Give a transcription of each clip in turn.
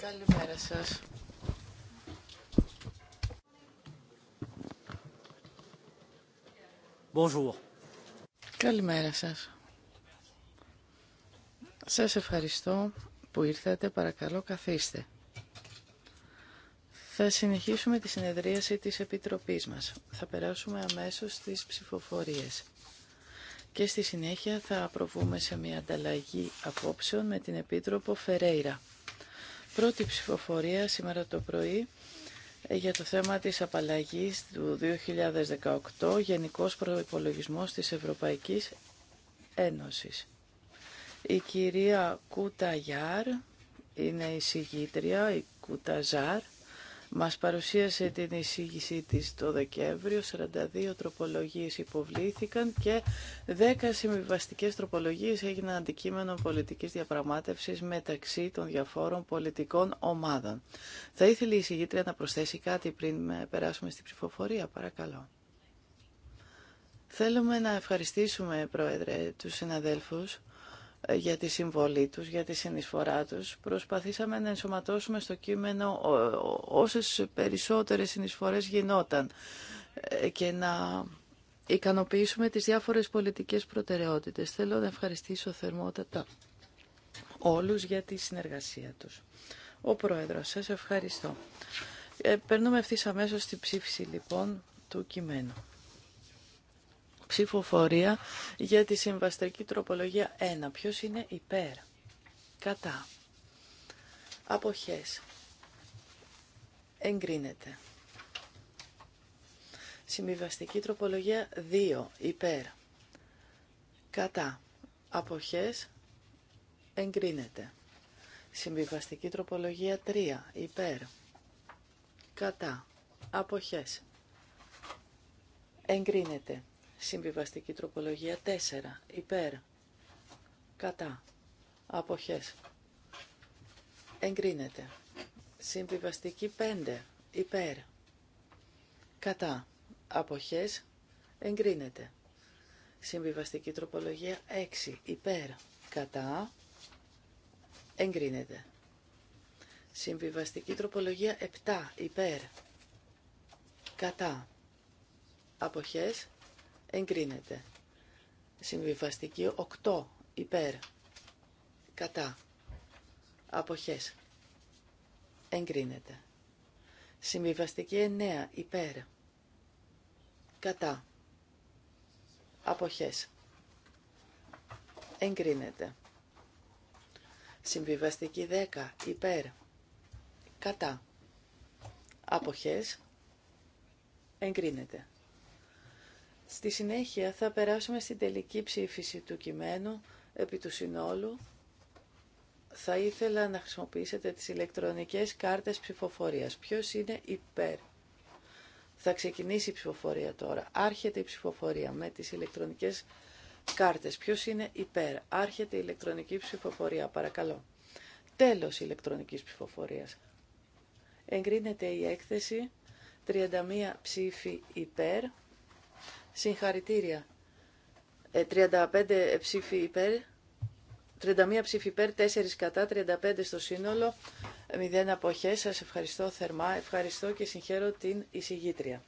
Καλημέρα σας. Bonjour. Καλημέρα σας. Σας ευχαριστώ που ήρθατε. Παρακαλώ καθίστε. Θα συνεχίσουμε τη συνεδρίαση της Επιτροπής μας. Θα περάσουμε αμέσως στις ψηφοφορίες και στη συνέχεια θα προβούμε σε μια ανταλλαγή απόψεων με την Επίτροπο Φερέιρα πρώτη ψηφοφορία σήμερα το πρωί για το θέμα της απαλλαγής του 2018 Γενικός Προϋπολογισμός της Ευρωπαϊκής Ένωσης. Η κυρία Κούτα Γιάρ είναι η συγγήτρια, η Κούτα Ζάρ, μας παρουσίασε την εισήγησή της το Δεκέμβριο, 42 τροπολογίες υποβλήθηκαν και 10 συμβιβαστικέ τροπολογίες έγιναν αντικείμενο πολιτικής διαπραγμάτευσης μεταξύ των διαφόρων πολιτικών ομάδων. Θα ήθελε η εισηγήτρια να προσθέσει κάτι πριν περάσουμε στην ψηφοφορία, παρακαλώ. Θέλουμε να ευχαριστήσουμε, Πρόεδρε, τους συναδέλφους ε, για τη συμβολή τους, για τη συνεισφορά τους. Προσπαθήσαμε να ενσωματώσουμε στο κείμενο όσες περισσότερες συνεισφορές γινόταν ε, και να ικανοποιήσουμε τις διάφορες πολιτικές προτεραιότητες. Θέλω να ευχαριστήσω θερμότατα όλους για τη συνεργασία τους. Ο Πρόεδρος, σας ευχαριστώ. Ε, περνούμε ευθύ αμέσω στη ψήφιση λοιπόν του κειμένου ψηφοφορία για τη συμβαστική τροπολογία 1. Ποιος είναι υπέρ, κατά, αποχές, εγκρίνεται. Συμβιβαστική τροπολογία 2. Υπέρ. Κατά. Αποχές. Εγκρίνεται. Συμβιβαστική τροπολογία 3. Υπέρ. Κατά. Αποχές. Εγκρίνεται. Συμβιβαστική τροπολογία 4. Υπέρ. Κατά. Αποχές. Εγκρίνεται. Συμβιβαστική 5. Υπέρ. Κατά. Αποχές. Εγκρίνεται. Συμβιβαστική τροπολογία 6. Υπέρ. Κατά. Εγκρίνεται. Συμβιβαστική τροπολογία 7. Υπέρ. Κατά. Αποχές εγκρίνεται. Συμβιβαστική 8 υπέρ κατά αποχές εγκρίνεται. Συμβιβαστική 9 υπέρ κατά αποχές εγκρίνεται. Συμβιβαστική 10 υπέρ κατά αποχές εγκρίνεται. Στη συνέχεια θα περάσουμε στην τελική ψήφιση του κειμένου επί του συνόλου. Θα ήθελα να χρησιμοποιήσετε τις ηλεκτρονικές κάρτες ψηφοφορίας. Ποιος είναι υπέρ. Θα ξεκινήσει η ψηφοφορία τώρα. Άρχεται η ψηφοφορία με τις ηλεκτρονικές κάρτες. Ποιος είναι υπέρ. Άρχεται η ηλεκτρονική ψηφοφορία. Παρακαλώ. Τέλος ηλεκτρονικής ψηφοφορίας. Εγκρίνεται η έκθεση. 31 ψήφοι υπέρ. Συγχαρητήρια. 35 ε, ψήφοι υπέρ, 31 ψήφοι υπέρ, 4 κατά, 35 στο σύνολο, 0 αποχές. Σας ευχαριστώ θερμά, ευχαριστώ και συγχαίρω την εισηγήτρια.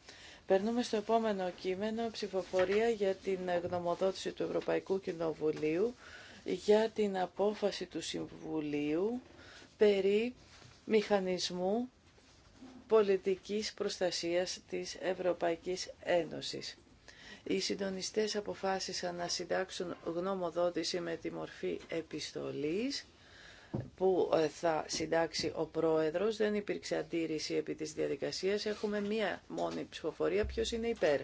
Περνούμε στο επόμενο κείμενο, ψηφοφορία για την γνωμοδότηση του Ευρωπαϊκού Κοινοβουλίου για την απόφαση του Συμβουλίου περί μηχανισμού πολιτικής προστασίας της Ευρωπαϊκής Ένωσης. Οι συντονιστές αποφάσισαν να συντάξουν γνωμοδότηση με τη μορφή επιστολής που ε, θα συντάξει ο πρόεδρος. Δεν υπήρξε αντίρρηση επί της διαδικασίας. Έχουμε μία μόνη ψηφοφορία. Ποιος είναι υπέρ.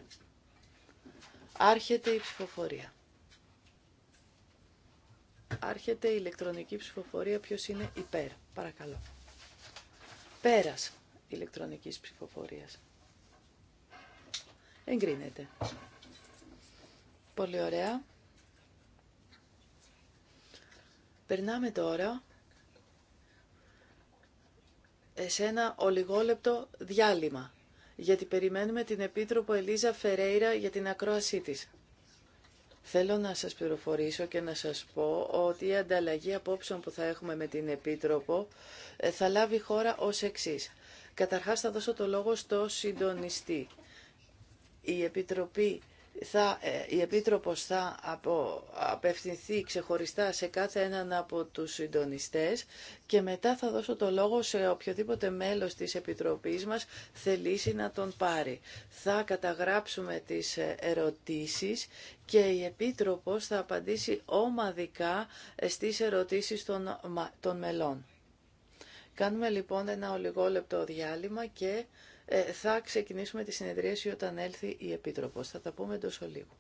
Άρχεται η ψηφοφορία. Άρχεται η ηλεκτρονική ψηφοφορία. Ποιος είναι υπέρ. Παρακαλώ. Πέρας ηλεκτρονικής ψηφοφορίας. Εγκρίνεται. Πολύ ωραία. Περνάμε τώρα σε ένα ολιγόλεπτο διάλειμμα, γιατί περιμένουμε την Επίτροπο Ελίζα Φερέιρα για την ακρόασή της. Θέλω να σας πληροφορήσω και να σας πω ότι η ανταλλαγή απόψεων που θα έχουμε με την Επίτροπο ε, θα λάβει χώρα ως εξής. Καταρχάς θα δώσω το λόγο στο συντονιστή. Η Επιτροπή θα, ε, η Επίτροπος θα απο, απευθυνθεί ξεχωριστά σε κάθε έναν από τους συντονιστές και μετά θα δώσω το λόγο σε οποιοδήποτε μέλος της Επιτροπής μας θελήσει να τον πάρει. Θα καταγράψουμε τις ε, ερωτήσεις και η Επίτροπος θα απαντήσει ομαδικά ε, στις ερωτήσεις των, των μελών. Κάνουμε λοιπόν ένα ολιγόλεπτο διάλειμμα και... Ε, θα ξεκινήσουμε τη συνεδρίαση όταν έλθει η Επίτροπος. Θα τα πούμε εντός ολίγου.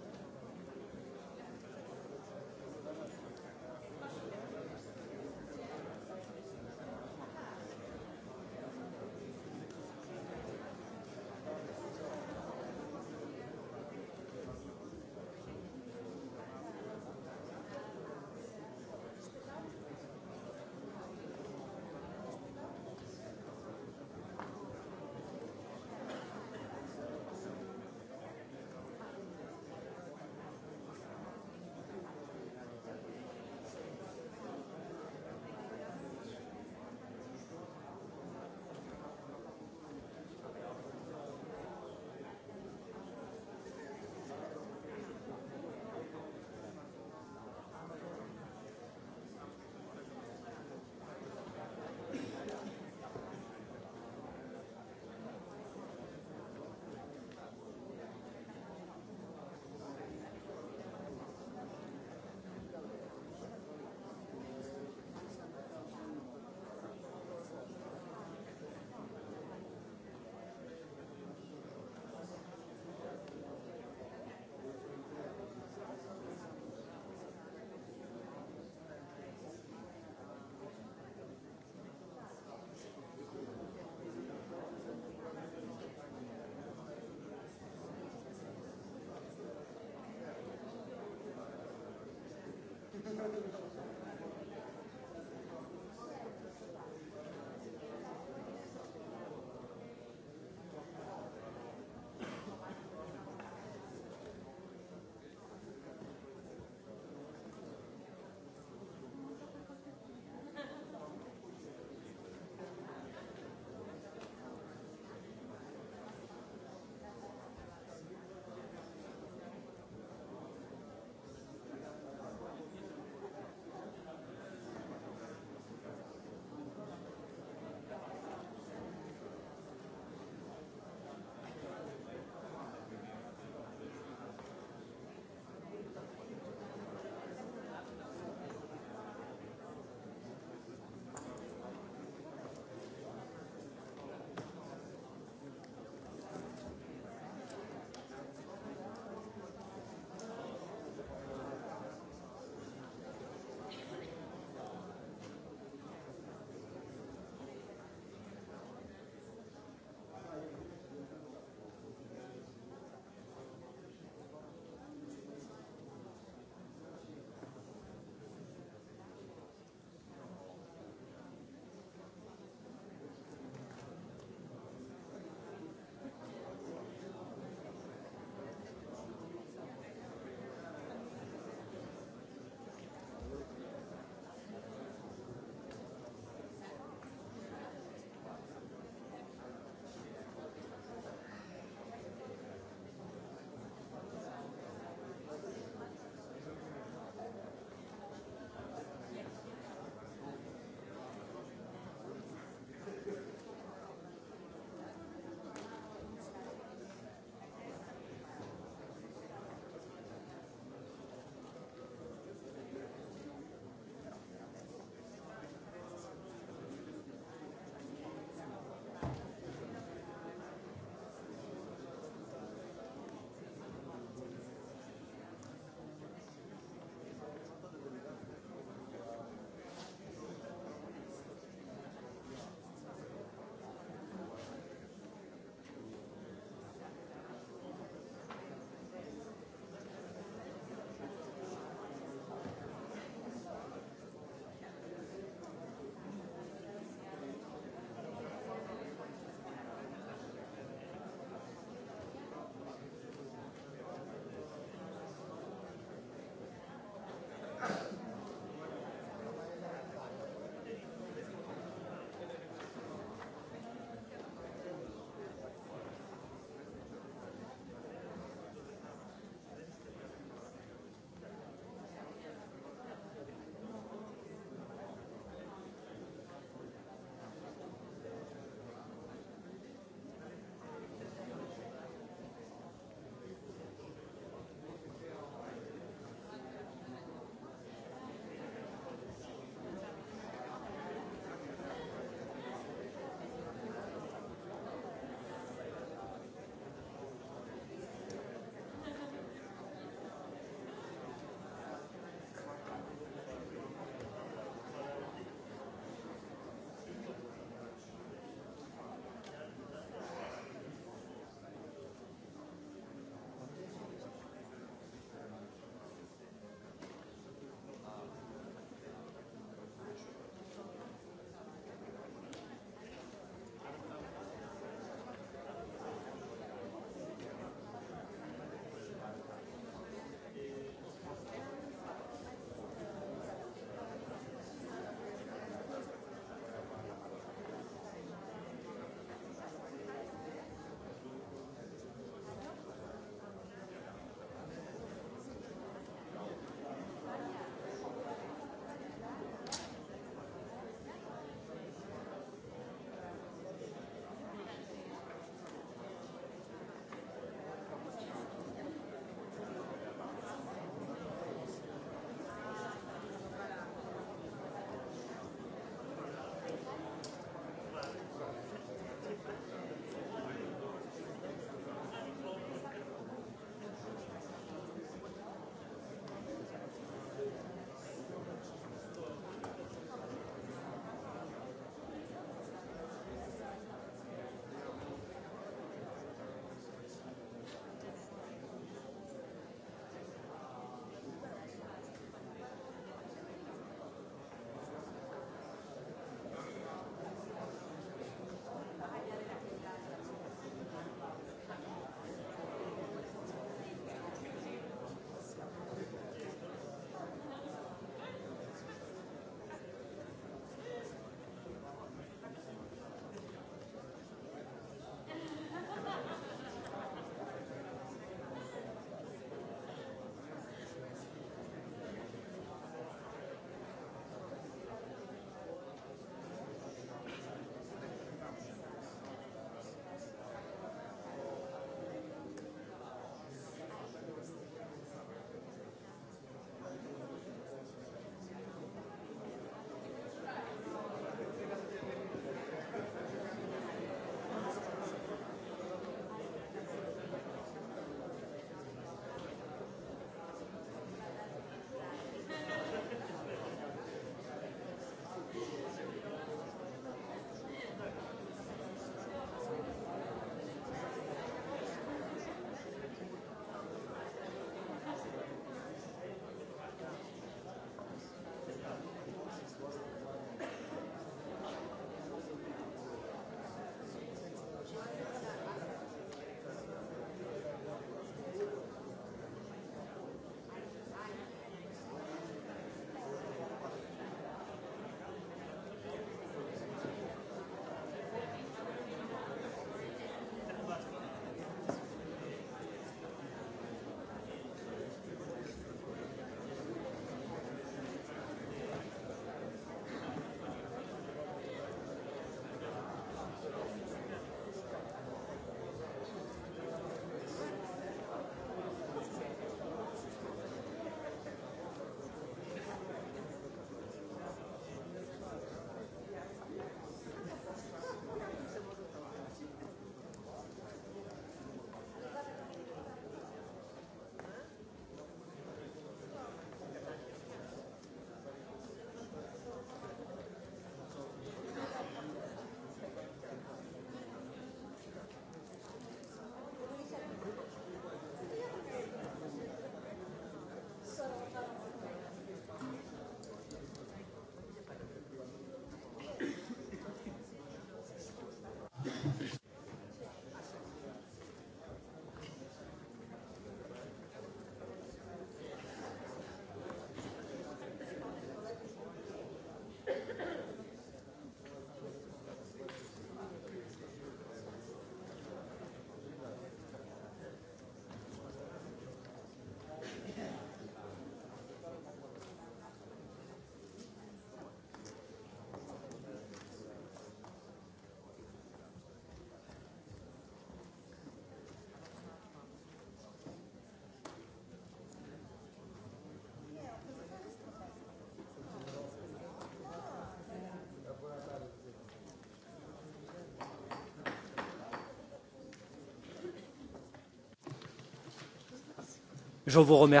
Je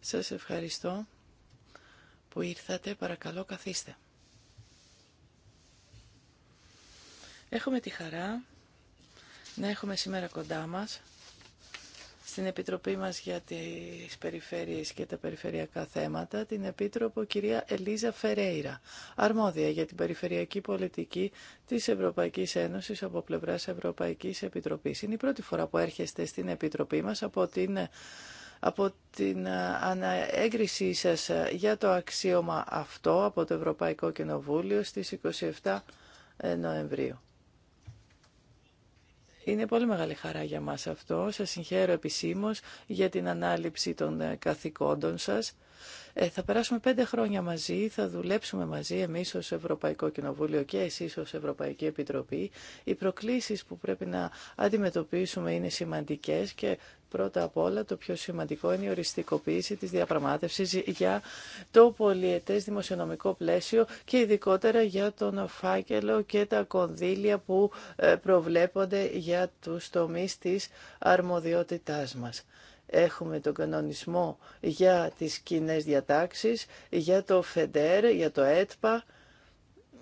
Σας ευχαριστώ που ήρθατε. Παρακαλώ καθίστε. Έχουμε τη χαρά να έχουμε σήμερα κοντά μας στην Επιτροπή μας για τις Περιφέρειες και τα Περιφερειακά Θέματα την Επίτροπο κυρία Ελίζα Φερέιρα, αρμόδια για την Περιφερειακή Πολιτική της Ευρωπαϊκής Ένωσης από πλευράς Ευρωπαϊκής Επιτροπής. Είναι η πρώτη φορά που έρχεστε στην Επιτροπή μας από την από την ε, αναέγκρισή σας ε, για το αξίωμα αυτό από το Ευρωπαϊκό Κοινοβούλιο στις 27 ε, Νοεμβρίου. Είναι πολύ μεγάλη χαρά για μας αυτό. Σας συγχαίρω επισήμως για την ανάληψη των καθηκόντων σας. Ε, θα περάσουμε πέντε χρόνια μαζί, θα δουλέψουμε μαζί εμείς ως Ευρωπαϊκό Κοινοβούλιο και εσείς ως Ευρωπαϊκή Επιτροπή. Οι προκλήσεις που πρέπει να αντιμετωπίσουμε είναι σημαντικές και Πρώτα απ' όλα το πιο σημαντικό είναι η οριστικοποίηση της διαπραγμάτευσης για το πολιετές δημοσιονομικό πλαίσιο και ειδικότερα για τον φάκελο και τα κονδύλια που ε, προβλέπονται για τους τομείς της αρμοδιότητάς μας. Έχουμε τον κανονισμό για τις κοινέ διατάξεις, για το ΦΕΝΤΕΡ, για το ΕΤΠΑ,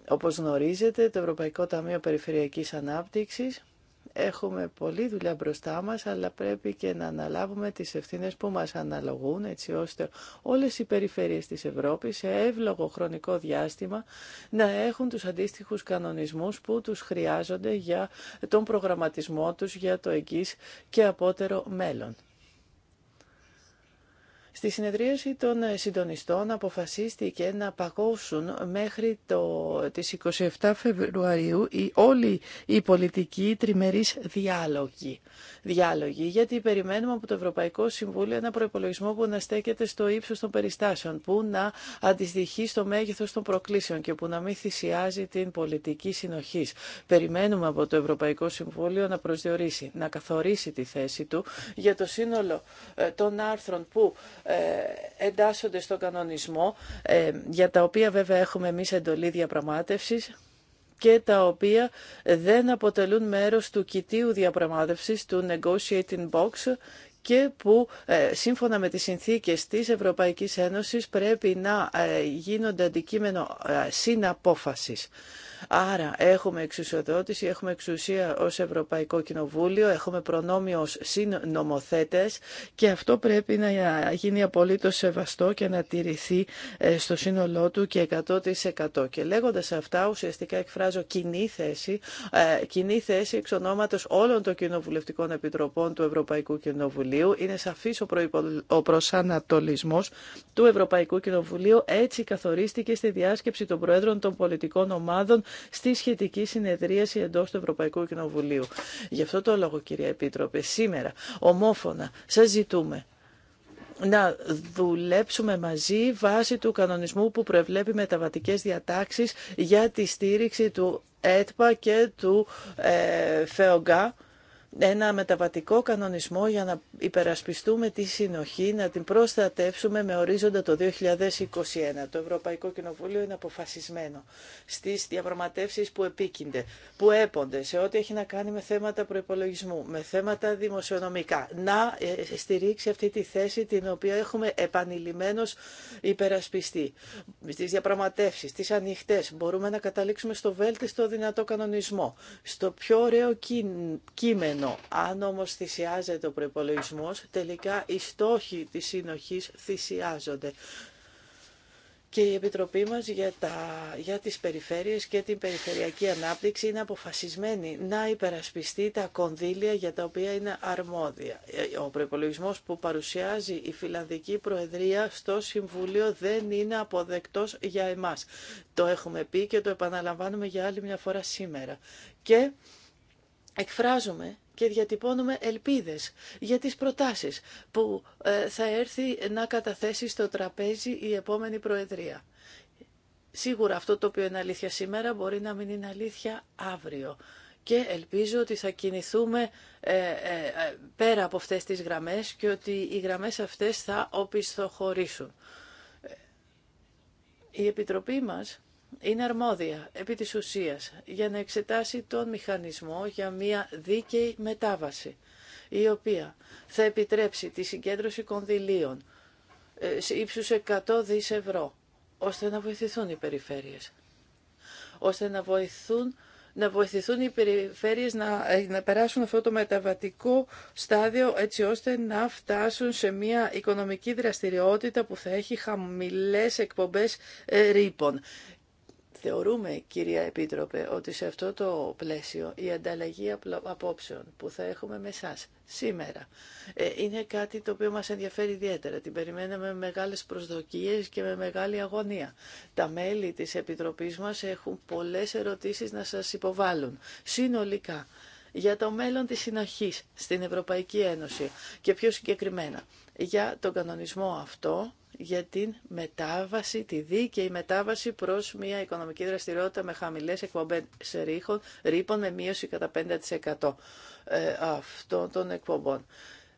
όπως γνωρίζετε, το Ευρωπαϊκό Ταμείο Περιφερειακής Ανάπτυξης, Έχουμε πολλή δουλειά μπροστά μας, αλλά πρέπει και να αναλάβουμε τις ευθύνες που μας αναλογούν, έτσι ώστε όλες οι περιφερειές της Ευρώπης σε εύλογο χρονικό διάστημα να έχουν τους αντίστοιχους κανονισμούς που τους χρειάζονται για τον προγραμματισμό τους για το εγγύς και απότερο μέλλον. Στη συνεδρίαση των συντονιστών αποφασίστηκε να παγώσουν μέχρι το, τις 27 Φεβρουαρίου οι, όλοι οι πολιτικοί τριμερείς διάλογοι. διάλογοι. Γιατί περιμένουμε από το Ευρωπαϊκό Συμβούλιο ένα προπολογισμό που να στέκεται στο ύψος των περιστάσεων, που να αντιστοιχεί στο μέγεθος των προκλήσεων και που να μην θυσιάζει την πολιτική συνοχή. Περιμένουμε από το Ευρωπαϊκό Συμβούλιο να προσδιορίσει, να καθορίσει τη θέση του για το σύνολο ε, των άρθρων που ε, ε, εντάσσονται στον κανονισμό, ε, για τα οποία βέβαια έχουμε εμείς εντολή διαπραγμάτευσης και τα οποία δεν αποτελούν μέρος του κοιτίου διαπραγμάτευσης, του negotiating box και που ε, σύμφωνα με τις συνθήκες της Ευρωπαϊκής Ένωσης πρέπει να γίνονται αντικείμενο συναπόφασης. Άρα έχουμε εξουσιοδότηση, έχουμε εξουσία ως Ευρωπαϊκό Κοινοβούλιο, έχουμε προνόμιο ως συνομοθέτες και αυτό πρέπει να γίνει απολύτως σεβαστό και να τηρηθεί ε, στο σύνολό του και 100%. Και λέγοντας αυτά ουσιαστικά εκφράζω κοινή θέση, ε, κοινή θέση εξ ονόματος όλων των κοινοβουλευτικών επιτροπών του Ευρωπαϊκού Κοινοβουλίου. Είναι σαφής ο, ο προσανατολισμός του Ευρωπαϊκού Κοινοβουλίου. Έτσι καθορίστηκε στη διάσκεψη των Προέδρων των πολιτικών ομάδων στη σχετική συνεδρίαση εντό του Ευρωπαϊκού Κοινοβουλίου. Γι' αυτό το λόγο, κυρία Επίτροπε, σήμερα ομόφωνα σα ζητούμε να δουλέψουμε μαζί βάσει του κανονισμού που προεβλέπει μεταβατικές διατάξεις για τη στήριξη του ΕΤΠΑ και του ε, ΦΕΟΓΑ ένα μεταβατικό κανονισμό για να υπερασπιστούμε τη συνοχή, να την προστατεύσουμε με ορίζοντα το 2021. Το Ευρωπαϊκό Κοινοβούλιο είναι αποφασισμένο στις διαπραγματεύσεις που επίκυνται, που έπονται σε ό,τι έχει να κάνει με θέματα προϋπολογισμού, με θέματα δημοσιονομικά. Να ε, ε, στηρίξει αυτή τη θέση την οποία έχουμε επανειλημμένως υπερασπιστεί. Στις διαπραγματεύσεις, στις ανοιχτές, μπορούμε να καταλήξουμε στο βέλτιστο δυνατό κανονισμό, στο πιο ωραίο κείμενο αν όμως θυσιάζεται ο προϋπολογισμός, τελικά οι στόχοι της συνοχής θυσιάζονται. Και η Επιτροπή μας για, τα, για τις περιφέρειες και την περιφερειακή ανάπτυξη είναι αποφασισμένη να υπερασπιστεί τα κονδύλια για τα οποία είναι αρμόδια. Ε, ο προπολογισμό που παρουσιάζει η Φιλανδική Προεδρία στο Συμβούλιο δεν είναι αποδεκτός για εμάς. Το έχουμε πει και το επαναλαμβάνουμε για άλλη μια φορά σήμερα. Και εκφράζουμε και διατυπώνουμε ελπίδες για τις προτάσεις που ε, θα έρθει να καταθέσει στο τραπέζι η επόμενη Προεδρία. Σίγουρα αυτό το οποίο είναι αλήθεια σήμερα μπορεί να μην είναι αλήθεια αύριο και ελπίζω ότι θα κινηθούμε ε, ε, πέρα από αυτές τις γραμμές και ότι οι γραμμές αυτές θα οπισθοχωρήσουν. Η Επιτροπή μας είναι αρμόδια επί της ουσίας για να εξετάσει τον μηχανισμό για μια δίκαιη μετάβαση η οποία θα επιτρέψει τη συγκέντρωση κονδυλίων ε, σε ύψους 100 δις ευρώ ώστε να βοηθηθούν οι περιφέρειες ώστε να βοηθούν να βοηθηθούν οι περιφέρειες να, ε, να περάσουν αυτό το μεταβατικό στάδιο έτσι ώστε να φτάσουν σε μια οικονομική δραστηριότητα που θα έχει χαμηλές εκπομπές ε, ρήπων. Θεωρούμε, κυρία Επίτροπε, ότι σε αυτό το πλαίσιο η ανταλλαγή απόψεων που θα έχουμε με εσά σήμερα ε, είναι κάτι το οποίο μας ενδιαφέρει ιδιαίτερα. Την περιμέναμε με μεγάλες προσδοκίες και με μεγάλη αγωνία. Τα μέλη της Επιτροπής μας έχουν πολλές ερωτήσεις να σας υποβάλουν συνολικά για το μέλλον της συνοχής στην Ευρωπαϊκή Ένωση και πιο συγκεκριμένα για τον κανονισμό αυτό για την μετάβαση, τη δίκαιη μετάβαση προς μια οικονομική δραστηριότητα με χαμηλές εκπομπές ρήχων, ρήπων με μείωση κατά 5% ε, αυτών των εκπομπών.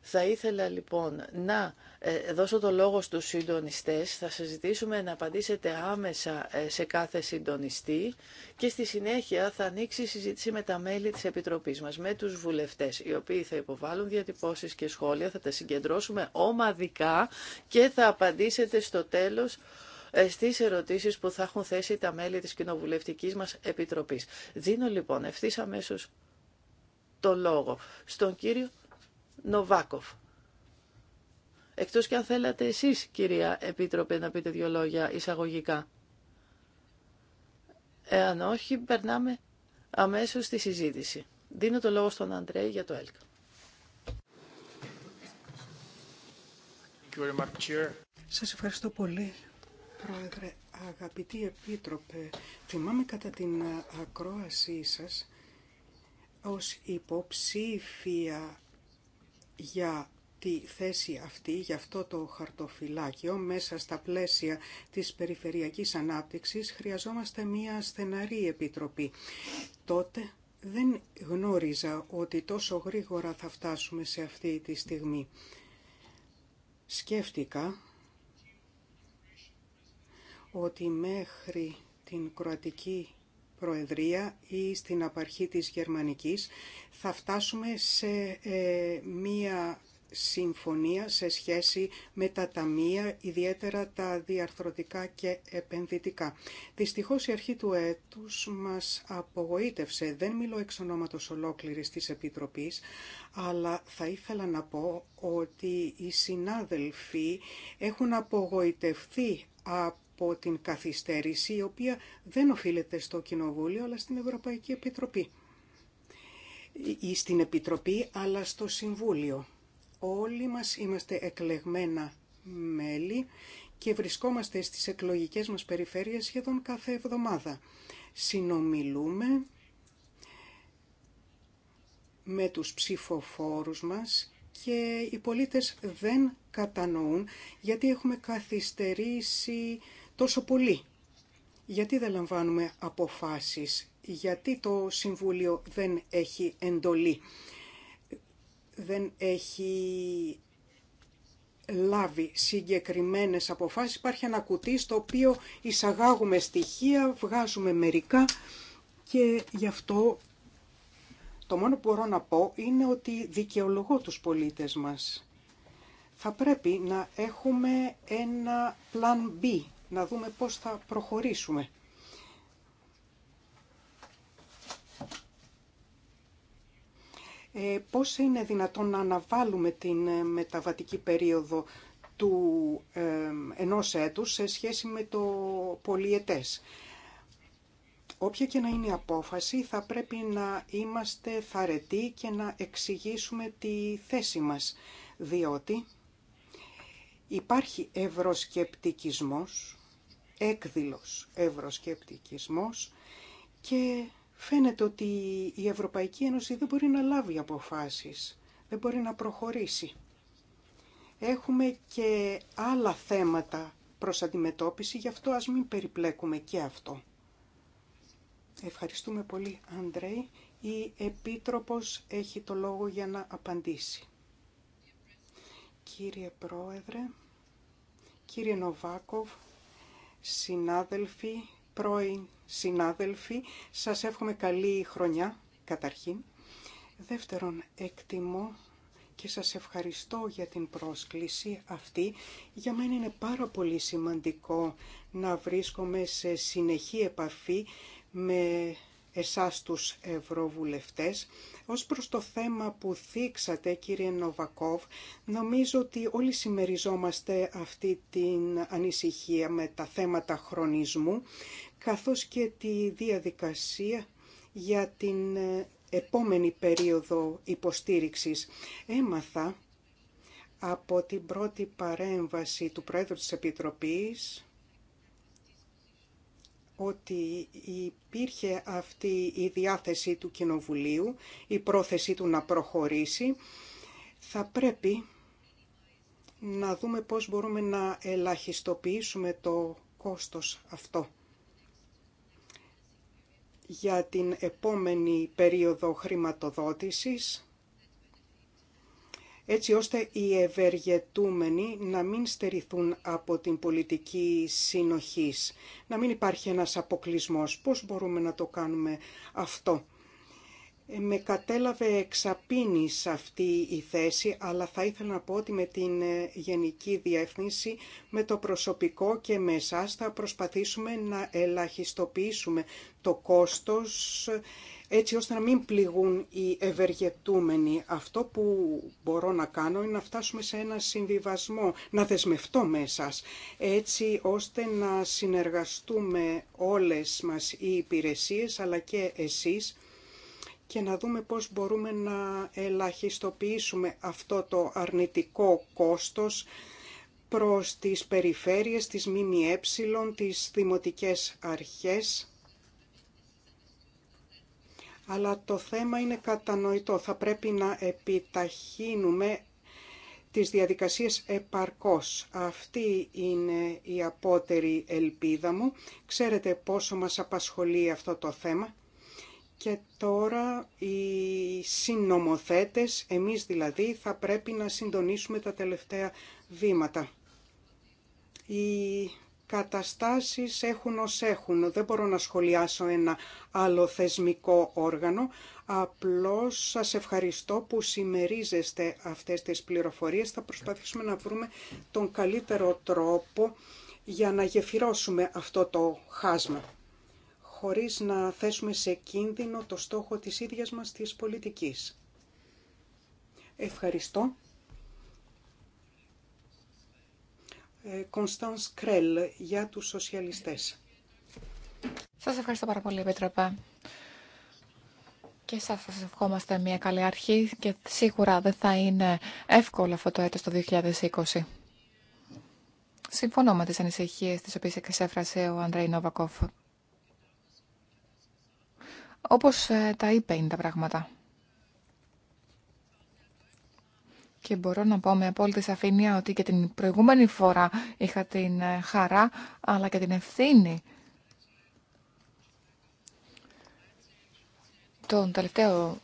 Θα ήθελα λοιπόν να ε, δώσω το λόγο στους συντονιστές. Θα σας ζητήσουμε να απαντήσετε άμεσα ε, σε κάθε συντονιστή και στη συνέχεια θα ανοίξει η συζήτηση με τα μέλη της Επιτροπής μας, με τους βουλευτές, οι οποίοι θα υποβάλουν διατυπώσεις και σχόλια, θα τα συγκεντρώσουμε ομαδικά και θα απαντήσετε στο τέλος ε, στις ερωτήσεις που θα έχουν θέσει τα μέλη της Κοινοβουλευτικής μας Επιτροπής. Δίνω λοιπόν ευθύ αμέσω το λόγο στον κύριο Νοβάκοφ Εκτός και αν θέλατε εσείς, κυρία Επίτροπε, να πείτε δύο λόγια εισαγωγικά. Εάν όχι, περνάμε αμέσως στη συζήτηση. Δίνω το λόγο στον Αντρέη για το ΕΛΚ. Σας ευχαριστώ πολύ, Πρόεδρε. Αγαπητή Επίτροπε, θυμάμαι κατά την ακρόασή σας ως υποψήφια για τη θέση αυτή, για αυτό το χαρτοφυλάκιο, μέσα στα πλαίσια της περιφερειακής ανάπτυξης, χρειαζόμαστε μία στεναρή επιτροπή. Τότε δεν γνώριζα ότι τόσο γρήγορα θα φτάσουμε σε αυτή τη στιγμή. Σκέφτηκα ότι μέχρι την Κροατική Προεδρία ή στην απαρχή της Γερμανικής θα φτάσουμε σε ε, μία συμφωνία σε σχέση με τα ταμεία, ιδιαίτερα τα διαρθρωτικά και επενδυτικά. Δυστυχώς η αρχή του έτους μας απογοήτευσε. Δεν μιλώ εξ ονόματος ολόκληρης της Επιτροπής, αλλά θα ήθελα να πω ότι οι συνάδελφοι έχουν απογοητευθεί από την καθυστέρηση, η οποία δεν οφείλεται στο Κοινοβούλιο, αλλά στην Ευρωπαϊκή Επιτροπή ή στην Επιτροπή, αλλά στο Συμβούλιο όλοι μας είμαστε εκλεγμένα μέλη και βρισκόμαστε στις εκλογικές μας περιφέρειες σχεδόν κάθε εβδομάδα. Συνομιλούμε με τους ψηφοφόρους μας και οι πολίτες δεν κατανοούν γιατί έχουμε καθυστερήσει τόσο πολύ. Γιατί δεν λαμβάνουμε αποφάσεις, γιατί το Συμβούλιο δεν έχει εντολή δεν έχει λάβει συγκεκριμένες αποφάσεις. Υπάρχει ένα κουτί στο οποίο εισαγάγουμε στοιχεία, βγάζουμε μερικά και γι' αυτό το μόνο που μπορώ να πω είναι ότι δικαιολογώ τους πολίτες μας. Θα πρέπει να έχουμε ένα plan B, να δούμε πώς θα προχωρήσουμε. Ε, πώς είναι δυνατόν να αναβάλουμε την ε, μεταβατική περίοδο του ε, ενός έτους σε σχέση με το πολιετές. Όποια και να είναι η απόφαση θα πρέπει να είμαστε θαρετοί και να εξηγήσουμε τη θέση μας, διότι υπάρχει ευροσκεπτικισμός, έκδηλος ευροσκεπτικισμός και Φαίνεται ότι η Ευρωπαϊκή Ένωση δεν μπορεί να λάβει αποφάσεις, δεν μπορεί να προχωρήσει. Έχουμε και άλλα θέματα προς αντιμετώπιση, γι' αυτό ας μην περιπλέκουμε και αυτό. Ευχαριστούμε πολύ, Αντρέη. Η Επίτροπος έχει το λόγο για να απαντήσει. Κύριε Πρόεδρε, κύριε Νοβάκοβ, συνάδελφοι, πρώην συνάδελφοι, σας εύχομαι καλή χρονιά, καταρχήν. Δεύτερον, εκτιμώ και σας ευχαριστώ για την πρόσκληση αυτή. Για μένα είναι πάρα πολύ σημαντικό να βρίσκομαι σε συνεχή επαφή με εσάς τους ευρωβουλευτές. Ως προς το θέμα που θίξατε, κύριε Νοβακόβ, νομίζω ότι όλοι συμμεριζόμαστε αυτή την ανησυχία με τα θέματα χρονισμού καθώς και τη διαδικασία για την ε, επόμενη περίοδο υποστήριξης. Έμαθα από την πρώτη παρέμβαση του Πρόεδρου της Επιτροπής ότι υπήρχε αυτή η διάθεση του Κοινοβουλίου, η πρόθεσή του να προχωρήσει. Θα πρέπει να δούμε πώς μπορούμε να ελαχιστοποιήσουμε το κόστος αυτό για την επόμενη περίοδο χρηματοδότησης, έτσι ώστε οι ευεργετούμενοι να μην στερηθούν από την πολιτική συνοχής, να μην υπάρχει ένας αποκλισμός. Πώς μπορούμε να το κάνουμε αυτό με κατέλαβε εξαπίνης αυτή η θέση, αλλά θα ήθελα να πω ότι με την ε, Γενική Διεύθυνση, με το προσωπικό και με εσάς θα προσπαθήσουμε να ελαχιστοποιήσουμε το κόστος έτσι ώστε να μην πληγούν οι ευεργετούμενοι. Αυτό που μπορώ να κάνω είναι να φτάσουμε σε ένα συμβιβασμό, να δεσμευτώ με εσάς, έτσι ώστε να συνεργαστούμε όλες μας οι υπηρεσίες αλλά και εσείς και να δούμε πώς μπορούμε να ελαχιστοποιήσουμε αυτό το αρνητικό κόστος προς τις περιφέρειες, τις ΜΜΕ, τις δημοτικές αρχές. Αλλά το θέμα είναι κατανοητό. Θα πρέπει να επιταχύνουμε τις διαδικασίες επαρκώς. Αυτή είναι η απότερη ελπίδα μου. Ξέρετε πόσο μας απασχολεί αυτό το θέμα και τώρα οι συνομοθέτες, εμείς δηλαδή, θα πρέπει να συντονίσουμε τα τελευταία βήματα. Οι καταστάσεις έχουν ως έχουν. Δεν μπορώ να σχολιάσω ένα άλλο θεσμικό όργανο. Απλώς σας ευχαριστώ που συμμερίζεστε αυτές τις πληροφορίες. Θα προσπαθήσουμε να βρούμε τον καλύτερο τρόπο για να γεφυρώσουμε αυτό το χάσμα χωρίς να θέσουμε σε κίνδυνο το στόχο της ίδιας μας της πολιτικής. Ευχαριστώ. Κωνσταντς ε, Κρέλ για τους σοσιαλιστές. Σας ευχαριστώ πάρα πολύ, Επίτροπε. Και σας ευχόμαστε μια καλή αρχή και σίγουρα δεν θα είναι εύκολο αυτό το έτος το 2020. Συμφωνώ με τις ανησυχίες τις οποίες εξέφρασε ο Ανδρέι Νόβακοφ όπως ε, τα είπε είναι τα πράγματα. Και μπορώ να πω με απόλυτη σαφήνεια ότι και την προηγούμενη φορά είχα την ε, χαρά αλλά και την ευθύνη τον τελευταίο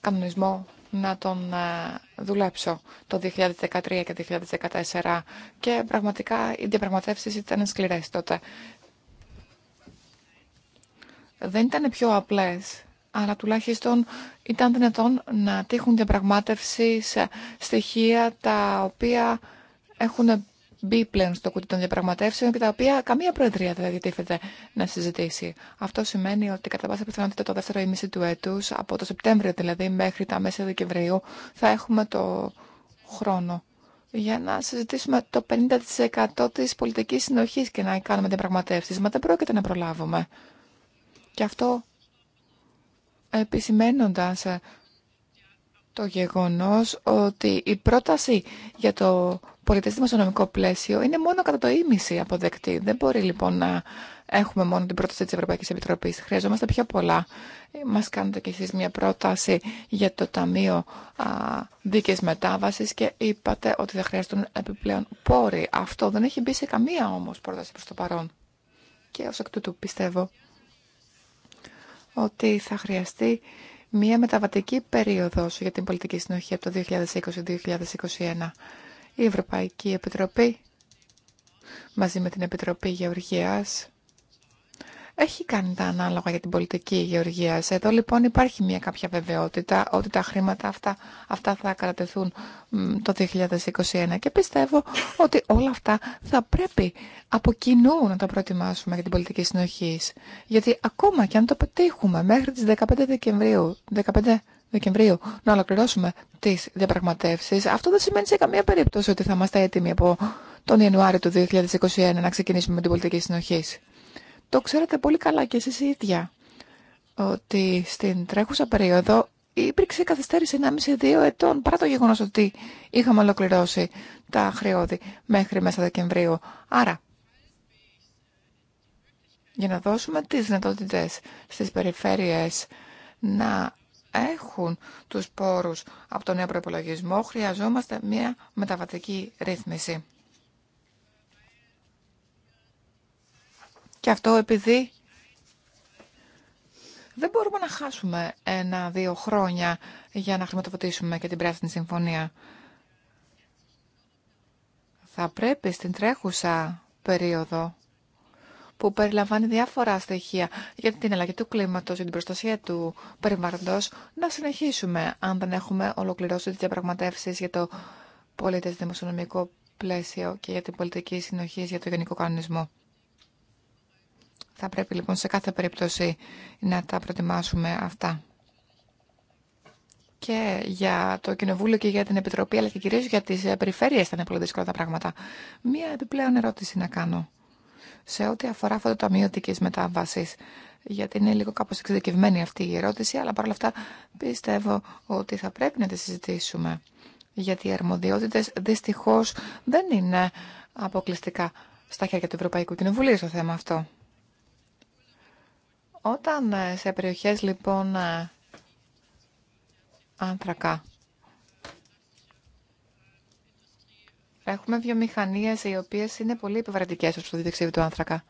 κανονισμό να τον ε, δουλέψω το 2013 και 2014 και πραγματικά οι διαπραγματεύσεις ήταν σκληρές τότε δεν ήταν πιο απλές, αλλά τουλάχιστον ήταν δυνατόν να τύχουν διαπραγμάτευση σε στοιχεία τα οποία έχουν μπει πλέον στο κουτί των διαπραγματεύσεων και τα οποία καμία προεδρία δεν διατίθεται να συζητήσει. Αυτό σημαίνει ότι κατά πάσα πιθανότητα το δεύτερο ημίση του έτου, από το Σεπτέμβριο δηλαδή μέχρι τα μέσα Δεκεμβρίου, θα έχουμε το χρόνο για να συζητήσουμε το 50% της πολιτικής συνοχής και να κάνουμε διαπραγματεύσεις. Μα δεν πρόκειται να προλάβουμε. Και αυτό επισημένοντας ε, το γεγονός ότι η πρόταση για το πολιτιστικό δημοσιονομικό πλαίσιο είναι μόνο κατά το ίμιση αποδεκτή. Δεν μπορεί λοιπόν να έχουμε μόνο την πρόταση της Ευρωπαϊκής Επιτροπής. Χρειαζόμαστε πιο πολλά. Ε, μας κάνετε κι εσείς μια πρόταση για το Ταμείο α, Δίκαιης Μετάβασης και είπατε ότι θα χρειαστούν επιπλέον πόροι. Αυτό δεν έχει μπει σε καμία όμως πρόταση προς το παρόν. Και ως εκ τούτου πιστεύω ότι θα χρειαστεί μία μεταβατική περίοδος για την πολιτική συνοχή από το 2020-2021. Η Ευρωπαϊκή Επιτροπή μαζί με την Επιτροπή Γεωργίας έχει κάνει τα ανάλογα για την πολιτική γεωργία. Εδώ λοιπόν υπάρχει μια κάποια βεβαιότητα ότι τα χρήματα αυτά, αυτά θα κρατεθούν το 2021 και πιστεύω ότι όλα αυτά θα πρέπει από κοινού να τα προετοιμάσουμε για την πολιτική συνοχή. Γιατί ακόμα και αν το πετύχουμε μέχρι τις 15 Δεκεμβρίου, 15 Δεκεμβρίου να ολοκληρώσουμε τι διαπραγματεύσει, αυτό δεν σημαίνει σε καμία περίπτωση ότι θα είμαστε έτοιμοι από τον Ιανουάριο του 2021 να ξεκινήσουμε με την πολιτική συνοχή. Το ξέρετε πολύ καλά κι εσείς οι ίδια ότι στην τρέχουσα περίοδο υπήρξε καθυστέρηση 1,5-2 ετών παρά το γεγονός ότι είχαμε ολοκληρώσει τα χρεώδη μέχρι μέσα Δεκεμβρίου. Άρα, για να δώσουμε τις δυνατότητε στις περιφέρειες να έχουν τους πόρους από τον νέο προπολογισμό, χρειαζόμαστε μια μεταβατική ρύθμιση. Και αυτό επειδή δεν μπορούμε να χάσουμε ένα-δύο χρόνια για να χρηματοδοτήσουμε και την πράσινη συμφωνία. Θα πρέπει στην τρέχουσα περίοδο που περιλαμβάνει διάφορα στοιχεία για την αλλαγή του κλίματος, για την προστασία του περιβάλλοντος, να συνεχίσουμε αν δεν έχουμε ολοκληρώσει τις διαπραγματεύσει για το πολίτες δημοσιονομικό πλαίσιο και για την πολιτική συνοχή για το γενικό κανονισμό. Θα πρέπει λοιπόν σε κάθε περίπτωση να τα προετοιμάσουμε αυτά. Και για το Κοινοβούλιο και για την Επιτροπή, αλλά και κυρίως για τις περιφέρειες θα είναι πολύ δύσκολα τα πράγματα. Μία επιπλέον ερώτηση να κάνω σε ό,τι αφορά αυτό το Ταμείο τη Μετάβασης. Γιατί είναι λίγο κάπως εξειδικευμένη αυτή η ερώτηση, αλλά παρόλα αυτά πιστεύω ότι θα πρέπει να τη συζητήσουμε. Γιατί οι αρμοδιότητες δυστυχώς δεν είναι αποκλειστικά στα χέρια του Ευρωπαϊκού Κοινοβουλίου στο θέμα αυτό. Όταν ε, σε περιοχές λοιπόν ανθρακά ε, έχουμε βιομηχανίες οι οποίες είναι πολύ επιβαρυντικές ως το διδεξίδι του άνθρακα.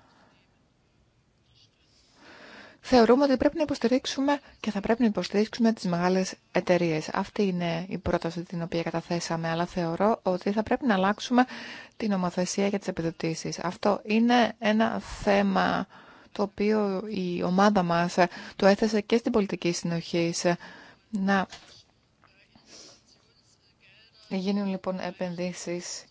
Θεωρούμε ότι πρέπει να υποστηρίξουμε και θα πρέπει να υποστηρίξουμε τις μεγάλες εταιρείες. Αυτή είναι η πρόταση την οποία καταθέσαμε, αλλά θεωρώ ότι θα πρέπει να αλλάξουμε την ομοθεσία για τις επιδοτήσεις. Αυτό είναι ένα θέμα το οποίο η ομάδα μας ε, το έθεσε και στην πολιτική συνοχή να γίνουν λοιπόν επενδύσεις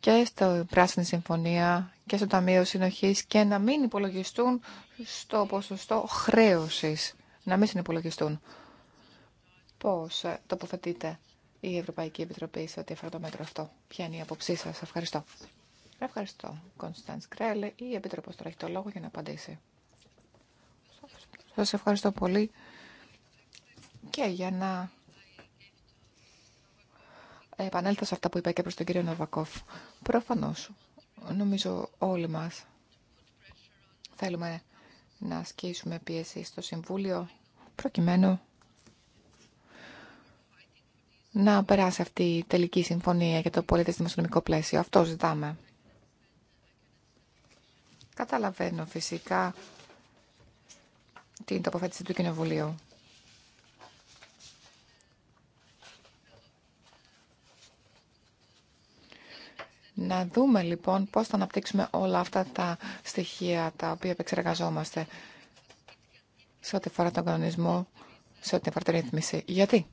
και στο Πράσινη Συμφωνία και στο Ταμείο Συνοχής και να μην υπολογιστούν στο ποσοστό χρέωσης. Να μην συνυπολογιστούν. Πώς ε, τοποθετείται η Ευρωπαϊκή Επιτροπή σε ό,τι αφορά το μέτρο αυτό. Ποια είναι η αποψή σας. Ευχαριστώ. Ευχαριστώ. Κωνσταντ Κρέλε, η Επίτροπο τώρα έχει το λόγο για να απαντήσει. Σα ευχαριστώ πολύ και για να επανέλθω σε αυτά που είπα και προς τον κύριο Νοβακόφ. Προφανώς, νομίζω όλοι μας θέλουμε να ασκήσουμε πίεση στο Συμβούλιο προκειμένου να περάσει αυτή η τελική συμφωνία για το πολίτες δημοσιονομικό πλαίσιο. Αυτό ζητάμε. Καταλαβαίνω φυσικά την τοποθέτηση του Κοινοβουλίου. Να δούμε λοιπόν πώς θα αναπτύξουμε όλα αυτά τα στοιχεία τα οποία επεξεργαζόμαστε σε ό,τι αφορά τον κανονισμό, σε ό,τι αφορά την ρύθμιση. Γιατί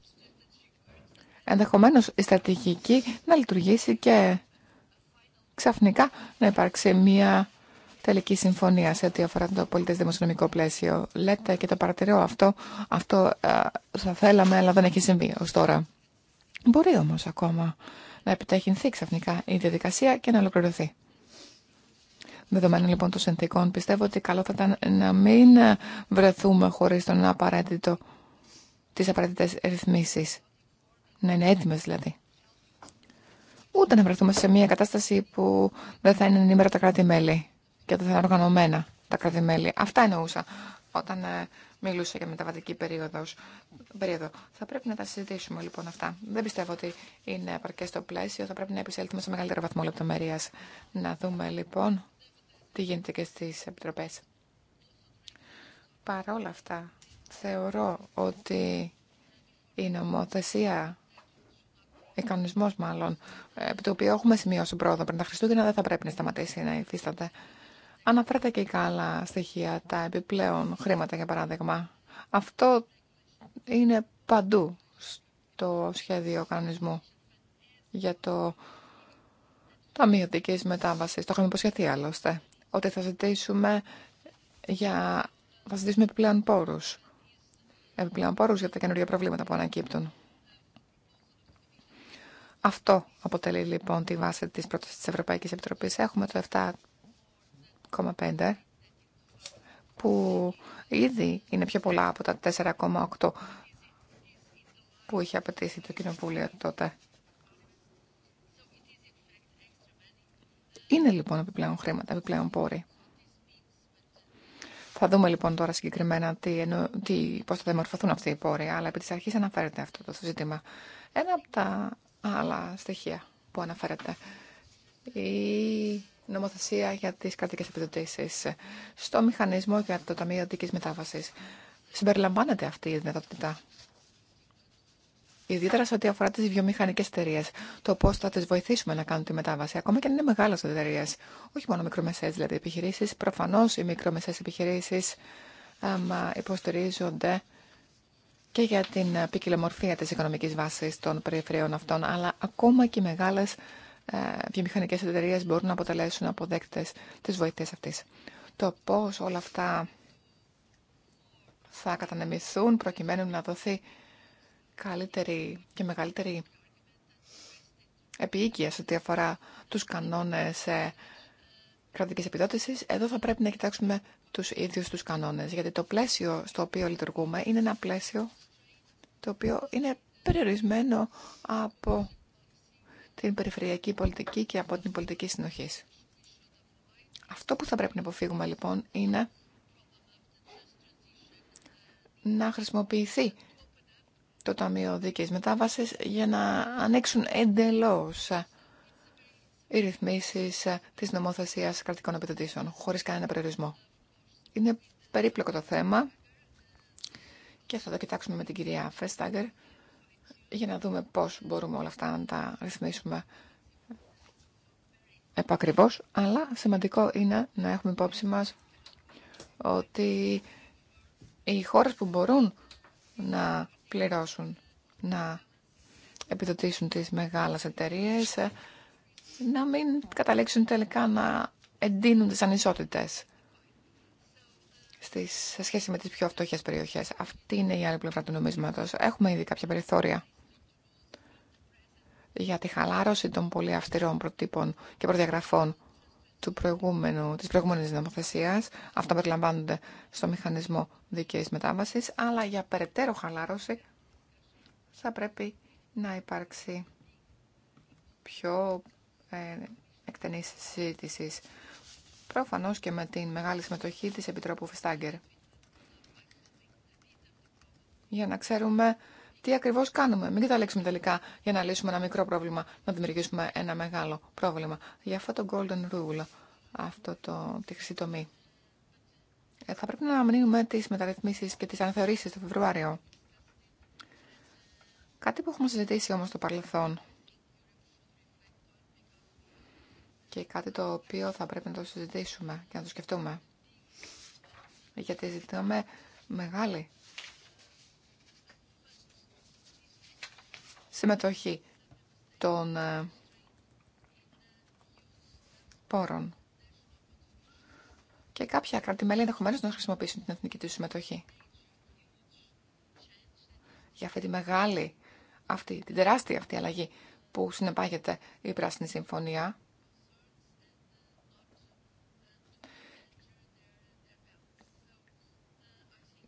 ενδεχομένως η στρατηγική να λειτουργήσει και ξαφνικά να υπάρξει μια τελική συμφωνία σε ό,τι αφορά το πολιτές δημοσιονομικό πλαίσιο. Λέτε και το παρατηρώ αυτό, αυτό ε, θα θέλαμε, αλλά δεν έχει συμβεί ως τώρα. Μπορεί όμως ακόμα να επιταχυνθεί ξαφνικά η διαδικασία και να ολοκληρωθεί. Δεδομένου λοιπόν των συνθήκων, πιστεύω ότι καλό θα ήταν να μην βρεθούμε χωρί τον απαραίτητο, τι απαραίτητε ρυθμίσει. Να είναι έτοιμε, δηλαδή. Ούτε να βρεθούμε σε μια κατάσταση που δεν θα είναι ενήμερα τα κράτη-μέλη και τα οργανωμένα τα κρατημέλη. Αυτά εννοούσα όταν ε, μιλούσα για μεταβατική περίοδος, περίοδο. Θα πρέπει να τα συζητήσουμε λοιπόν αυτά. Δεν πιστεύω ότι είναι επαρκέ στο πλαίσιο. Θα πρέπει να επισέλθουμε σε μεγαλύτερο βαθμό λεπτομερία. Να δούμε λοιπόν τι γίνεται και στι επιτροπέ. Παρ' όλα αυτά, θεωρώ ότι η νομοθεσία, ο κανονισμό μάλλον, επί του οποίου έχουμε σημειώσει πρόοδο πριν τα Χριστούγεννα, δεν θα πρέπει να σταματήσει να υφίσταται. Αναφέρατε και καλά στοιχεία, τα επιπλέον χρήματα για παράδειγμα. Αυτό είναι παντού στο σχέδιο κανονισμού για το Ταμείο Δικής Μετάβασης. Το είχαμε υποσχεθεί άλλωστε, ότι θα ζητήσουμε, για... θα ζητήσουμε επιπλέον πόρους. Επιπλέον πόρους για τα καινούργια προβλήματα που ανακύπτουν. Αυτό αποτελεί λοιπόν τη βάση της πρότασης της Ευρωπαϊκής Επιτροπής. Έχουμε το 4,5 που ήδη είναι πιο πολλά από τα 4,8 που είχε απαιτήσει το Κοινοβούλιο τότε. Είναι λοιπόν επιπλέον χρήματα, επιπλέον πόροι. Θα δούμε λοιπόν τώρα συγκεκριμένα τι, τι, πώς θα δημορφωθούν αυτοί οι πόροι, αλλά επί της αρχής αναφέρεται αυτό το ζήτημα. Ένα από τα άλλα στοιχεία που αναφέρεται. Η νομοθεσία για τι κρατικέ επιδοτήσει στο μηχανισμό για το Ταμείο Δική Μετάβαση. Συμπεριλαμβάνεται αυτή η δυνατότητα. Ιδιαίτερα σε ό,τι αφορά τι βιομηχανικέ εταιρείε, το πώ θα τι βοηθήσουμε να κάνουν τη μετάβαση, ακόμα και αν είναι μεγάλε εταιρείε, όχι μόνο μικρομεσαίες δηλαδή επιχειρήσεις, προφανώς οι μικρομεσαίες επιχειρήσει υποστηρίζονται και για την ποικιλομορφία της οικονομικής βάσης των περιφερειών αυτών, αλλά ακόμα και οι μεγάλες ε, Βιομηχανικέ εταιρείε μπορούν να αποτελέσουν αποδέκτες της βοήθειας αυτής. Το πώς όλα αυτά θα κατανεμηθούν προκειμένου να δοθεί καλύτερη και μεγαλύτερη επίοικια σε ό,τι αφορά τους κανόνες ε, κρατικής επιδότησης, εδώ θα πρέπει να κοιτάξουμε τους ίδιους τους κανόνες, γιατί το πλαίσιο στο οποίο λειτουργούμε είναι ένα πλαίσιο το οποίο είναι περιορισμένο από την περιφερειακή πολιτική και από την πολιτική συνοχή. Αυτό που θα πρέπει να αποφύγουμε λοιπόν είναι να χρησιμοποιηθεί το Ταμείο Δίκαιης Μετάβασης για να ανοίξουν εντελώς οι ρυθμίσεις της νομοθεσίας κρατικών επιτετήσεων χωρίς κανένα περιορισμό. Είναι περίπλοκο το θέμα και θα το κοιτάξουμε με την κυρία Φεστάγκερ για να δούμε πώς μπορούμε όλα αυτά να τα ρυθμίσουμε επακριβώς, αλλά σημαντικό είναι να έχουμε υπόψη μας ότι οι χώρες που μπορούν να πληρώσουν, να επιδοτήσουν τις μεγάλες εταιρείες, να μην καταλήξουν τελικά να εντείνουν τις ανισότητες σε σχέση με τις πιο φτωχές περιοχές. Αυτή είναι η άλλη πλευρά του νομίσματος. Έχουμε ήδη κάποια περιθώρια για τη χαλάρωση των πολύ αυστηρών προτύπων και προδιαγραφών του προηγούμενου, της προηγούμενης νομοθεσίας. Αυτά περιλαμβάνονται στο μηχανισμό δίκαιης μετάβασης, αλλά για περαιτέρω χαλάρωση θα πρέπει να υπάρξει πιο ε, εκτενής συζήτηση. Προφανώς και με την μεγάλη συμμετοχή της Επιτρόπου Φιστάγκερ. Για να ξέρουμε τι ακριβώς κάνουμε. Μην καταλήξουμε τελικά για να λύσουμε ένα μικρό πρόβλημα, να δημιουργήσουμε ένα μεγάλο πρόβλημα. Για αυτό το golden rule, αυτό το, τη τομή. Ε, θα πρέπει να αναμνύουμε τις μεταρρυθμίσεις και τις αναθεωρήσεις το Φεβρουάριο. Κάτι που έχουμε συζητήσει όμως στο παρελθόν. Και κάτι το οποίο θα πρέπει να το συζητήσουμε και να το σκεφτούμε. Γιατί ζητούμε μεγάλη συμμετοχή των ε, πόρων. Και κάποια κράτη-μέλη ενδεχομένω να χρησιμοποιήσουν την εθνική του συμμετοχή. Για αυτή τη μεγάλη, αυτή, την τεράστια αυτή αλλαγή που συνεπάγεται η Πράσινη Συμφωνία,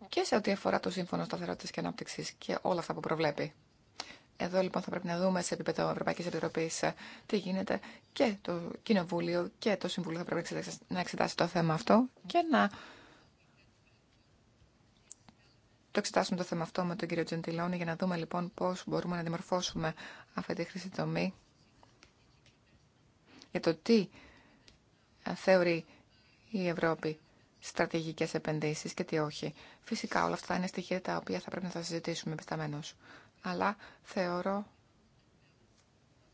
και σε ό,τι αφορά το Σύμφωνο Σταθερότητας και Ανάπτυξης και όλα αυτά που προβλέπει. Εδώ λοιπόν θα πρέπει να δούμε σε επίπεδο Ευρωπαϊκή Επιτροπή ε, τι γίνεται και το Κοινοβούλιο και το Συμβούλιο θα πρέπει να εξετάσει το θέμα αυτό και να το εξετάσουμε το θέμα αυτό με τον κύριο Τζεντιλόνι για να δούμε λοιπόν πώς μπορούμε να δημορφώσουμε αυτή τη χρήση τομή για το τι ε, θεωρεί η Ευρώπη στρατηγικές επενδύσεις και τι όχι. Φυσικά όλα αυτά είναι στοιχεία τα οποία θα πρέπει να τα συζητήσουμε επισταμένως αλλά θεωρώ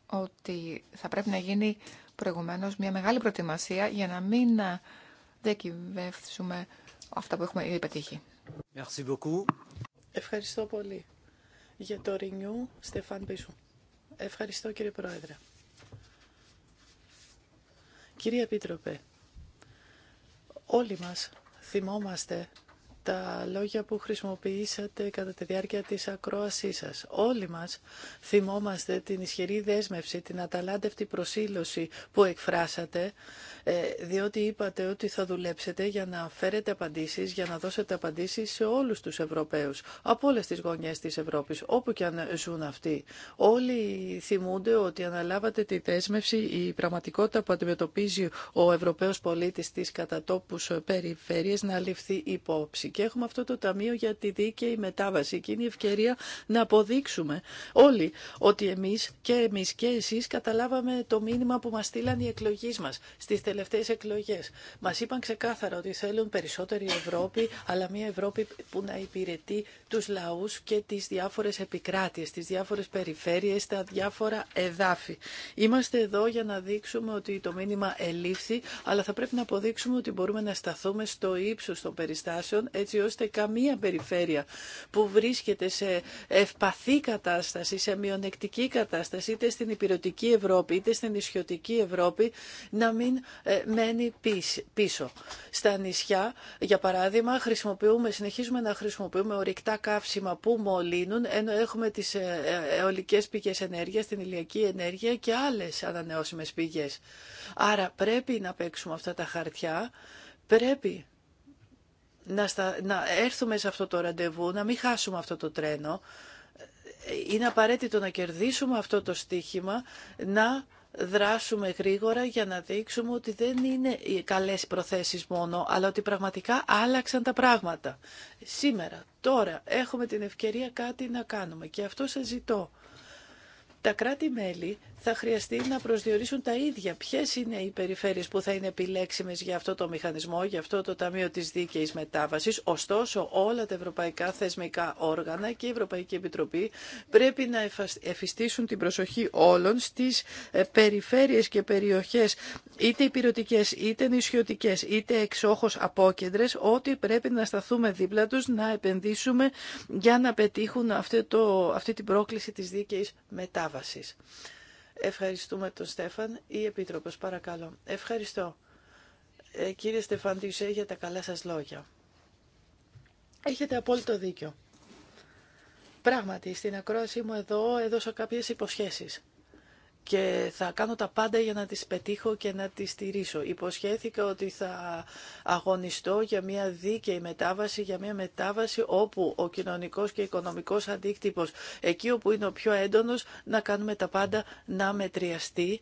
ότι θα πρέπει να γίνει προηγουμένως μια μεγάλη προετοιμασία για να μην διακυβεύσουμε αυτά που έχουμε ήδη πετύχει. Ευχαριστώ πολύ. Για το Ρινιού, Στεφάν Πίσου. Ευχαριστώ κύριε Πρόεδρε. Κύριε Επίτροπε, όλοι μας θυμόμαστε τα λόγια που χρησιμοποιήσατε κατά τη διάρκεια της ακρόασής σας. Όλοι μας θυμόμαστε την ισχυρή δέσμευση, την αταλάντευτη προσήλωση που εκφράσατε, ε, διότι είπατε ότι θα δουλέψετε για να φέρετε απαντήσεις, για να δώσετε απαντήσεις σε όλους τους Ευρωπαίους, από όλες τις γωνιές της Ευρώπης, όπου και αν ζουν αυτοί. Όλοι θυμούνται ότι αναλάβατε τη δέσμευση, η πραγματικότητα που αντιμετωπίζει ο Ευρωπαίος πολίτης στις κατατόπους περιφέρειες να ληφθεί υπόψη και έχουμε αυτό το Ταμείο για τη Δίκαιη Μετάβαση και είναι η ευκαιρία να αποδείξουμε όλοι ότι εμείς και εμείς και εσείς καταλάβαμε το μήνυμα που μας στείλαν οι εκλογείς μας στις τελευταίες εκλογές. Μας είπαν ξεκάθαρα ότι θέλουν περισσότερη Ευρώπη, αλλά μια Ευρώπη που να υπηρετεί τους λαούς και τις διάφορες επικράτειες, τις διάφορες περιφέρειες, τα διάφορα εδάφη. Είμαστε εδώ για να δείξουμε ότι το μήνυμα ελήφθη, αλλά θα πρέπει να αποδείξουμε ότι μπορούμε να σταθούμε στο ύψο των περιστάσεων, έτσι ώστε καμία περιφέρεια που βρίσκεται σε ευπαθή κατάσταση, σε μειονεκτική κατάσταση, είτε στην υπηρετική Ευρώπη είτε στην νησιωτική Ευρώπη, να μην ε, μένει πίσω. Στα νησιά, για παράδειγμα, χρησιμοποιούμε, συνεχίζουμε να χρησιμοποιούμε ορυκτά καύσιμα που μολύνουν, ενώ έχουμε τις ε, ε, αιωλικές πηγές ενέργειας, την ηλιακή ενέργεια και άλλες ανανεώσιμες πηγές. Άρα πρέπει να παίξουμε αυτά τα χαρτιά, πρέπει να, να έρθουμε σε αυτό το ραντεβού, να μην χάσουμε αυτό το τρένο. Είναι απαραίτητο να κερδίσουμε αυτό το στοίχημα, να δράσουμε γρήγορα για να δείξουμε ότι δεν είναι οι καλές προθέσεις μόνο, αλλά ότι πραγματικά άλλαξαν τα πράγματα. Σήμερα, τώρα, έχουμε την ευκαιρία κάτι να κάνουμε και αυτό σας ζητώ τα κράτη-μέλη θα χρειαστεί να προσδιορίσουν τα ίδια ποιε είναι οι περιφέρειε που θα είναι επιλέξιμε για αυτό το μηχανισμό, για αυτό το Ταμείο τη Δίκαιης μετάβαση, Ωστόσο, όλα τα ευρωπαϊκά θεσμικά όργανα και η Ευρωπαϊκή Επιτροπή πρέπει να εφιστήσουν την προσοχή όλων στι ε, περιφέρειε και περιοχέ, είτε υπηρετικέ, είτε νησιωτικέ, είτε εξόχω απόκεντρε, ότι πρέπει να σταθούμε δίπλα του, να επενδύσουμε για να πετύχουν αυτή, την πρόκληση τη δίκαιη μετά. Ευχαριστούμε τον Στέφαν ή Επίτροπος, παρακαλώ. Ευχαριστώ. Ε, κύριε Στεφάν, για τα καλά σας λόγια. Έχετε απόλυτο δίκιο. Πράγματι, στην ακρόαση μου εδώ έδωσα κάποιες υποσχέσεις και θα κάνω τα πάντα για να τις πετύχω και να τις στηρίσω. Υποσχέθηκα ότι θα αγωνιστώ για μια δίκαιη μετάβαση, για μια μετάβαση όπου ο κοινωνικός και οικονομικός αντίκτυπος, εκεί όπου είναι ο πιο έντονος, να κάνουμε τα πάντα να μετριαστεί,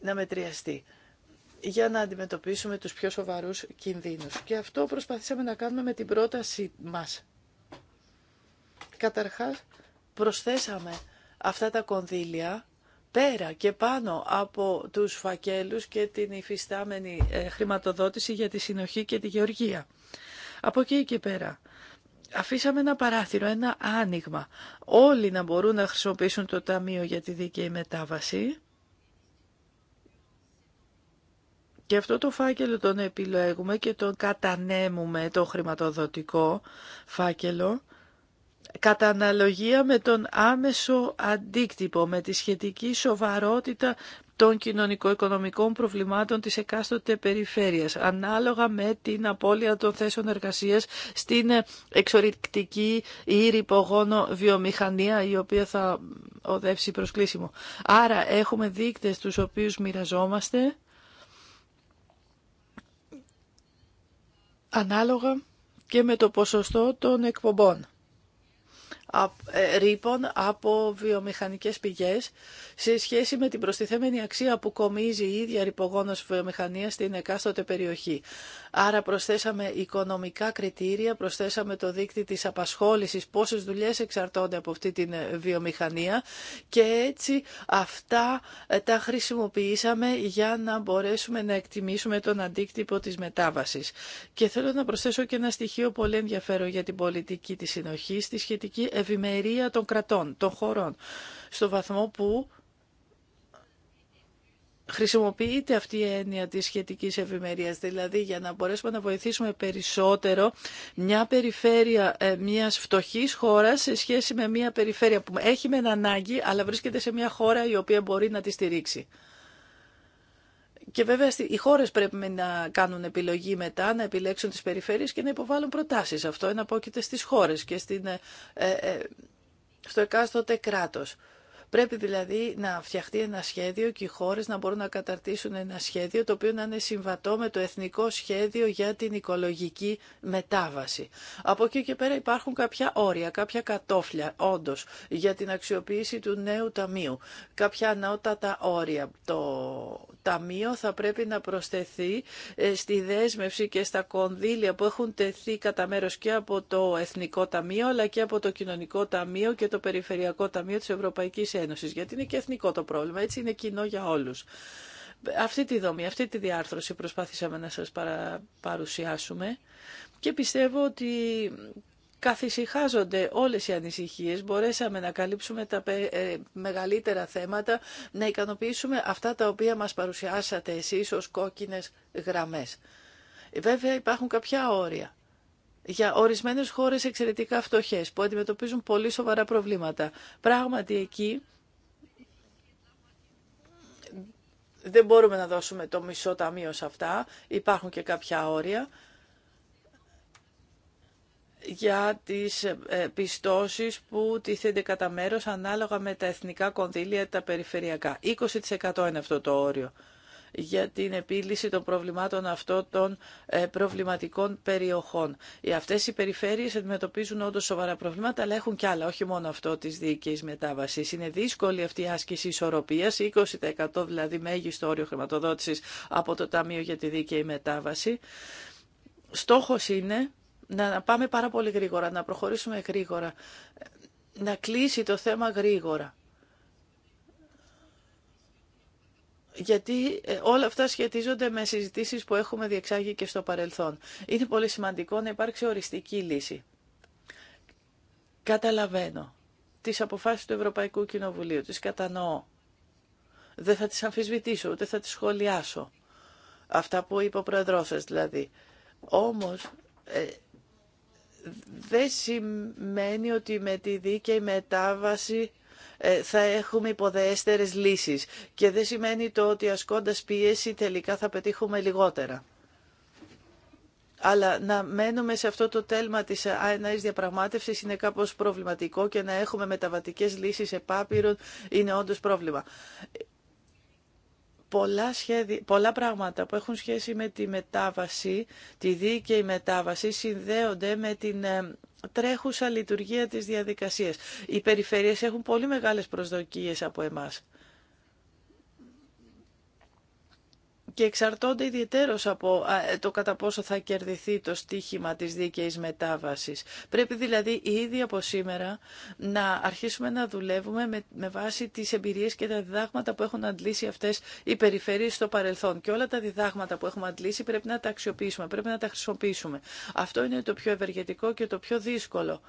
να μετριαστεί για να αντιμετωπίσουμε τους πιο σοβαρούς κινδύνους. Και αυτό προσπαθήσαμε να κάνουμε με την πρόταση μας. Καταρχάς, προσθέσαμε αυτά τα κονδύλια πέρα και πάνω από τους φακέλους και την υφιστάμενη ε, χρηματοδότηση για τη συνοχή και τη γεωργία. Από εκεί και πέρα. Αφήσαμε ένα παράθυρο, ένα άνοιγμα. Όλοι να μπορούν να χρησιμοποιήσουν το Ταμείο για τη Δίκαιη Μετάβαση. Και αυτό το φάκελο τον επιλέγουμε και τον κατανέμουμε, το χρηματοδοτικό φάκελο, κατά αναλογία με τον άμεσο αντίκτυπο, με τη σχετική σοβαρότητα των κοινωνικο-οικονομικών προβλημάτων της εκάστοτε περιφέρειας, ανάλογα με την απώλεια των θέσεων εργασίας στην εξορρυκτική ή ρηπογόνο βιομηχανία, η οποία θα οδεύσει προσκλήσιμο. Άρα έχουμε δείκτες τους οποίους μοιραζόμαστε, ανάλογα και με το ποσοστό των εκπομπών. Ε, ρήπων από βιομηχανικές πηγές σε σχέση με την προστιθέμενη αξία που κομίζει η ίδια ρηπογόνος βιομηχανία στην εκάστοτε περιοχή. Άρα προσθέσαμε οικονομικά κριτήρια, προσθέσαμε το δίκτυο της απασχόλησης, πόσες δουλειές εξαρτώνται από αυτή την ε, βιομηχανία και έτσι αυτά ε, τα χρησιμοποιήσαμε για να μπορέσουμε να εκτιμήσουμε τον αντίκτυπο της μετάβασης. Και θέλω να προσθέσω και ένα στοιχείο πολύ ενδιαφέρον για την πολιτική της συνοχής, τη σχετική ευημερία των κρατών, των χωρών, στο βαθμό που χρησιμοποιείται αυτή η έννοια της σχετικής ευημερίας, δηλαδή για να μπορέσουμε να βοηθήσουμε περισσότερο μια περιφέρεια ε, μιας φτωχής χώρας σε σχέση με μια περιφέρεια που έχει μεν ανάγκη αλλά βρίσκεται σε μια χώρα η οποία μπορεί να τη στηρίξει. Και βέβαια οι χώρε πρέπει να κάνουν επιλογή μετά, να επιλέξουν τι περιφέρειε και να υποβάλουν προτάσει. Αυτό είναι εναπόκειται στι χώρε και στην, ε, ε, ε στο εκάστοτε κράτο. Πρέπει δηλαδή να φτιαχτεί ένα σχέδιο και οι χώρες να μπορούν να καταρτήσουν ένα σχέδιο το οποίο να είναι συμβατό με το Εθνικό Σχέδιο για την Οικολογική Μετάβαση. Από εκεί και πέρα υπάρχουν κάποια όρια, κάποια κατόφλια όντως για την αξιοποίηση του νέου ταμείου. Κάποια ανώτατα όρια. Το ταμείο θα πρέπει να προσθεθεί ε, στη δέσμευση και στα κονδύλια που έχουν τεθεί κατά μέρο και από το Εθνικό Ταμείο αλλά και από το Κοινωνικό Ταμείο και το Περιφερειακό Ταμείο της Ευρωπαϊκής γιατί είναι και εθνικό το πρόβλημα, έτσι είναι κοινό για όλους. Αυτή τη δομή, αυτή τη διάρθρωση προσπάθησαμε να σας παρουσιάσουμε και πιστεύω ότι καθησυχάζονται όλες οι ανησυχίες, μπορέσαμε να καλύψουμε τα ε, μεγαλύτερα θέματα, να ικανοποιήσουμε αυτά τα οποία μας παρουσιάσατε εσείς ως κόκκινες γραμμές. Βέβαια υπάρχουν κάποια όρια για ορισμένες χώρες εξαιρετικά φτωχές που αντιμετωπίζουν πολύ σοβαρά προβλήματα. Πράγματι εκεί δεν μπορούμε να δώσουμε το μισό ταμείο σε αυτά, υπάρχουν και κάποια όρια για τις ε, πιστώσεις που τίθενται κατά μέρο ανάλογα με τα εθνικά κονδύλια τα περιφερειακά. 20% είναι αυτό το όριο για την επίλυση των προβλημάτων αυτών των ε, προβληματικών περιοχών. Ε, αυτές οι περιφέρειες αντιμετωπίζουν όντως σοβαρά προβλήματα, αλλά έχουν κι άλλα, όχι μόνο αυτό της διοικής μετάβασης. Είναι δύσκολη αυτή η άσκηση ισορροπίας, 20% δηλαδή μέγιστο όριο χρηματοδότησης από το Ταμείο για τη Δίκαιη Μετάβαση. Στόχος είναι να πάμε πάρα πολύ γρήγορα, να προχωρήσουμε γρήγορα, να κλείσει το θέμα γρήγορα. γιατί ε, όλα αυτά σχετίζονται με συζητήσεις που έχουμε διεξάγει και στο παρελθόν. Είναι πολύ σημαντικό να υπάρξει οριστική λύση. Καταλαβαίνω τις αποφάσεις του Ευρωπαϊκού Κοινοβουλίου, τις κατανοώ. Δεν θα τις αμφισβητήσω, ούτε θα τις σχολιάσω. Αυτά που είπε ο Πρόεδρός σας δηλαδή. Όμως ε, δεν σημαίνει ότι με τη δίκαιη μετάβαση ε, θα έχουμε υποδεέστερες λύσεις και δεν σημαίνει το ότι ασκώντας πίεση τελικά θα πετύχουμε λιγότερα. Αλλά να μένουμε σε αυτό το τέλμα της ΑΕΝΑΙΣ διαπραγμάτευσης είναι κάπως προβληματικό και να έχουμε μεταβατικές λύσεις επάπειρων είναι όντως πρόβλημα πολλά, σχέδια, πολλά πράγματα που έχουν σχέση με τη μετάβαση, τη δίκαιη μετάβαση, συνδέονται με την ε, τρέχουσα λειτουργία της διαδικασίας. Οι περιφέρειες έχουν πολύ μεγάλες προσδοκίες από εμάς. και εξαρτώνται ιδιαιτέρως από το κατά πόσο θα κερδιθεί το στίχημα της δίκαιης μετάβασης. Πρέπει δηλαδή ήδη από σήμερα να αρχίσουμε να δουλεύουμε με, βάση τις εμπειρίες και τα διδάγματα που έχουν αντλήσει αυτές οι περιφέρειες στο παρελθόν. Και όλα τα διδάγματα που έχουμε αντλήσει πρέπει να τα αξιοποιήσουμε, πρέπει να τα χρησιμοποιήσουμε. Αυτό είναι το πιο ευεργετικό και το πιο δύσκολο.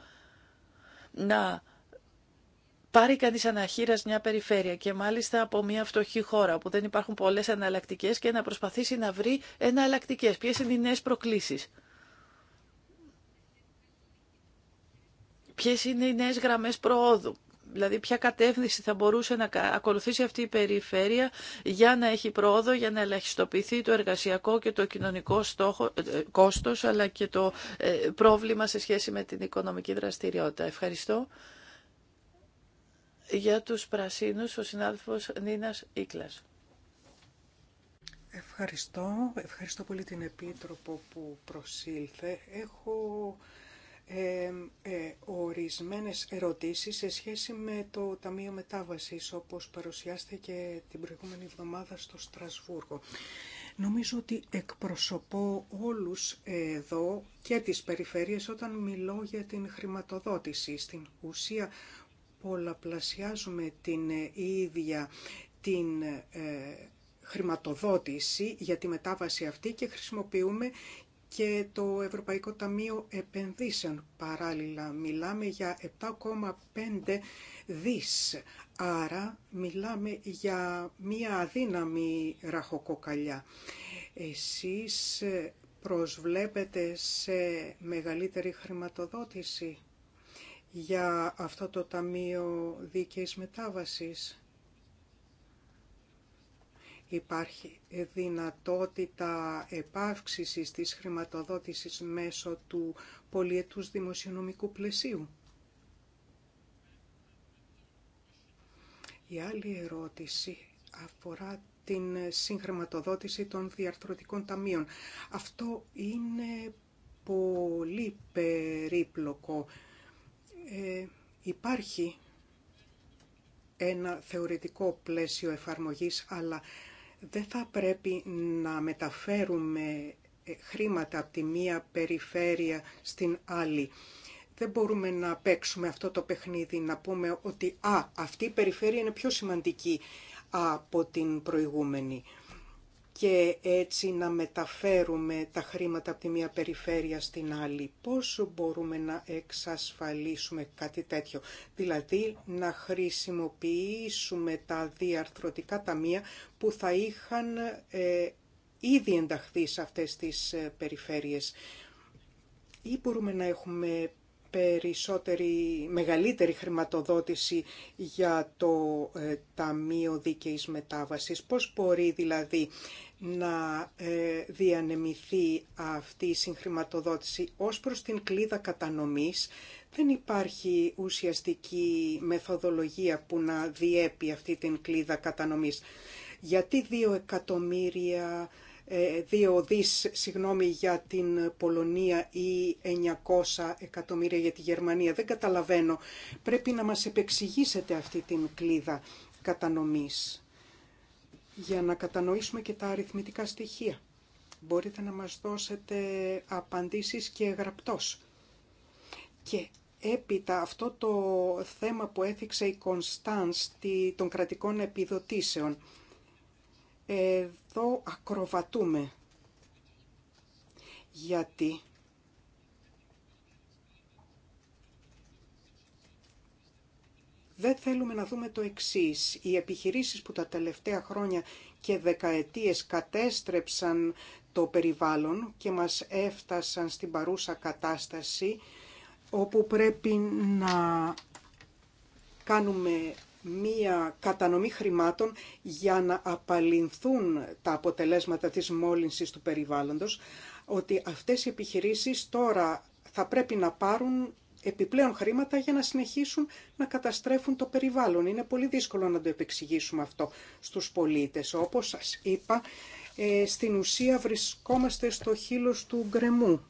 Να πάρει κανείς αναχείρας μια περιφέρεια και μάλιστα από μια φτωχή χώρα που δεν υπάρχουν πολλές εναλλακτικέ και να προσπαθήσει να βρει εναλλακτικέ. Ποιες είναι οι νέες προκλήσεις. Ποιες είναι οι νέες γραμμές προόδου. Δηλαδή ποια κατεύθυνση θα μπορούσε να ακολουθήσει αυτή η περιφέρεια για να έχει πρόοδο, για να ελαχιστοποιηθεί το εργασιακό και το κοινωνικό στόχο, ε, ε, κόστος αλλά και το ε, πρόβλημα σε σχέση με την οικονομική δραστηριότητα. Ευχαριστώ για τους πρασίνους ο συνάδελφος Νίνας Ήκλας. Ευχαριστώ. Ευχαριστώ πολύ την Επίτροπο που προσήλθε. Έχω ε, ε, ορισμένες ερωτήσεις σε σχέση με το Ταμείο Μετάβασης, όπως παρουσιάστηκε την προηγούμενη εβδομάδα στο Στρασβούργο. Νομίζω ότι εκπροσωπώ όλους εδώ και τις περιφέρειες όταν μιλώ για την χρηματοδότηση. Στην ουσία πολλαπλασιάζουμε την ε, ίδια την ε, χρηματοδότηση για τη μετάβαση αυτή και χρησιμοποιούμε και το Ευρωπαϊκό Ταμείο Επενδύσεων παράλληλα. Μιλάμε για 7,5 δις, άρα μιλάμε για μία αδύναμη ραχοκοκαλιά. Εσείς ε, προσβλέπετε σε μεγαλύτερη χρηματοδότηση για αυτό το Ταμείο Δίκαιης Μετάβασης. Υπάρχει δυνατότητα επαύξησης της χρηματοδότησης μέσω του πολιετούς δημοσιονομικού πλαισίου. Η άλλη ερώτηση αφορά την συγχρηματοδότηση των διαρθρωτικών ταμείων. Αυτό είναι πολύ περίπλοκο ε, υπάρχει ένα θεωρητικό πλαίσιο εφαρμογής, αλλά δεν θα πρέπει να μεταφέρουμε ε, χρήματα από τη μία περιφέρεια στην άλλη. Δεν μπορούμε να παίξουμε αυτό το παιχνίδι, να πούμε ότι α, αυτή η περιφέρεια είναι πιο σημαντική από την προηγούμενη και έτσι να μεταφέρουμε τα χρήματα από τη μία περιφέρεια στην άλλη. Πώς μπορούμε να εξασφαλίσουμε κάτι τέτοιο. Δηλαδή να χρησιμοποιήσουμε τα διαρθρωτικά ταμεία που θα είχαν ε, ήδη ενταχθεί σε αυτές τις ε, περιφέρειες. Ή μπορούμε να έχουμε περισσότερη, μεγαλύτερη χρηματοδότηση για το ε, Ταμείο Δίκαιης Μετάβασης. Πώς μπορεί δηλαδή να ε, διανεμηθεί αυτή η συγχρηματοδότηση ως προς την κλίδα κατανομής. Δεν υπάρχει ουσιαστική μεθοδολογία που να διέπει αυτή την κλίδα κατανομής. Γιατί δύο εκατομμύρια ε, δύο δις συγγνώμη, για την Πολωνία ή 900 εκατομμύρια για τη Γερμανία. Δεν καταλαβαίνω. Πρέπει να μας επεξηγήσετε αυτή την κλίδα κατανομής για να κατανοήσουμε και τα αριθμητικά στοιχεία. Μπορείτε να μας δώσετε απαντήσεις και γραπτός. Και έπειτα αυτό το θέμα που έθιξε η Κωνσταντς των κρατικών επιδοτήσεων. Εδώ ακροβατούμε. Γιατί δεν θέλουμε να δούμε το εξής. Οι επιχειρήσεις που τα τελευταία χρόνια και δεκαετίες κατέστρεψαν το περιβάλλον και μας έφτασαν στην παρούσα κατάσταση όπου πρέπει να κάνουμε μία κατανομή χρημάτων για να απαλυνθούν τα αποτελέσματα της μόλυνσης του περιβάλλοντος, ότι αυτές οι επιχειρήσεις τώρα θα πρέπει να πάρουν επιπλέον χρήματα για να συνεχίσουν να καταστρέφουν το περιβάλλον. Είναι πολύ δύσκολο να το επεξηγήσουμε αυτό στους πολίτες. Όπως σας είπα, ε, στην ουσία βρισκόμαστε στο χείλος του γκρεμού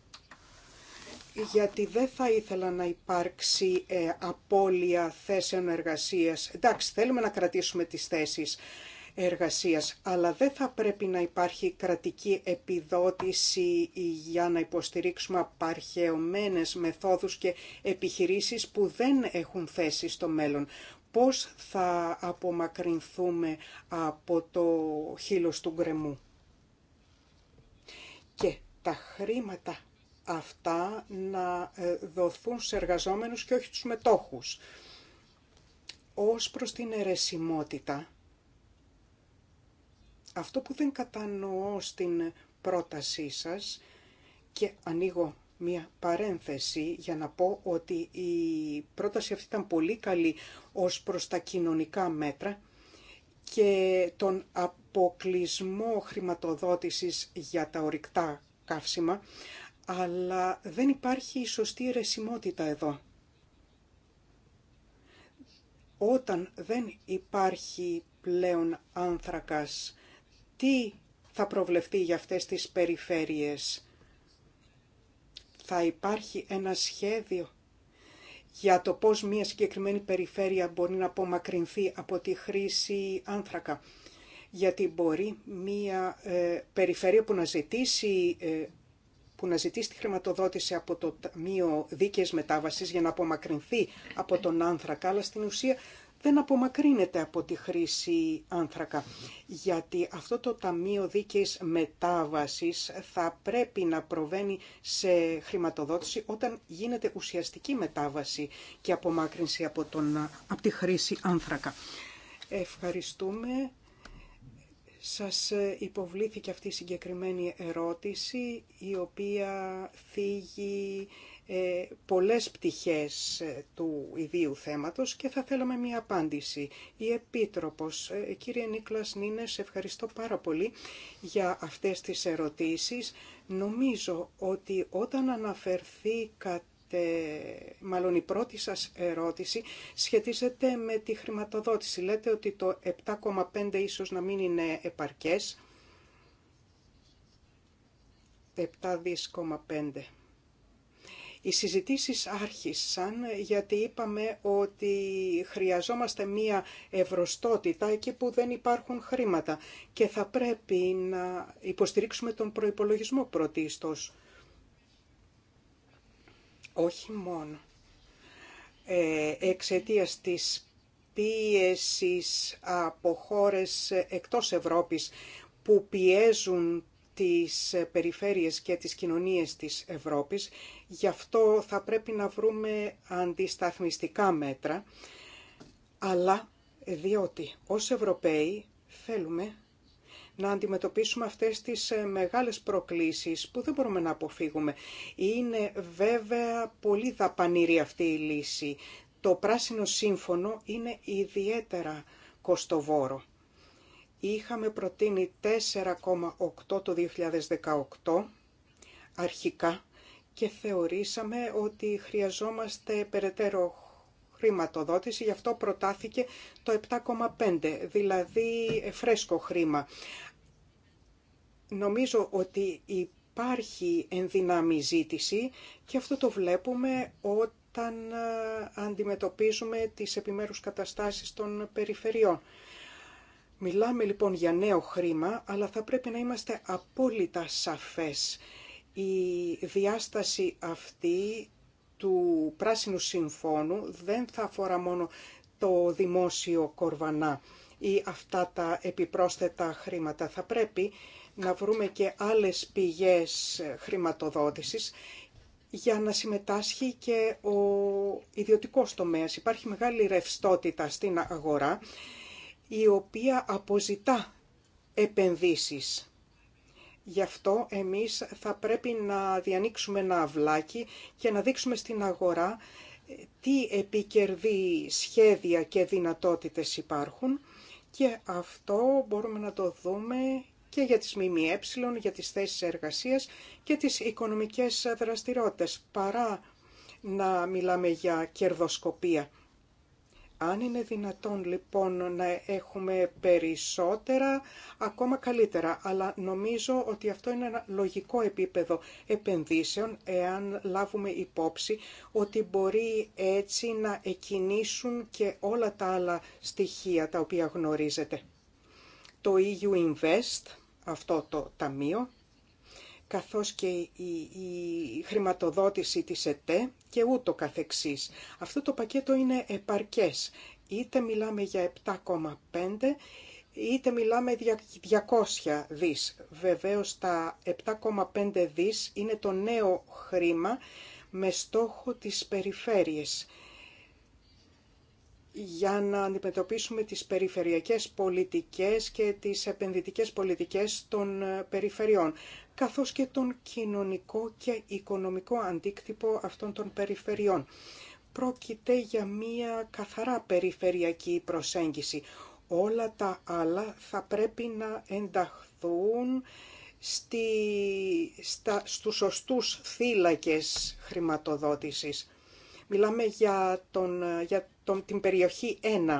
γιατί δεν θα ήθελα να υπάρξει ε, απώλεια θέσεων εργασίας. Εντάξει, θέλουμε να κρατήσουμε τις θέσεις εργασίας, αλλά δεν θα πρέπει να υπάρχει κρατική επιδότηση για να υποστηρίξουμε απαρχαιωμένες μεθόδους και επιχειρήσεις που δεν έχουν θέση στο μέλλον. Πώς θα απομακρυνθούμε από το χείλος του γκρεμού. Και τα χρήματα αυτά να ε, δοθούν σε εργαζόμενους και όχι τους μετόχους. Ως προς την αιρεσιμότητα, αυτό που δεν κατανοώ στην πρότασή σας και ανοίγω μία παρένθεση για να πω ότι η πρόταση αυτή ήταν πολύ καλή ως προς τα κοινωνικά μέτρα και τον αποκλεισμό χρηματοδότησης για τα ορυκτά καύσιμα, αλλά δεν υπάρχει η σωστή ρεσιμότητα εδώ. Όταν δεν υπάρχει πλέον άνθρακας, τι θα προβλεφθεί για αυτές τις περιφέρειες. Θα υπάρχει ένα σχέδιο για το πώς μια συγκεκριμένη περιφέρεια μπορεί να απομακρυνθεί από τη χρήση άνθρακα. Γιατί μπορεί μια ε, περιφέρεια που να ζητήσει ε, που να ζητήσει τη χρηματοδότηση από το Ταμείο Δίκαιη μετάβαση για να απομακρυνθεί από τον άνθρακα, αλλά στην ουσία δεν απομακρύνεται από τη χρήση άνθρακα, γιατί αυτό το Ταμείο δίκαιη Μετάβασης θα πρέπει να προβαίνει σε χρηματοδότηση όταν γίνεται ουσιαστική μετάβαση και απομάκρυνση από, τον, από τη χρήση άνθρακα. Ευχαριστούμε. Σας ε, υποβλήθηκε αυτή η συγκεκριμένη ερώτηση, η οποία θίγει ε, πολλές πτυχές ε, του ιδίου θέματος και θα θέλαμε μία απάντηση. Η Επίτροπος, ε, κύριε Νίκλας Νίνες, ευχαριστώ πάρα πολύ για αυτές τις ερωτήσεις. Νομίζω ότι όταν αναφερθήκατε μάλλον η πρώτη σας ερώτηση σχετίζεται με τη χρηματοδότηση. Λέτε ότι το 7,5 ίσως να μην είναι επαρκές. 7,5. Οι συζητήσεις άρχισαν γιατί είπαμε ότι χρειαζόμαστε μία ευρωστότητα εκεί που δεν υπάρχουν χρήματα και θα πρέπει να υποστηρίξουμε τον προϋπολογισμό πρωτίστως όχι μόνο ε, εξαιτίας της πίεσης από χώρες εκτός Ευρώπης που πιέζουν τις περιφέρειες και τις κοινωνίες της Ευρώπης. Γι' αυτό θα πρέπει να βρούμε αντισταθμιστικά μέτρα, αλλά διότι ως Ευρωπαίοι θέλουμε να αντιμετωπίσουμε αυτές τις ε, μεγάλες προκλήσεις που δεν μπορούμε να αποφύγουμε. Είναι βέβαια πολύ δαπανήρη αυτή η λύση. Το πράσινο σύμφωνο είναι ιδιαίτερα κοστοβόρο. Είχαμε προτείνει 4,8 το 2018 αρχικά και θεωρήσαμε ότι χρειαζόμαστε περαιτέρω χρηματοδότηση, γι' αυτό προτάθηκε το 7,5, δηλαδή φρέσκο χρήμα. Νομίζω ότι υπάρχει ενδυνάμει ζήτηση και αυτό το βλέπουμε όταν ε, αντιμετωπίζουμε τις επιμέρους καταστάσεις των περιφερειών. Μιλάμε λοιπόν για νέο χρήμα, αλλά θα πρέπει να είμαστε απόλυτα σαφές. Η διάσταση αυτή του Πράσινου Συμφώνου δεν θα αφορά μόνο το δημόσιο κορβανά ή αυτά τα επιπρόσθετα χρήματα. Θα πρέπει να βρούμε και άλλες πηγές χρηματοδότησης για να συμμετάσχει και ο ιδιωτικός τομέας. Υπάρχει μεγάλη ρευστότητα στην αγορά η οποία αποζητά επενδύσεις Γι' αυτό εμείς θα πρέπει να διανοίξουμε ένα αυλάκι και να δείξουμε στην αγορά ε, τι επικερδή σχέδια και δυνατότητες υπάρχουν και αυτό μπορούμε να το δούμε και για τις ΜΜΕ, για τις θέσεις εργασίας και τις οικονομικές δραστηριότητες, παρά να μιλάμε για κερδοσκοπία. Αν είναι δυνατόν λοιπόν να έχουμε περισσότερα, ακόμα καλύτερα. Αλλά νομίζω ότι αυτό είναι ένα λογικό επίπεδο επενδύσεων, εάν λάβουμε υπόψη ότι μπορεί έτσι να εκκινήσουν και όλα τα άλλα στοιχεία τα οποία γνωρίζετε. Το EU Invest, αυτό το ταμείο, καθώς και η, χρηματοδότηση της ΕΤΕ και ούτω καθεξής. Αυτό το πακέτο είναι επαρκές. Είτε μιλάμε για 7,5 είτε μιλάμε για 200 δις. Βεβαίως τα 7,5 δις είναι το νέο χρήμα με στόχο τις περιφέρειες για να αντιμετωπίσουμε τις περιφερειακές πολιτικές και τις επενδυτικές πολιτικές των ε, περιφερειών, καθώς και τον κοινωνικό και οικονομικό αντίκτυπο αυτών των περιφερειών. Πρόκειται για μία καθαρά περιφερειακή προσέγγιση. Όλα τα άλλα θα πρέπει να ενταχθούν στη, στα, στους σωστούς θύλακες χρηματοδότησης. Μιλάμε για, τον, για τον, την περιοχή 1.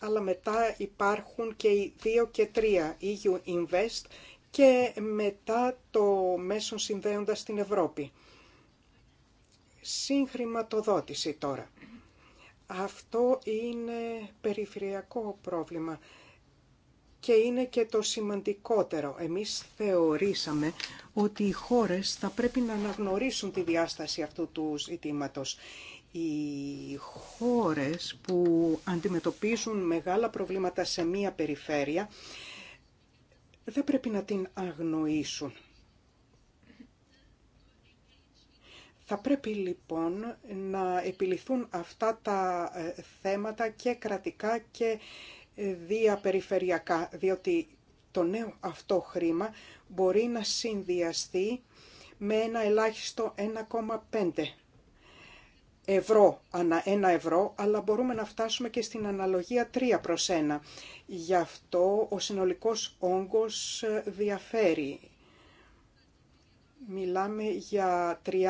Αλλά μετά υπάρχουν και οι 2 και 3, EU Invest και μετά το μέσον συνδέοντας την Ευρώπη. Συγχρηματοδότηση τώρα. Αυτό είναι περιφερειακό πρόβλημα και είναι και το σημαντικότερο. Εμείς θεωρήσαμε ότι οι χώρες θα πρέπει να αναγνωρίσουν τη διάσταση αυτού του ζητήματος. Οι χώρες που αντιμετωπίζουν μεγάλα προβλήματα σε μία περιφέρεια δεν πρέπει να την αγνοήσουν. Θα πρέπει λοιπόν να επιληθούν αυτά τα ε, θέματα και κρατικά και διαπεριφερειακά, διότι το νέο αυτό χρήμα μπορεί να συνδυαστεί με ένα ελάχιστο 1,5 ευρώ ανά 1 ευρώ, αλλά μπορούμε να φτάσουμε και στην αναλογία 3 προς 1. Γι' αυτό ο συνολικός όγκος ε, διαφέρει. Μιλάμε για 30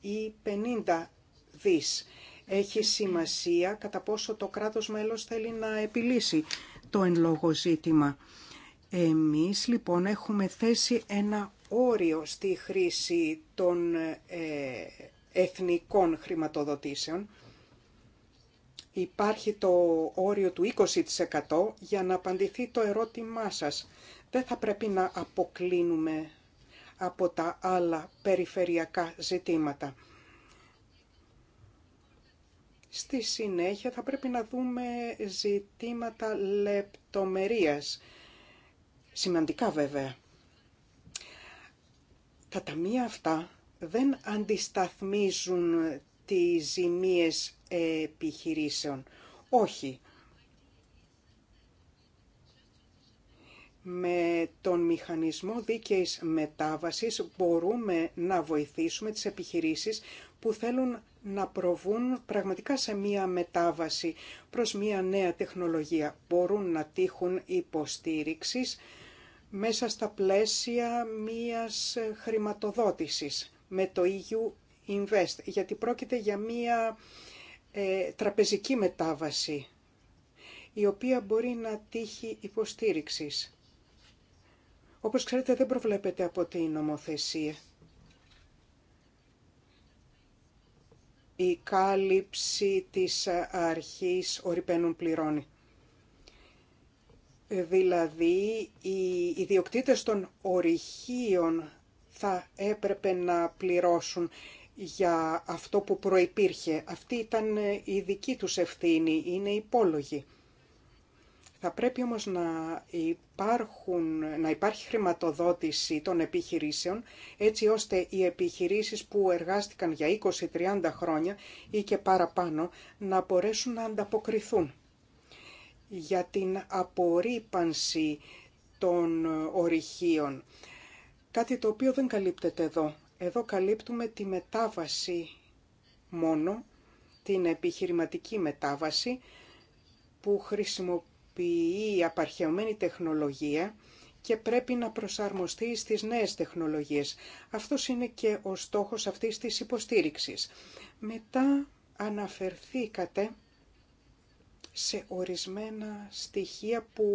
ή 50 δις. Έχει σημασία κατά πόσο το κράτος μέλος θέλει να επιλύσει το εν λόγω ζήτημα. Εμείς λοιπόν έχουμε θέσει ένα όριο στη χρήση των ε, εθνικών χρηματοδοτήσεων. Υπάρχει το όριο του 20% για να απαντηθεί το ερώτημά σας. Δεν θα πρέπει να αποκλίνουμε από τα άλλα περιφερειακά ζητήματα. Στη συνέχεια θα πρέπει να δούμε ζητήματα λεπτομερίας. Σημαντικά βέβαια. Τα ταμεία αυτά δεν αντισταθμίζουν τις ζημίες επιχειρήσεων. Όχι. Με τον μηχανισμό δίκαιης μετάβασης μπορούμε να βοηθήσουμε τις επιχειρήσεις που θέλουν να προβούν πραγματικά σε μία μετάβαση προς μία νέα τεχνολογία. Μπορούν να τύχουν υποστήριξης μέσα στα πλαίσια μίας χρηματοδότησης με το EU Invest, γιατί πρόκειται για μία ε, τραπεζική μετάβαση, η οποία μπορεί να τύχει υποστήριξης. Όπως ξέρετε δεν προβλέπεται από την νομοθεσία η κάλυψη της αρχής ορυπαίνουν πληρώνει. Δηλαδή, οι ιδιοκτήτες των ορυχείων θα έπρεπε να πληρώσουν για αυτό που προϋπήρχε. Αυτή ήταν η δική τους ευθύνη, είναι υπόλογη. Θα πρέπει όμως να, υπάρχουν, να υπάρχει χρηματοδότηση των επιχειρήσεων, έτσι ώστε οι επιχειρήσεις που εργάστηκαν για 20-30 χρόνια ή και παραπάνω να μπορέσουν να ανταποκριθούν. Για την απορρίπανση των ορυχείων, κάτι το οποίο δεν καλύπτεται εδώ. Εδώ καλύπτουμε τη μετάβαση μόνο, την επιχειρηματική μετάβαση, που χρησιμοποιούμε η απαρχαιωμένη τεχνολογία και πρέπει να προσαρμοστεί στις νέες τεχνολογίες. Αυτός είναι και ο στόχος αυτής της υποστήριξης. Μετά αναφερθήκατε σε ορισμένα στοιχεία που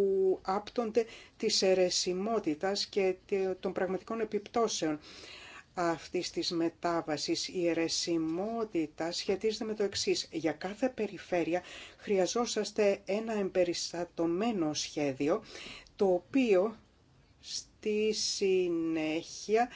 άπτονται της αιρεσιμότητας και των πραγματικών επιπτώσεων αυτής της μετάβασης. Η αιρεσιμότητα σχετίζεται με το εξής. Για κάθε περιφέρεια χρειαζόσαστε ένα εμπεριστατωμένο σχέδιο, το οποίο στη συνέχεια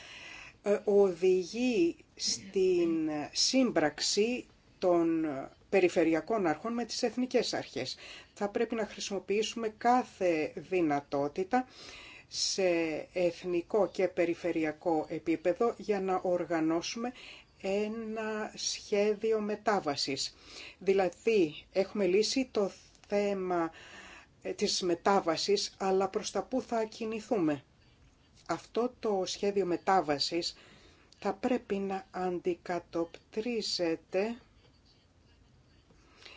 ε, οδηγεί στην σύμπραξη των περιφερειακών αρχών με τις εθνικές αρχές. Θα πρέπει να χρησιμοποιήσουμε κάθε δυνατότητα σε εθνικό και περιφερειακό επίπεδο για να οργανώσουμε ένα σχέδιο μετάβασης. Δηλαδή, έχουμε λύσει το θέμα ε, της μετάβασης, αλλά προς τα πού θα κινηθούμε. Αυτό το σχέδιο μετάβασης θα πρέπει να αντικατοπτρίζεται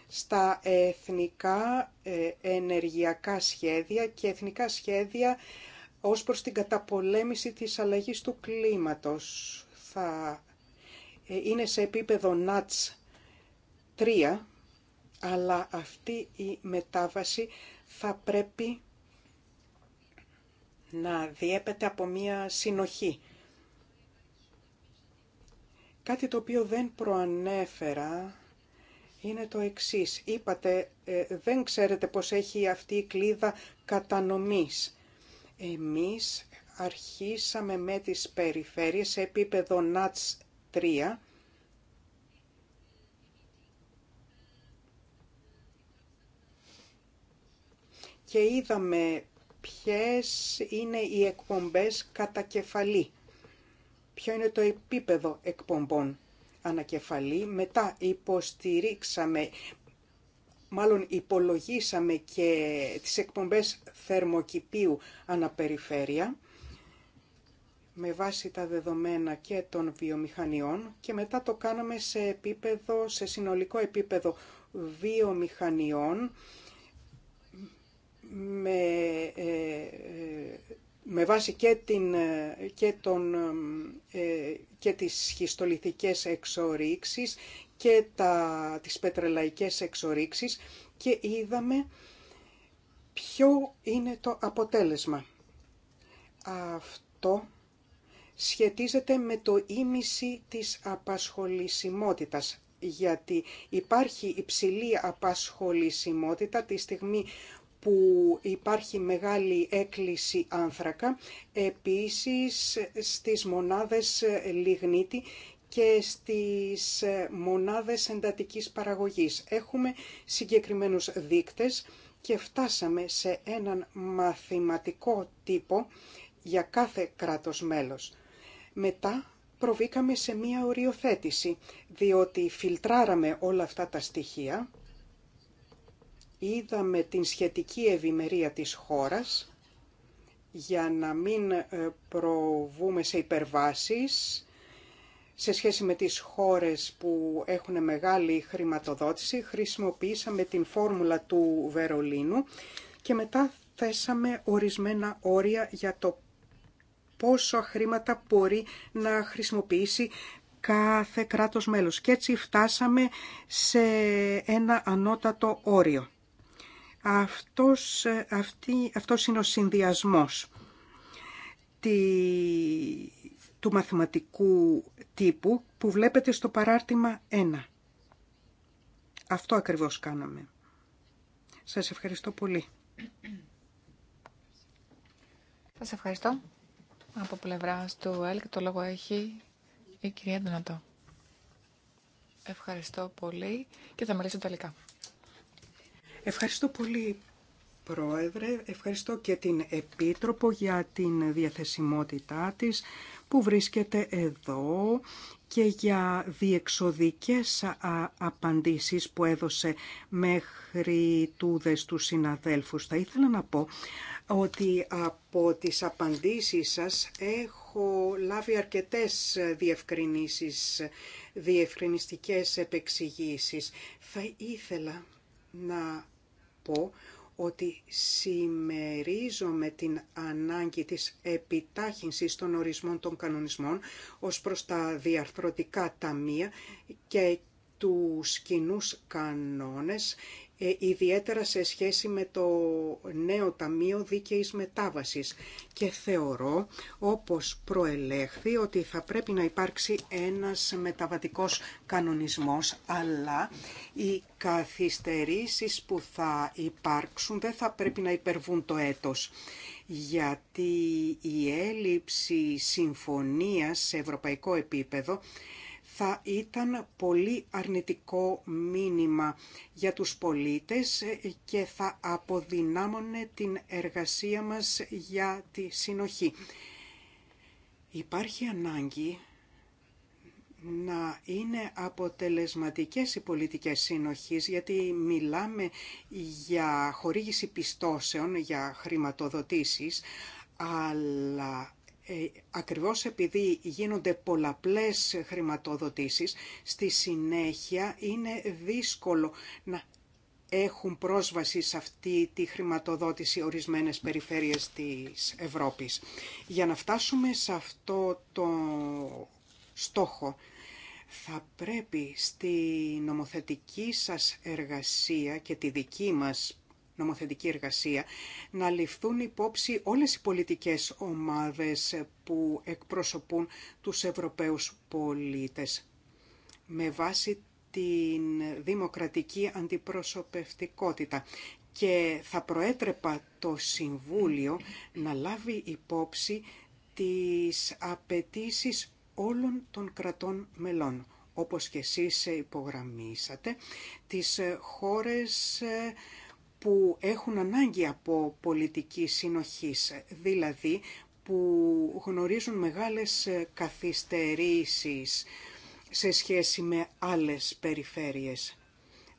στα εθνικά ε, ενεργειακά σχέδια και εθνικά σχέδια ως προς την καταπολέμηση της αλλαγής του κλίματος. Θα ε, είναι σε επίπεδο ΝΑΤΣ 3, αλλά αυτή η μετάβαση θα πρέπει να διέπεται από μία συνοχή. Κάτι το οποίο δεν προανέφερα είναι το εξής. Είπατε, ε, δεν ξέρετε πως έχει αυτή η κλίδα κατανομής. Εμείς αρχίσαμε με τις περιφέρειες σε επίπεδο ΝΑΤΣ 3 και είδαμε ποιες είναι οι εκπομπές κατά κεφαλή. Ποιο είναι το επίπεδο εκπομπών ανακεφαλή. Μετά υποστηρίξαμε μάλλον υπολογίσαμε και τις εκπομπές θερμοκηπίου αναπεριφέρεια με βάση τα δεδομένα και των βιομηχανιών και μετά το κάναμε σε, επίπεδο, σε συνολικό επίπεδο βιομηχανιών με, ε, ε, με βάση και, την, ε, και, τον, και τις χιστολιθικές εξορίξεις και τα, τις πετρελαϊκές εξορίξεις και είδαμε ποιο είναι το αποτέλεσμα. Αυτό σχετίζεται με το ίμιση της απασχολησιμότητας, γιατί υπάρχει υψηλή απασχολησιμότητα τη στιγμή που υπάρχει μεγάλη έκκληση άνθρακα, επίσης στις μονάδες λιγνίτη και στις ε, μονάδες εντατικής παραγωγής. Έχουμε συγκεκριμένους δείκτες και φτάσαμε σε έναν μαθηματικό τύπο για κάθε κράτος μέλος. Μετά προβήκαμε σε μία οριοθέτηση, διότι φιλτράραμε όλα αυτά τα στοιχεία, είδαμε την σχετική ευημερία της χώρας, για να μην ε, προβούμε σε υπερβάσεις, σε σχέση με τις χώρες που έχουν μεγάλη χρηματοδότηση, χρησιμοποίησαμε την φόρμουλα του Βερολίνου και μετά θέσαμε ορισμένα όρια για το πόσο χρήματα μπορεί να χρησιμοποιήσει κάθε κράτος μέλος. Και έτσι φτάσαμε σε ένα ανώτατο όριο. Αυτός, ε, αυτός είναι ο συνδυασμός τη, του μαθηματικού τύπου που βλέπετε στο παράρτημα 1. Αυτό ακριβώς κάναμε. Σας ευχαριστώ πολύ. Σας ευχαριστώ. Από πλευρά του ΕΛΚ το λόγο έχει η κυρία Ντονατό. Ευχαριστώ πολύ και θα μιλήσω τελικά. Ευχαριστώ πολύ Πρόεδρε, ευχαριστώ και την Επίτροπο για την διαθεσιμότητά της που βρίσκεται εδώ και για διεξοδικές απαντήσεις που έδωσε μέχρι τούδες του συναδέλφους. Θα ήθελα να πω ότι από τις απαντήσεις σας έχω λάβει αρκετές διευκρινήσεις, διευκρινιστικές επεξηγήσεις. Θα ήθελα να πω ότι συμμερίζομαι την ανάγκη της επιτάχυνσης των ορισμών των κανονισμών ως προς τα διαρθρωτικά ταμεία και του κοινού κανόνες ε, ιδιαίτερα σε σχέση με το νέο Ταμείο Δίκαιης Μετάβασης και θεωρώ όπως προελέχθη ότι θα πρέπει να υπάρξει ένας μεταβατικός κανονισμός αλλά οι καθυστερήσεις που θα υπάρξουν δεν θα πρέπει να υπερβούν το έτος γιατί η έλλειψη συμφωνίας σε ευρωπαϊκό επίπεδο θα ήταν πολύ αρνητικό μήνυμα για τους πολίτες και θα αποδυνάμωνε την εργασία μας για τη συνοχή. Υπάρχει ανάγκη να είναι αποτελεσματικές οι πολιτικές συνοχής, γιατί μιλάμε για χορήγηση πιστώσεων, για χρηματοδοτήσεις, αλλά ε, ακριβώς επειδή γίνονται πολλαπλές χρηματοδοτήσεις, στη συνέχεια είναι δύσκολο να έχουν πρόσβαση σε αυτή τη χρηματοδότηση ορισμένες περιφέρειες της Ευρώπης. Για να φτάσουμε σε αυτό το στόχο, θα πρέπει στη νομοθετική σας εργασία και τη δική μας νομοθετική εργασία, να ληφθούν υπόψη όλες οι πολιτικές ομάδες που εκπροσωπούν τους Ευρωπαίους πολίτες. Με βάση την δημοκρατική αντιπροσωπευτικότητα και θα προέτρεπα το Συμβούλιο να λάβει υπόψη τις απαιτήσει όλων των κρατών μελών, όπως και εσείς υπογραμμίσατε, τις χώρες που έχουν ανάγκη από πολιτική συνοχής, δηλαδή που γνωρίζουν μεγάλες καθυστερήσεις σε σχέση με άλλες περιφέρειες.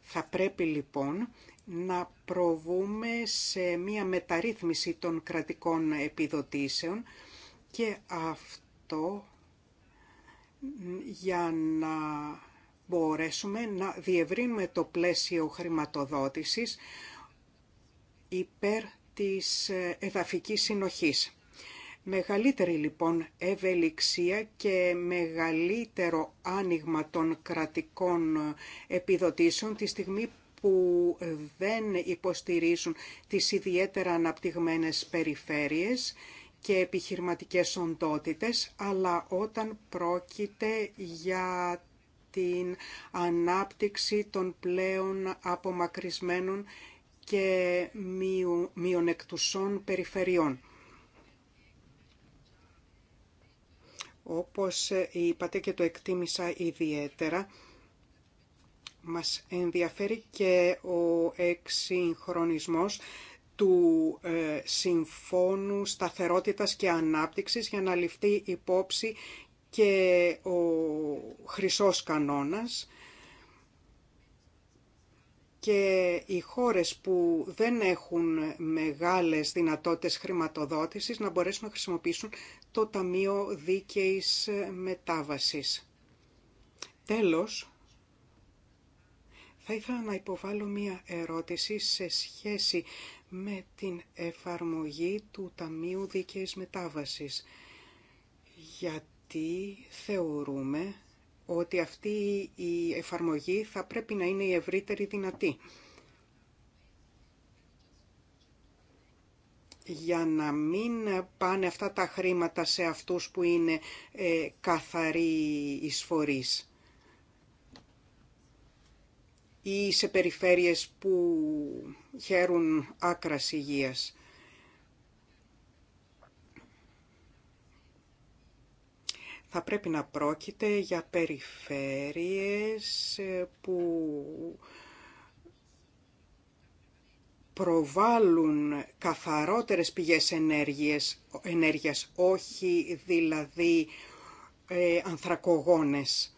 Θα πρέπει λοιπόν να προβούμε σε μία μεταρρύθμιση των κρατικών επιδοτήσεων και αυτό για να μπορέσουμε να διευρύνουμε το πλαίσιο χρηματοδότησης υπέρ της ε, εδαφικής συνοχής. Μεγαλύτερη λοιπόν ευελιξία και μεγαλύτερο άνοιγμα των κρατικών ε, επιδοτήσεων τη στιγμή που δεν υποστηρίζουν τις ιδιαίτερα αναπτυγμένες περιφέρειες και επιχειρηματικές οντότητες, αλλά όταν πρόκειται για την ανάπτυξη των πλέον απομακρυσμένων και μειονεκτουσών περιφερειών. Όπως είπατε και το εκτίμησα ιδιαίτερα, μας ενδιαφέρει και ο εξυγχρονισμός του ε, Συμφώνου Σταθερότητας και Ανάπτυξης για να ληφθεί υπόψη και ο χρυσός κανόνας και οι χώρες που δεν έχουν μεγάλες δυνατότητες χρηματοδότησης να μπορέσουν να χρησιμοποιήσουν το Ταμείο Δίκαιης Μετάβασης. Τέλος, θα ήθελα να υποβάλω μία ερώτηση σε σχέση με την εφαρμογή του Ταμείου Δίκαιης Μετάβασης. Γιατί θεωρούμε ότι αυτή η εφαρμογή θα πρέπει να είναι η ευρύτερη δυνατή. για να μην πάνε αυτά τα χρήματα σε αυτούς που είναι ε, καθαροί εισφορείς ή σε περιφέρειες που χαίρουν άκρας υγείας. θα πρέπει να πρόκειται για περιφέρειες ε, που προβάλλουν καθαρότερες πηγές ενέργειας, ενέργειας όχι δηλαδή ε, ανθρακογόνες.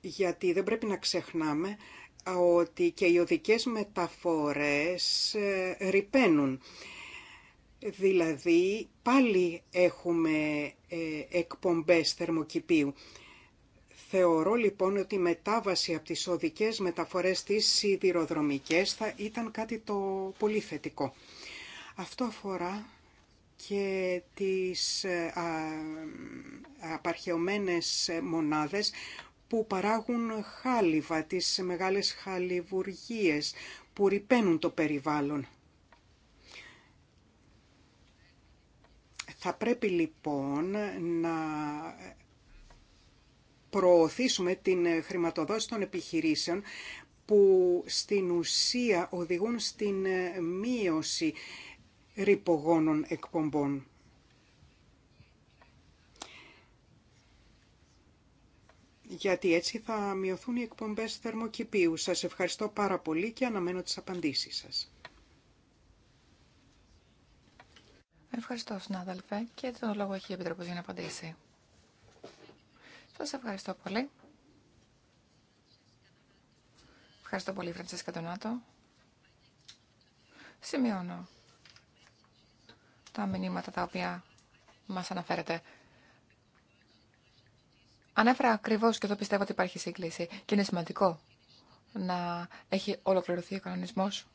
Γιατί δεν πρέπει να ξεχνάμε ότι και οι οδικές μεταφορές ε, ρηπαίνουν. Δηλαδή πάλι έχουμε ε, εκπομπές θερμοκηπίου. Θεωρώ λοιπόν ότι η μετάβαση από τις οδικές μεταφορές στις σιδηροδρομικές θα ήταν κάτι το πολύ θετικό. Αυτό αφορά και τις ε, απαρχαιωμένες μονάδες που παράγουν χάλιβα, τις μεγάλες χαλιβουργίες που ρηπαίνουν το περιβάλλον. Θα πρέπει λοιπόν να προωθήσουμε την χρηματοδότηση των επιχειρήσεων που στην ουσία οδηγούν στην μείωση ρηπογόνων εκπομπών. γιατί έτσι θα μειωθούν οι εκπομπές θερμοκηπίου. Σας ευχαριστώ πάρα πολύ και αναμένω τις απαντήσεις σας. Ευχαριστώ, συνάδελφε, και τον λόγο έχει η Επιτροπή για να απαντήσει. Σας ευχαριστώ πολύ. Ευχαριστώ πολύ, Φραντσέσκα Ντονάτο. Σημειώνω τα μηνύματα τα οποία μας αναφέρετε. Ανέφερα ακριβώς και εδώ πιστεύω ότι υπάρχει σύγκληση και είναι σημαντικό να έχει ολοκληρωθεί ο κανονισμός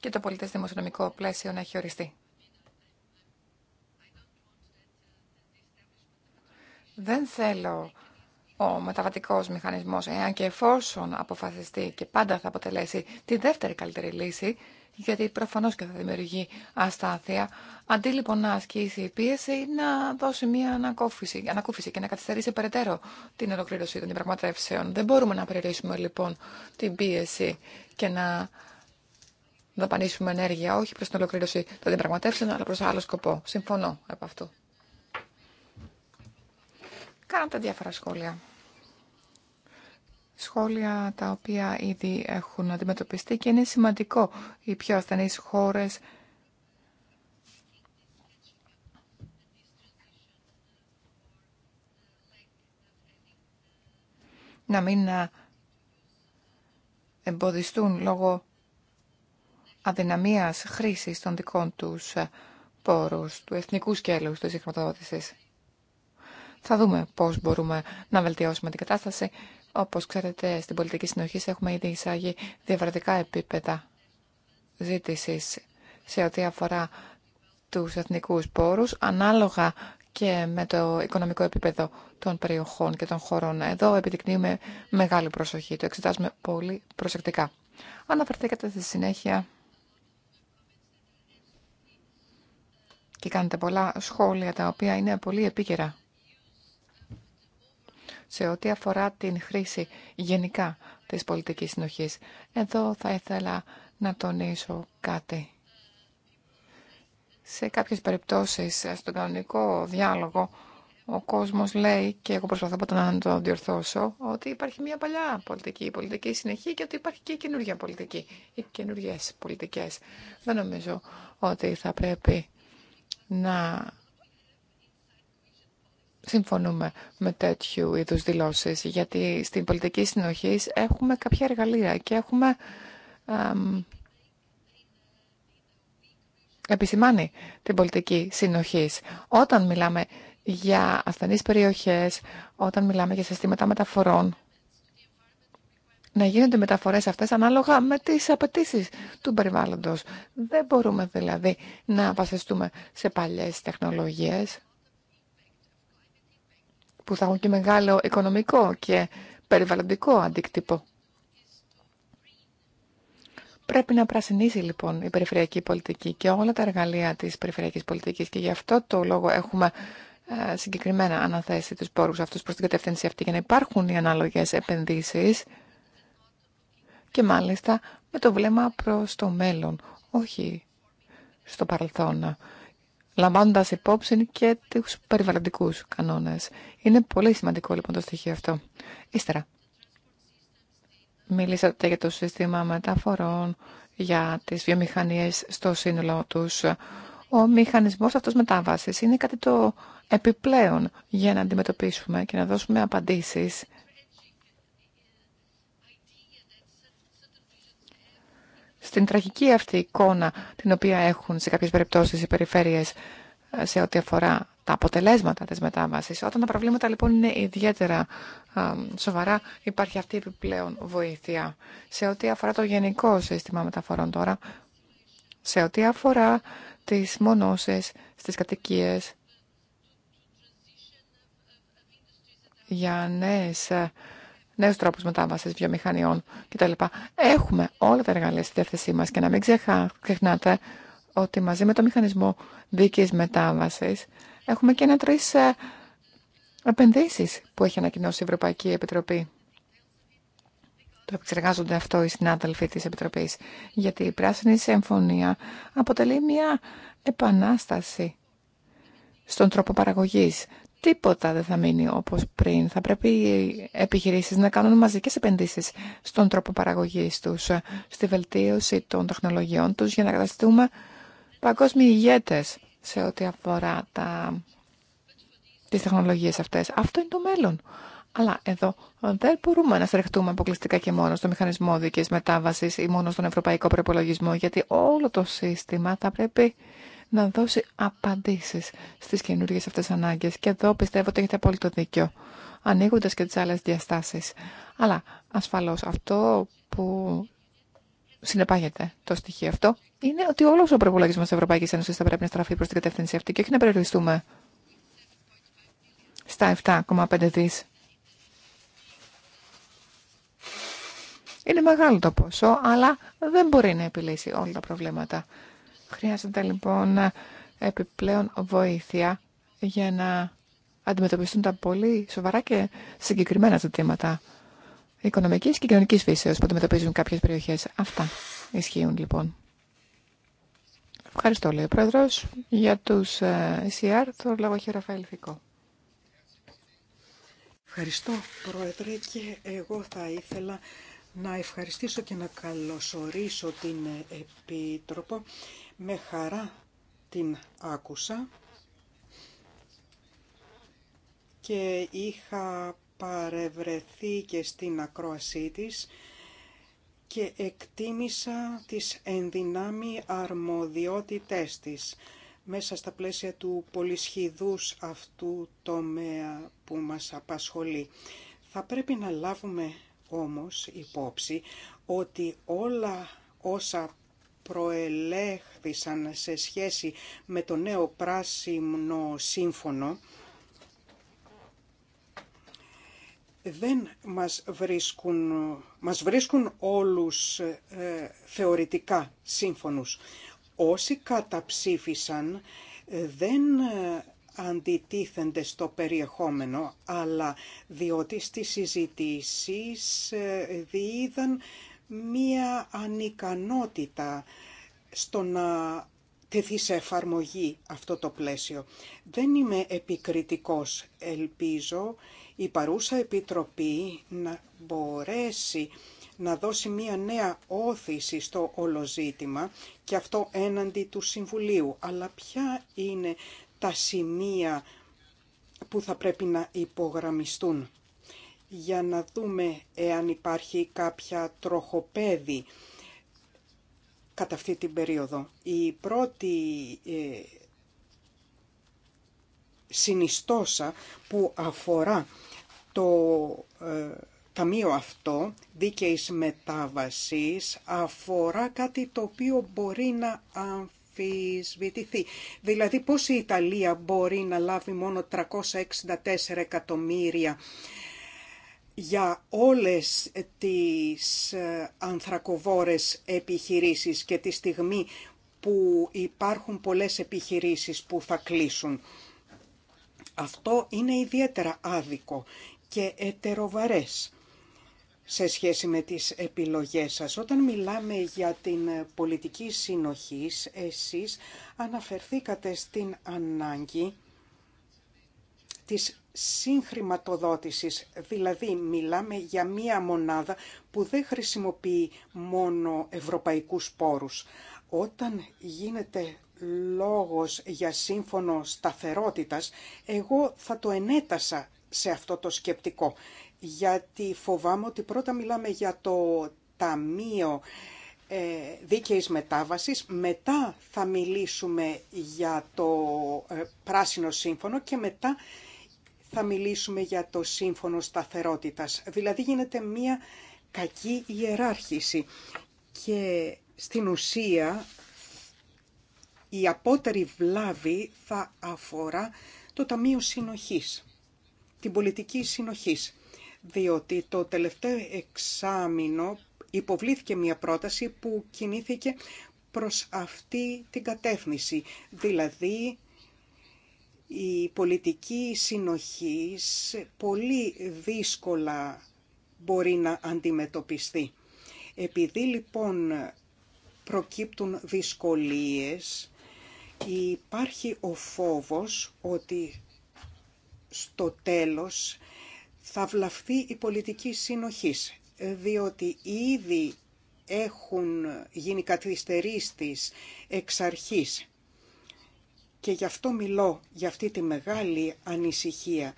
και το πολιτές δημοσιονομικό πλαίσιο να έχει οριστεί. Δεν θέλω ο μεταβατικό μηχανισμό, εάν και εφόσον αποφασιστεί και πάντα θα αποτελέσει τη δεύτερη καλύτερη λύση, γιατί προφανώ και θα δημιουργεί αστάθεια, αντί λοιπόν να ασκήσει η πίεση, να δώσει μια ανακούφιση, ανακούφιση και να καθυστερήσει περαιτέρω την ολοκλήρωση των διαπραγματεύσεων. Δεν μπορούμε να περιορίσουμε λοιπόν την πίεση και να δαπανίσουμε ενέργεια όχι προ την ολοκλήρωση των διαπραγματεύσεων, αλλά προ άλλο σκοπό. Συμφωνώ από αυτού. Κάνατε διάφορα σχόλια. Σχόλια τα οποία ήδη έχουν αντιμετωπιστεί και είναι σημαντικό οι πιο ασθενείς χώρες να μην εμποδιστούν λόγω αδυναμίας χρήσης των δικών τους πόρους, του εθνικού σκέλους της χρηματοδότησης. Θα δούμε πώς μπορούμε να βελτιώσουμε την κατάσταση. Όπως ξέρετε, στην πολιτική συνοχή έχουμε ήδη εισάγει διαφορετικά επίπεδα ζήτησης σε ό,τι αφορά τους εθνικούς πόρους, ανάλογα και με το οικονομικό επίπεδο των περιοχών και των χωρών. Εδώ επιδεικνύουμε μεγάλη προσοχή, το εξετάζουμε πολύ προσεκτικά. Αναφερθήκατε στη συνέχεια και κάνετε πολλά σχόλια τα οποία είναι πολύ επίκαιρα σε ό,τι αφορά την χρήση γενικά της πολιτικής συνοχής. Εδώ θα ήθελα να τονίσω κάτι. Σε κάποιες περιπτώσεις, στον κανονικό διάλογο, ο κόσμος λέει, και εγώ προσπαθώ πάντα να το διορθώσω, ότι υπάρχει μια παλιά πολιτική, η πολιτική συνεχή και ότι υπάρχει και η καινούργια πολιτική, οι καινούργιες πολιτικές. Δεν νομίζω ότι θα πρέπει να συμφωνούμε με τέτοιου είδους δηλώσεις, γιατί στην πολιτική συνοχή έχουμε κάποια εργαλεία και έχουμε επισημάνει την πολιτική συνοχή. Όταν μιλάμε για ασθενείς περιοχές, όταν μιλάμε για συστήματα μεταφορών, να γίνονται μεταφορές αυτές ανάλογα με τις απαιτήσει του περιβάλλοντος. Δεν μπορούμε δηλαδή να βασιστούμε σε παλιές τεχνολογίες που θα έχουν και μεγάλο οικονομικό και περιβαλλοντικό αντίκτυπο. Πρέπει να πρασινίσει λοιπόν η περιφερειακή πολιτική και όλα τα εργαλεία της περιφερειακής πολιτικής και γι' αυτό το λόγο έχουμε ε, συγκεκριμένα αναθέσει τους πόρους αυτούς προς την κατεύθυνση αυτή για να υπάρχουν οι ανάλογες επενδύσεις και μάλιστα με το βλέμμα προς το μέλλον, όχι στο παρελθόν λαμβάνοντας υπόψη και τους περιβαλλοντικούς κανόνες. Είναι πολύ σημαντικό λοιπόν το στοιχείο αυτό. Ύστερα, μιλήσατε για το σύστημα μεταφορών, για τις βιομηχανίες στο σύνολο τους. Ο μηχανισμός αυτός μετάβασης είναι κάτι το επιπλέον για να αντιμετωπίσουμε και να δώσουμε απαντήσεις στην τραγική αυτή εικόνα την οποία έχουν σε κάποιες περιπτώσεις οι περιφέρειες ε, σε ό,τι αφορά τα αποτελέσματα της μετάβασης. Όταν τα προβλήματα λοιπόν είναι ιδιαίτερα σοβαρά, υπάρχει αυτή η επιπλέον βοήθεια. Σε ό,τι αφορά το γενικό σύστημα μεταφορών τώρα, σε ό,τι αφορά τις μονώσεις στις κατοικίες για νέες ε, νέου τρόπου μετάβαση βιομηχανιών κτλ. Έχουμε όλα τα εργαλεία στη διάθεσή μα και να μην ξεχνάτε ότι μαζί με το μηχανισμό δίκαιη μετάβαση έχουμε και ένα-τρει ε, επενδύσει που έχει ανακοινώσει η Ευρωπαϊκή Επιτροπή. Το επεξεργάζονται αυτό οι συνάδελφοι τη Επιτροπής, γιατί η Πράσινη Συμφωνία αποτελεί μια επανάσταση στον τρόπο παραγωγής, τίποτα δεν θα μείνει όπως πριν. Θα πρέπει οι επιχειρήσεις να κάνουν μαζικές επενδύσεις στον τρόπο παραγωγής τους, στη βελτίωση των τεχνολογιών τους για να καταστούμε παγκόσμιοι ηγέτες σε ό,τι αφορά τα... τις τεχνολογίες αυτές. Αυτό είναι το μέλλον. Αλλά εδώ δεν μπορούμε να στρεχτούμε αποκλειστικά και μόνο στο μηχανισμό δικής μετάβασης ή μόνο στον ευρωπαϊκό προπολογισμό, γιατί όλο το σύστημα θα πρέπει να δώσει απαντήσεις στις καινούργιες αυτές ανάγκες. Και εδώ πιστεύω ότι έχετε απόλυτο δίκιο, ανοίγοντα και τις άλλες διαστάσεις. Αλλά ασφαλώς αυτό που συνεπάγεται το στοιχείο αυτό είναι ότι όλος ο προπολογισμό της Ευρωπαϊκής Ένωσης θα πρέπει να στραφεί προς την κατεύθυνση αυτή και όχι να περιοριστούμε στα 7,5 δις. Είναι μεγάλο το ποσό, αλλά δεν μπορεί να επιλύσει όλα τα προβλήματα Χρειάζεται λοιπόν επιπλέον βοήθεια για να αντιμετωπιστούν τα πολύ σοβαρά και συγκεκριμένα ζητήματα οικονομικής και κοινωνικής φύσεως που αντιμετωπίζουν κάποιες περιοχές. Αυτά ισχύουν λοιπόν. Ευχαριστώ, λέει ο Πρόεδρος. Για τους ΕΣΥΑΡ, το λόγο έχει Ραφαήλ Φικό. Ευχαριστώ, Πρόεδρε, και εγώ θα ήθελα να ευχαριστήσω και να καλωσορίσω την Επίτροπο με χαρά την άκουσα και είχα παρευρεθεί και στην ακρόασή της και εκτίμησα τις ενδυνάμει αρμοδιότητές της μέσα στα πλαίσια του πολυσχηδούς αυτού τομέα που μας απασχολεί. Θα πρέπει να λάβουμε όμως υπόψη ότι όλα όσα προελέχθησαν σε σχέση με το νέο πράσινο σύμφωνο δεν μας βρίσκουν, μας βρίσκουν όλους ε, θεωρητικά σύμφωνους. Όσοι καταψήφισαν ε, δεν ε, αντιτίθενται στο περιεχόμενο, αλλά διότι στις συζητήσεις διείδαν μία ανικανότητα στο να τεθεί σε εφαρμογή αυτό το πλαίσιο. Δεν είμαι επικριτικός. Ελπίζω η παρούσα Επιτροπή να μπορέσει να δώσει μία νέα όθηση στο ολοζήτημα και αυτό έναντι του Συμβουλίου. Αλλά ποια είναι τα σημεία που θα πρέπει να υπογραμμιστούν για να δούμε εάν υπάρχει κάποια τροχοπέδη κατά αυτή την περίοδο. Η πρώτη ε, συνιστόσα που αφορά το ε, ταμείο αυτό δίκαιης μετάβασης αφορά κάτι το οποίο μπορεί να αμφισβητηθεί. Δηλαδή πώς η Ιταλία μπορεί να λάβει μόνο 364 εκατομμύρια για όλες τις ε, ανθρακοβόρες επιχειρήσεις και τη στιγμή που υπάρχουν πολλές επιχειρήσεις που θα κλείσουν. Αυτό είναι ιδιαίτερα άδικο και ετεροβαρές σε σχέση με τις επιλογές σας. Όταν μιλάμε για την πολιτική συνοχής, εσείς αναφερθήκατε στην ανάγκη της συγχρηματοδότησης. Δηλαδή μιλάμε για μία μονάδα που δεν χρησιμοποιεί μόνο ευρωπαϊκούς πόρους. Όταν γίνεται λόγος για σύμφωνο σταθερότητας, εγώ θα το ενέτασα σε αυτό το σκεπτικό. Γιατί φοβάμαι ότι πρώτα μιλάμε για το Ταμείο ε, Δίκαιης Μετάβασης, μετά θα μιλήσουμε για το ε, Πράσινο Σύμφωνο και μετά θα μιλήσουμε για το σύμφωνο σταθερότητας. Δηλαδή γίνεται μία κακή ιεράρχηση και στην ουσία η απότερη βλάβη θα αφορά το Ταμείο Συνοχής, την πολιτική συνοχής, διότι το τελευταίο εξάμεινο υποβλήθηκε μια πρόταση που κινήθηκε προς αυτή την κατεύθυνση, δηλαδή η πολιτική συνοχής πολύ δύσκολα μπορεί να αντιμετωπιστεί. Επειδή λοιπόν προκύπτουν δυσκολίες, υπάρχει ο φόβος ότι στο τέλος θα βλαφθεί η πολιτική συνοχής, διότι ήδη έχουν γίνει καθυστερήσεις εξ αρχής και γι' αυτό μιλώ, για αυτή τη μεγάλη ανησυχία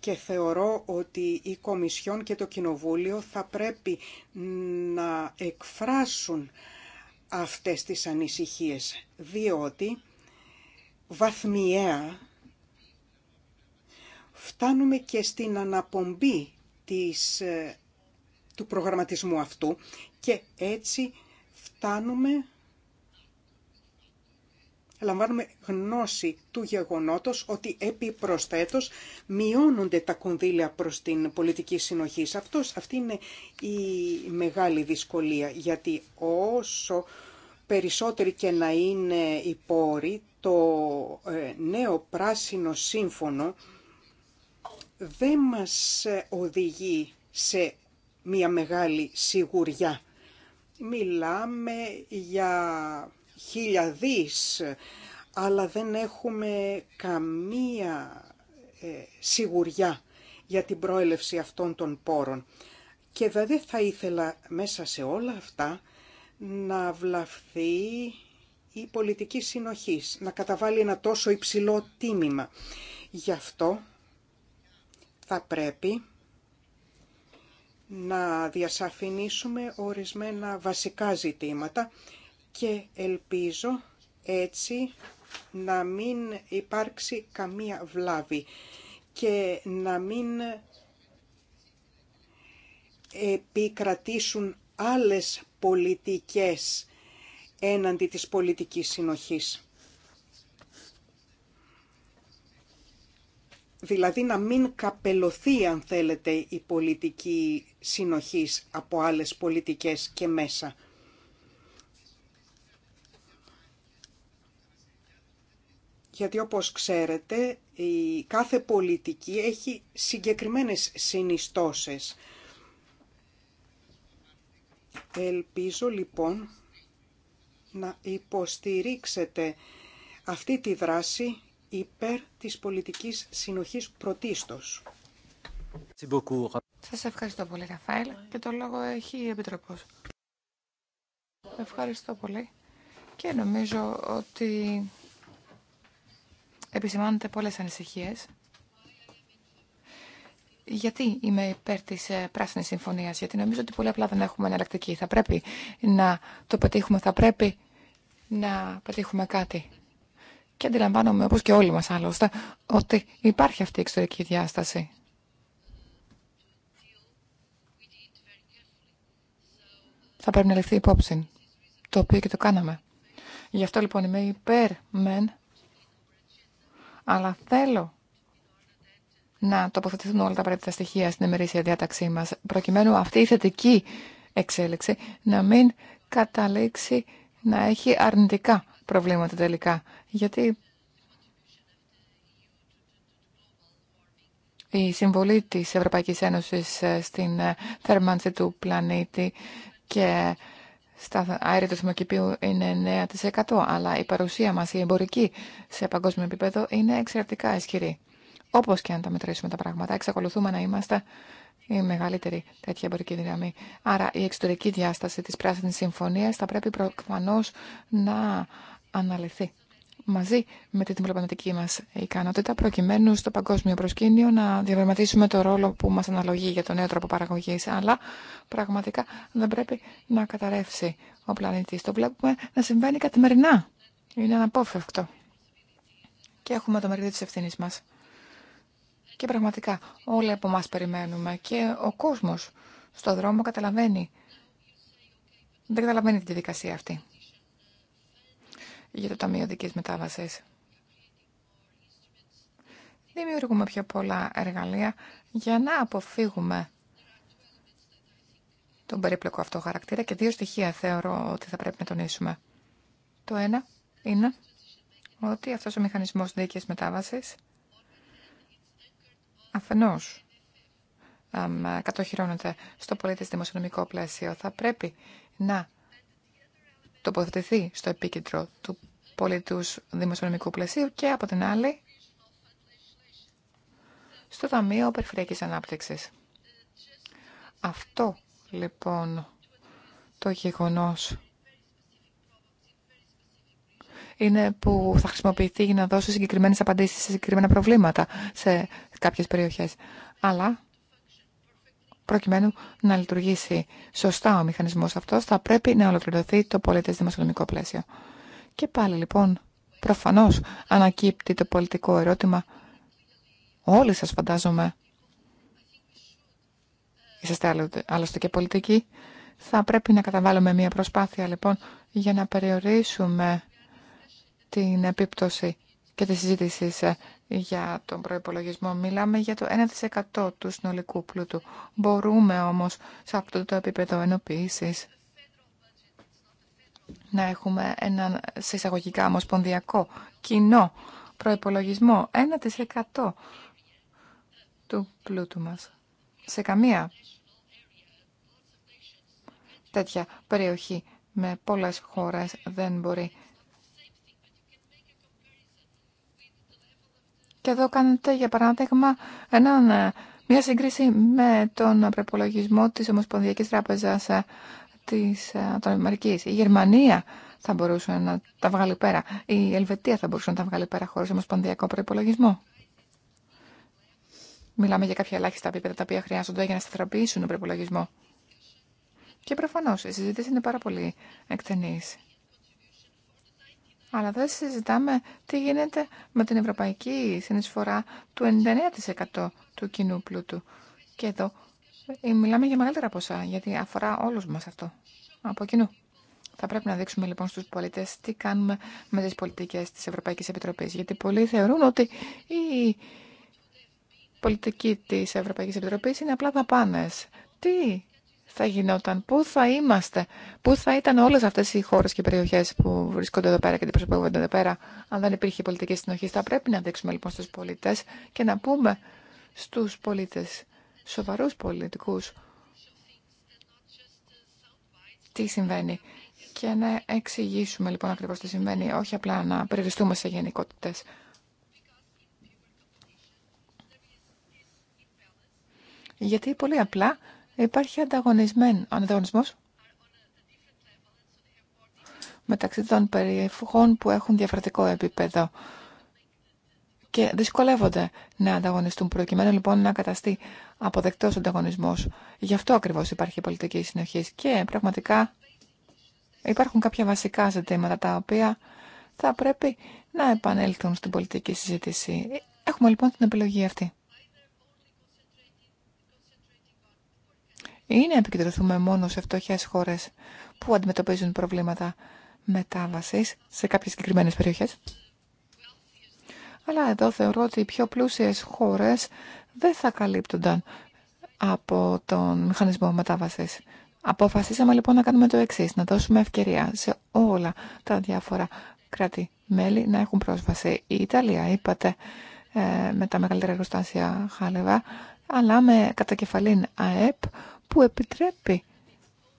και θεωρώ ότι η Κομισιόν και το Κοινοβούλιο θα πρέπει να εκφράσουν αυτές τις ανησυχίες, διότι βαθμιαία φτάνουμε και στην αναπομπή ε, του προγραμματισμού αυτού και έτσι φτάνουμε λαμβάνουμε γνώση του γεγονότος ότι επί επιπροσθέτως μειώνονται τα κονδύλια προς την πολιτική συνοχή. Αυτός, αυτή είναι η μεγάλη δυσκολία, γιατί όσο περισσότεροι και να είναι οι πόροι, το ε, νέο πράσινο σύμφωνο δεν μας οδηγεί σε μια μεγάλη σιγουριά. Μιλάμε για χίλια δις, αλλά δεν έχουμε καμία ε, σιγουριά για την πρόελευση αυτών των πόρων. Και δεν θα ήθελα μέσα σε όλα αυτά να βλαφθεί η πολιτική συνοχής, να καταβάλει ένα τόσο υψηλό τίμημα. Γι' αυτό θα πρέπει να διασαφηνίσουμε ορισμένα βασικά ζητήματα και ελπίζω έτσι να μην υπάρξει καμία βλάβη και να μην επικρατήσουν άλλες πολιτικές έναντι της πολιτικής συνοχής. Δηλαδή να μην καπελωθεί αν θέλετε η πολιτική συνοχής από άλλες πολιτικές και μέσα. γιατί όπως ξέρετε η κάθε πολιτική έχει συγκεκριμένες συνιστώσεις. Ελπίζω λοιπόν να υποστηρίξετε αυτή τη δράση υπέρ της πολιτικής συνοχής πρωτίστως. Σας ευχαριστώ πολύ Ραφαέλ και το λόγο έχει η Επιτροπός. Ευχαριστώ πολύ και νομίζω ότι επισημάνονται πολλές ανησυχίες. Γιατί είμαι υπέρ τη ε, Πράσινη Συμφωνία, Γιατί νομίζω ότι πολύ απλά δεν έχουμε εναλλακτική. Θα πρέπει να το πετύχουμε, θα πρέπει να πετύχουμε κάτι. Και αντιλαμβάνομαι, όπω και όλοι μα άλλωστε, ότι υπάρχει αυτή η εξωτερική διάσταση. Θα πρέπει να ληφθεί υπόψη. Το οποίο και το κάναμε. Γι' αυτό λοιπόν είμαι υπέρ μεν αλλά θέλω να τοποθετηθούν όλα τα απαραίτητα στοιχεία στην ημερήσια διάταξή μας, προκειμένου αυτή η θετική εξέλιξη να μην καταλήξει να έχει αρνητικά προβλήματα τελικά. Γιατί η συμβολή της Ευρωπαϊκής Ένωσης ε, στην ε, θέρμανση του πλανήτη και στα αέρια του θερμοκηπίου είναι 9%, αλλά η παρουσία μας, η εμπορική, σε παγκόσμιο επίπεδο είναι εξαιρετικά ισχυρή. Όπως και αν τα μετρήσουμε τα πράγματα, εξακολουθούμε να είμαστε η μεγαλύτερη τέτοια εμπορική δύναμη. Άρα η εξωτερική διάσταση της Πράσινης Συμφωνίας θα πρέπει προφανώς να αναλυθεί μαζί με την διπλωματική μας ικανότητα προκειμένου στο παγκόσμιο προσκήνιο να διαδραματίσουμε το ρόλο που μας αναλογεί για τον νέο τρόπο παραγωγής. Αλλά πραγματικά δεν πρέπει να καταρρεύσει ο πλανήτης. Το βλέπουμε να συμβαίνει καθημερινά. Είναι αναπόφευκτο. Και έχουμε το μερίδιο της ευθύνη μας. Και πραγματικά όλοι από εμά περιμένουμε και ο κόσμος στον δρόμο καταλαβαίνει. Δεν καταλαβαίνει τη διαδικασία αυτή για το Ταμείο Δικής Μετάβασης. Δημιουργούμε πιο πολλά εργαλεία για να αποφύγουμε τον περίπλοκο αυτό χαρακτήρα και δύο στοιχεία θεωρώ ότι θα πρέπει να τονίσουμε. Το ένα είναι ότι αυτός ο μηχανισμός δίκαιης μετάβασης αφενός κατοχυρώνεται στο πολίτης δημοσιονομικό πλαίσιο θα πρέπει να τοποθετηθεί στο επίκεντρο του πολιτούς δημοσιονομικού πλαισίου και από την άλλη στο Ταμείο περιφερειακή ανάπτυξη. Αυτό λοιπόν το γεγονός είναι που θα χρησιμοποιηθεί για να δώσει συγκεκριμένες απαντήσεις σε συγκεκριμένα προβλήματα σε κάποιες περιοχές. Αλλά προκειμένου να λειτουργήσει σωστά ο μηχανισμός αυτός θα πρέπει να ολοκληρωθεί το πολίτες δημοσιονομικό πλαίσιο. Και πάλι λοιπόν, προφανώς ανακύπτει το πολιτικό ερώτημα. Όλοι σας φαντάζομαι. Είσαστε άλλωστε και πολιτικοί. Θα πρέπει να καταβάλουμε μια προσπάθεια λοιπόν για να περιορίσουμε την επίπτωση και τη συζήτηση για τον προϋπολογισμό. Μιλάμε για το 1% του συνολικού πλούτου. Μπορούμε όμως σε αυτό το επίπεδο ενοποίησης να έχουμε έναν σε εισαγωγικά ομοσπονδιακό κοινό προϋπολογισμό 1% του πλούτου μας. Σε καμία τέτοια περιοχή με πολλές χώρες δεν μπορεί. Και εδώ κάνετε για παράδειγμα έναν, ε, μια σύγκριση με τον προπολογισμό της Ομοσπονδιακής Τράπεζας ε, της, ε, των Η Γερμανία θα μπορούσε να τα βγάλει πέρα. Η Ελβετία θα μπορούσε να τα βγάλει πέρα χωρίς ομοσπονδιακό προπολογισμό. Μιλάμε για κάποια ελάχιστα επίπεδα τα οποία χρειάζονται για να σταθεροποιήσουν τον προπολογισμό. Και προφανώ η συζήτηση είναι πάρα πολύ εκτενή. Αλλά δεν συζητάμε τι γίνεται με την ευρωπαϊκή συνεισφορά του 99% του κοινού πλούτου. Και εδώ ε, μιλάμε για μεγαλύτερα ποσά, γιατί αφορά όλους μας αυτό, από κοινού. Θα πρέπει να δείξουμε λοιπόν στους πολίτες τι κάνουμε με τις πολιτικές της Ευρωπαϊκής Επιτροπής, γιατί πολλοί θεωρούν ότι η πολιτική της Ευρωπαϊκής Επιτροπής είναι απλά δαπάνες. Τι θα γινόταν, πού θα είμαστε, πού θα ήταν όλες αυτές οι χώρες και περιοχές που βρίσκονται εδώ πέρα και αντιπροσωπεύονται εδώ πέρα, αν δεν υπήρχε πολιτική συνοχή. Θα πρέπει να δείξουμε λοιπόν στους πολίτες και να πούμε στους πολίτες σοβαρούς πολιτικούς τι συμβαίνει και να εξηγήσουμε λοιπόν ακριβώς τι συμβαίνει, όχι απλά να περιοριστούμε σε γενικότητες. Γιατί πολύ απλά υπάρχει ανταγωνισμός μεταξύ των περιφυγών που έχουν διαφορετικό επίπεδο και δυσκολεύονται να ανταγωνιστούν προκειμένου λοιπόν να καταστεί αποδεκτός ο ανταγωνισμός. Γι' αυτό ακριβώς υπάρχει η πολιτική συνοχή και πραγματικά υπάρχουν κάποια βασικά ζητήματα τα οποία θα πρέπει να επανέλθουν στην πολιτική συζήτηση. Έχουμε λοιπόν την επιλογή αυτή. Είναι να επικεντρωθούμε μόνο σε φτωχέ χώρες που αντιμετωπίζουν προβλήματα μετάβασης σε κάποιες συγκεκριμένες περιοχές αλλά εδώ θεωρώ ότι οι πιο πλούσιες χώρες δεν θα καλύπτονταν από τον μηχανισμό μετάβασης. Αποφασίσαμε λοιπόν να κάνουμε το εξή, να δώσουμε ευκαιρία σε όλα τα διάφορα κράτη-μέλη να έχουν πρόσβαση. Η Ιταλία, είπατε, ε, με τα μεγαλύτερα εργοστάσια χάλευα, αλλά με κατακεφαλήν ΑΕΠ που επιτρέπει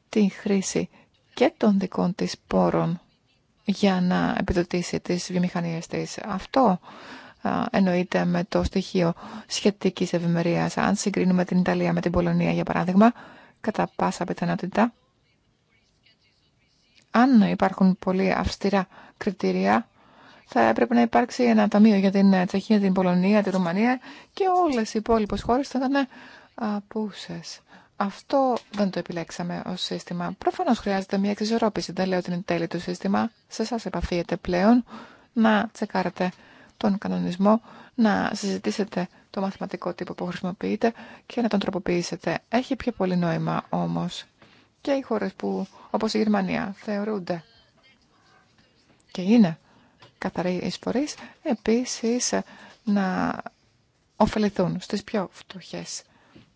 τη χρήση και των δικών της πόρων για να επιδοτήσει τις βιομηχανίες της. Αυτό εννοείται με το στοιχείο σχετικής ευημερία. Αν συγκρίνουμε την Ιταλία με την Πολωνία, για παράδειγμα, κατά πάσα πιθανότητα, αν υπάρχουν πολύ αυστηρά κριτήρια, θα έπρεπε να υπάρξει ένα ταμείο για την Τσεχία, την Πολωνία, την Ρουμανία και όλες οι υπόλοιπε χώρες θα ήταν απούσες. Αυτό δεν το επιλέξαμε ω σύστημα. Προφανώ χρειάζεται μια εξισορρόπηση. Δεν λέω ότι είναι τέλειο το σύστημα. Σε εσά επαφίεται πλέον να τσεκάρετε τον κανονισμό, να συζητήσετε το μαθηματικό τύπο που χρησιμοποιείτε και να τον τροποποιήσετε. Έχει πιο πολύ νόημα όμω και οι χώρε που, όπω η Γερμανία, θεωρούνται και είναι καθαροί εισφορεί, επίση να ωφεληθούν στι πιο φτωχέ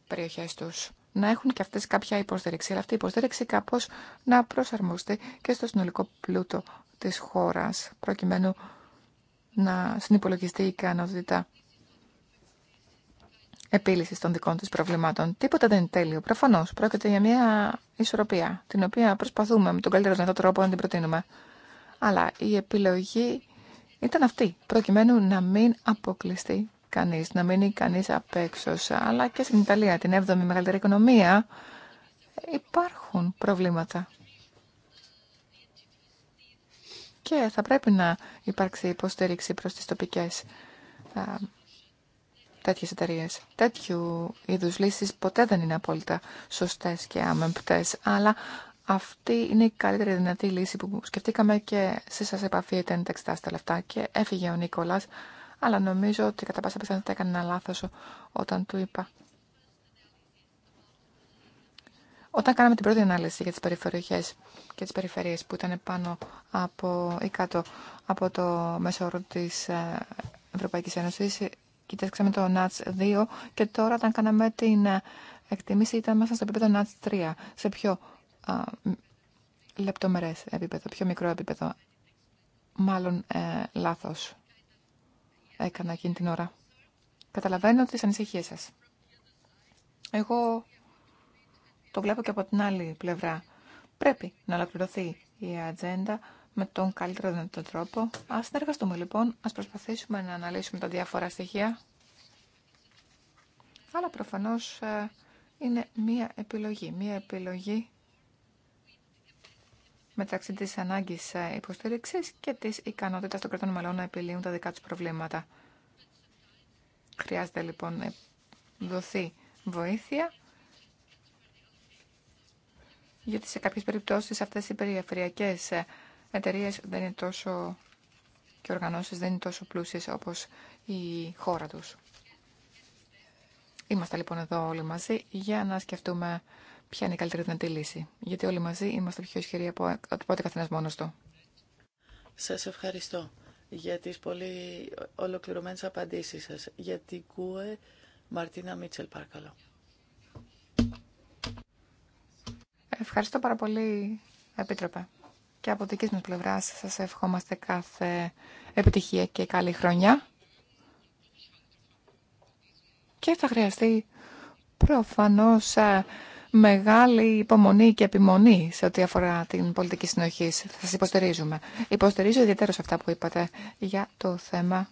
περιοχέ τους να έχουν και αυτές κάποια υποστήριξη. Αλλά αυτή η υποστήριξη κάπως να προσαρμοστεί και στο συνολικό πλούτο της χώρας, προκειμένου να συνυπολογιστεί η ικανότητα επίλυσης των δικών της προβλημάτων. Τίποτα δεν είναι τέλειο. Προφανώς πρόκειται για μια ισορροπία, την οποία προσπαθούμε με τον καλύτερο δυνατό τρόπο να την προτείνουμε. Αλλά η επιλογή ήταν αυτή, προκειμένου να μην αποκλειστεί κανείς, να μείνει κανείς απ' έξω. Αλλά και στην Ιταλία, την 7η μεγαλύτερη οικονομία, υπάρχουν προβλήματα. Και θα πρέπει να υπάρξει υποστήριξη προς τις τοπικές τέτοιε εταιρείε. Τέτοιου είδους λύσεις ποτέ δεν είναι απόλυτα σωστές και άμεμπτες, αλλά αυτή είναι η καλύτερη δυνατή λύση που σκεφτήκαμε και σε σας επαφή ήταν τα εξετάστα λεφτά και έφυγε ο Νίκολας αλλά νομίζω ότι κατά πάσα πιθανότητα έκανε ένα λάθος όταν του είπα. Όταν κάναμε την πρώτη ανάλυση για τις περιφερειές και τις περιφερειές που ήταν πάνω από ή κάτω από το μέσο όρο της ε, Ευρωπαϊκής Ένωσης, κοιτάξαμε το ΝΑΤΣ 2 και τώρα όταν κάναμε την ε, εκτίμηση ήταν μέσα στο επίπεδο ΝΑΤΣ 3, σε πιο α, λεπτομερές επίπεδο, πιο μικρό επίπεδο. Μάλλον ε, λάθος έκανα εκείνη την ώρα. Καταλαβαίνω τις ανησυχίες σας. Εγώ το βλέπω και από την άλλη πλευρά. Πρέπει να ολοκληρωθεί η ατζέντα με τον καλύτερο δυνατό τρόπο. Ας συνεργαστούμε λοιπόν, ας προσπαθήσουμε να αναλύσουμε τα διάφορα στοιχεία. Αλλά προφανώς ε, είναι μία επιλογή. Μία επιλογή μεταξύ τη ανάγκης ε, υποστήριξη και τη ικανότητα των κρατών μελών να επιλύουν τα δικά του προβλήματα. Χρειάζεται λοιπόν να ε, δοθεί βοήθεια γιατί σε κάποιε περιπτώσει αυτέ οι περιφερειακέ ε, εταιρείε δεν είναι τόσο και οργανώσει δεν είναι τόσο πλούσιες όπω η χώρα του. Είμαστε λοιπόν εδώ όλοι μαζί για να σκεφτούμε ποια είναι η καλύτερη δυνατή λύση. Γιατί όλοι μαζί είμαστε πιο ισχυροί από ό,τι καθένα μόνο του. Σα ευχαριστώ για τι πολύ ολοκληρωμένε απαντήσει σας. Για την ΚΟΕ, Μαρτίνα Μίτσελ, παρακαλώ. Ευχαριστώ πάρα πολύ, Επίτροπε. Και από δική μα πλευρά σας ευχόμαστε κάθε επιτυχία και καλή χρονιά. Και θα χρειαστεί προφανώς ε, μεγάλη υπομονή και επιμονή σε ό,τι αφορά την πολιτική συνοχή. Θα σα υποστηρίζουμε. Υποστηρίζω ιδιαίτερα σε αυτά που είπατε για το θέμα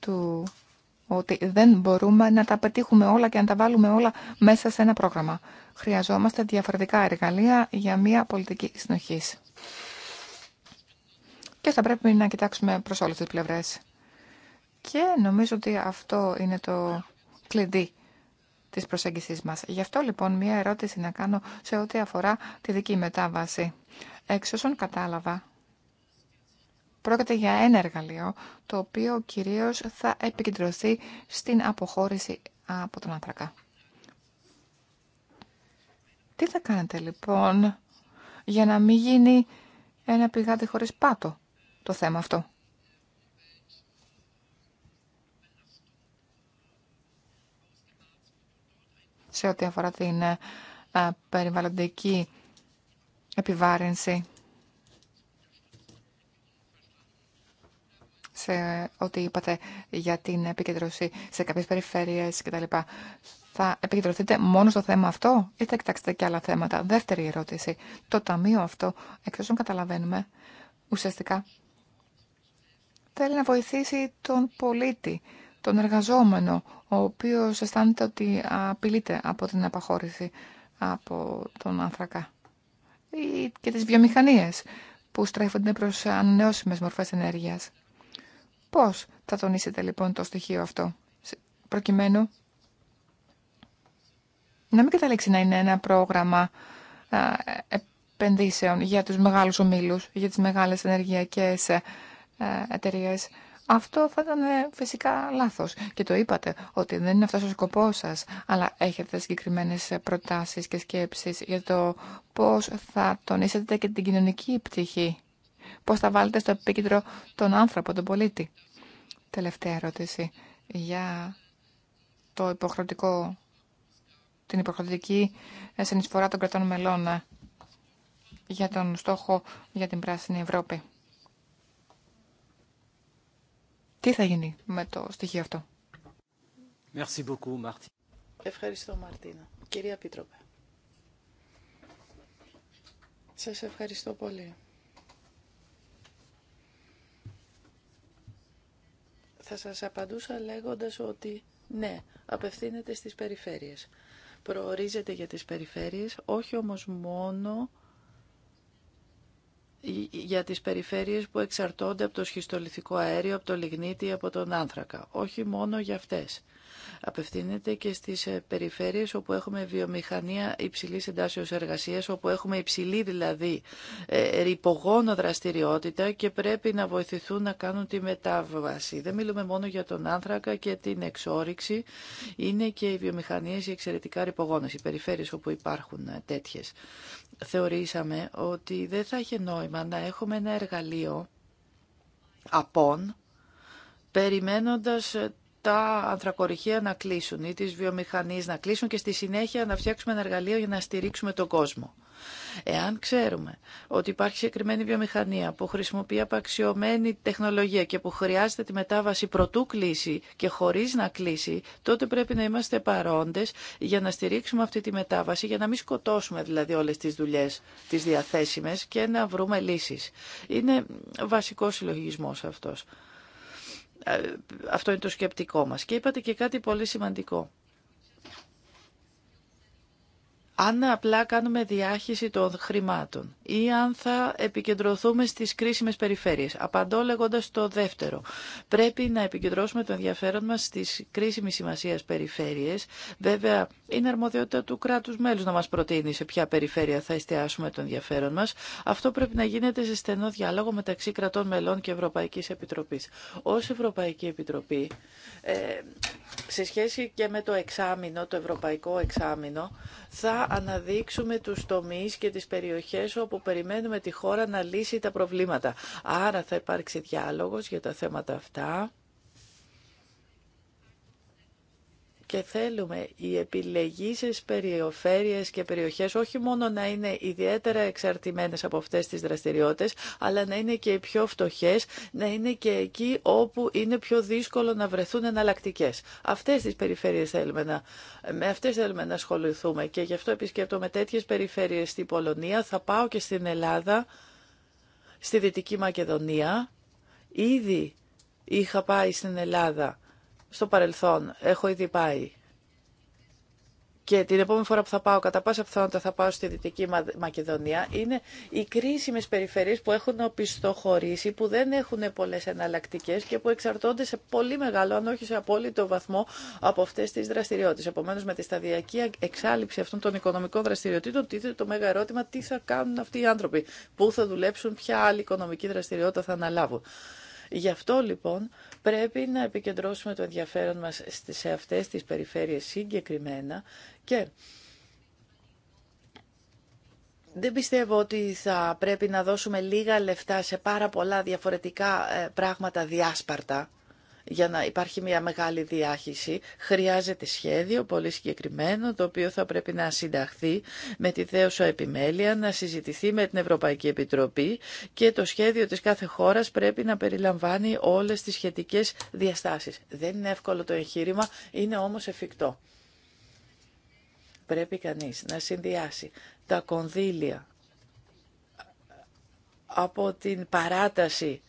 του ότι δεν μπορούμε να τα πετύχουμε όλα και να τα βάλουμε όλα μέσα σε ένα πρόγραμμα. Χρειαζόμαστε διαφορετικά εργαλεία για μια πολιτική συνοχή. Και θα πρέπει να κοιτάξουμε προς όλες τις πλευρές. Και νομίζω ότι αυτό είναι το κλειδί Γι' αυτό λοιπόν μία ερώτηση να κάνω σε ό,τι αφορά τη δική μετάβαση. Εξ κατάλαβα, πρόκειται για ένα εργαλείο το οποίο κυρίω θα επικεντρωθεί στην αποχώρηση από τον άνθρακα. Τι θα κάνετε λοιπόν για να μην γίνει ένα πηγάδι χωρίς πάτο το θέμα αυτό. σε ό,τι αφορά την ε, ε, περιβαλλοντική επιβάρυνση. σε ό,τι είπατε για την επικεντρωσή σε κάποιες περιφέρειες κτλ. Θα επικεντρωθείτε μόνο στο θέμα αυτό ή θα κοιτάξετε και άλλα θέματα. Δεύτερη ερώτηση. Το ταμείο αυτό, εκτός όσων καταλαβαίνουμε, ουσιαστικά θέλει να βοηθήσει τον πολίτη τον εργαζόμενο, ο οποίος αισθάνεται ότι απειλείται από την απαχώρηση από τον άνθρακα ή και τις βιομηχανίες που στρέφονται προς ανανεώσιμες μορφές ενέργειας. Πώς θα τονίσετε λοιπόν το στοιχείο αυτό, προκειμένου να μην καταλήξει να είναι ένα πρόγραμμα επενδύσεων για τους μεγάλους ομίλους, για τις μεγάλες ενεργειακές εταιρείες, αυτό θα ήταν ε, φυσικά λάθος και το είπατε ότι δεν είναι αυτό ο σκοπό σας, αλλά έχετε συγκεκριμένες ε, προτάσεις και σκέψεις για το πώς θα τονίσετε και την κοινωνική πτυχή, πώς θα βάλετε στο επίκεντρο τον άνθρωπο, τον πολίτη. Τελευταία ερώτηση για το υποχρεωτικό, την υποχρεωτική ε, συνεισφορά των κρατών μελών για τον στόχο για την πράσινη Ευρώπη. Τι θα γίνει με το στοιχείο αυτό. Merci beaucoup, Ευχαριστώ Μαρτίνα. Κυρία Πίτροπε. Σας ευχαριστώ πολύ. Θα σας απαντούσα λέγοντας ότι ναι, απευθύνεται στις περιφέρειες. Προορίζεται για τις περιφέρειες, όχι όμως μόνο ε, για τις περιφέρειες που εξαρτώνται από το σχιστολιθικό αέριο, από το λιγνίτη, από τον άνθρακα. Όχι μόνο για αυτές. Απευθύνεται και στις ε, περιφέρειες όπου έχουμε βιομηχανία υψηλής εντάσεως εργασίας, όπου έχουμε υψηλή δηλαδή ε, ρηπογόνο δραστηριότητα και πρέπει να βοηθηθούν να κάνουν τη μετάβαση. Δεν μιλούμε μόνο για τον άνθρακα και την εξόριξη, είναι και οι βιομηχανίες οι εξαιρετικά ρηπογόνες, οι περιφέρειες όπου υπάρχουν τέτοιες θεωρήσαμε ότι δεν θα είχε νόημα να έχουμε ένα εργαλείο απόν περιμένοντας τα ανθρακοριχεία να κλείσουν ή τις βιομηχανίες να κλείσουν και στη συνέχεια να φτιάξουμε ένα εργαλείο για να στηρίξουμε τον κόσμο. Εάν ξέρουμε ότι υπάρχει συγκεκριμένη βιομηχανία που χρησιμοποιεί απαξιωμένη τεχνολογία και που χρειάζεται τη μετάβαση πρωτού κλείσει και χωρίς να κλείσει, τότε πρέπει να είμαστε παρόντες για να στηρίξουμε αυτή τη μετάβαση, για να μην σκοτώσουμε δηλαδή όλες τις δουλειές τις διαθέσιμες και να βρούμε λύσεις. Είναι βασικό συλλογισμός αυτός. Ε, αυτό είναι το σκεπτικό μας. Και είπατε και κάτι πολύ σημαντικό αν απλά κάνουμε διάχυση των χρημάτων ή αν θα επικεντρωθούμε στις κρίσιμες περιφέρειες. Απαντώ λέγοντας το δεύτερο. Πρέπει να επικεντρώσουμε το ενδιαφέρον μας στις κρίσιμες σημασίας περιφέρειες. Βέβαια, είναι αρμοδιότητα του κράτους μέλους να μας προτείνει σε ποια περιφέρεια θα εστιάσουμε το ενδιαφέρον μας. Αυτό πρέπει να γίνεται σε στενό διάλογο μεταξύ κρατών μελών και Ευρωπαϊκής Επιτροπής. Ως Ευρωπαϊκή Επιτροπή, ε, σε σχέση και με το εξάμεινο, το Ευρωπαϊκό Εξάμεινο, θα αναδείξουμε τους τομείς και τις περιοχές όπου περιμένουμε τη χώρα να λύσει τα προβλήματα. Άρα θα υπάρξει διάλογος για τα θέματα αυτά. και θέλουμε οι επιλεγήσεις περιοφέρειες και περιοχές όχι μόνο να είναι ιδιαίτερα εξαρτημένες από αυτές τις δραστηριότητες, αλλά να είναι και οι πιο φτωχές, να είναι και εκεί όπου είναι πιο δύσκολο να βρεθούν εναλλακτικέ. Αυτές τις περιφέρειες θέλουμε να, με αυτές θέλουμε να ασχοληθούμε και γι' αυτό επισκέπτομαι τέτοιες περιφέρειες στην Πολωνία, θα πάω και στην Ελλάδα, στη Δυτική Μακεδονία, ήδη είχα πάει στην Ελλάδα στο παρελθόν. Έχω ήδη πάει. Και την επόμενη φορά που θα πάω, κατά πάσα πιθανότητα θα πάω στη Δυτική Μακεδονία, είναι οι κρίσιμε περιφερειές που έχουν οπισθοχωρήσει, που δεν έχουν πολλέ εναλλακτικέ και που εξαρτώνται σε πολύ μεγάλο, αν όχι σε απόλυτο βαθμό, από αυτέ τι δραστηριότητε. Επομένω, με τη σταδιακή εξάλληψη αυτών των οικονομικών δραστηριοτήτων, τίθεται το μεγάλο ερώτημα τι θα κάνουν αυτοί οι άνθρωποι, πού θα δουλέψουν, ποια άλλη οικονομική δραστηριότητα θα αναλάβουν. Γι' αυτό λοιπόν Πρέπει να επικεντρώσουμε το ενδιαφέρον μας σε αυτές τις περιφέρειες συγκεκριμένα και δεν πιστεύω ότι θα πρέπει να δώσουμε λίγα λεφτά σε πάρα πολλά διαφορετικά ε, πράγματα διάσπαρτα για να υπάρχει μια μεγάλη διάχυση χρειάζεται σχέδιο πολύ συγκεκριμένο το οποίο θα πρέπει να συνταχθεί με τη δέωσα επιμέλεια, να συζητηθεί με την Ευρωπαϊκή Επιτροπή και το σχέδιο της κάθε χώρας πρέπει να περιλαμβάνει όλες τις σχετικές διαστάσεις. Δεν είναι εύκολο το εγχείρημα, είναι όμως εφικτό. Πρέπει κανείς να συνδυάσει τα κονδύλια από την παράταση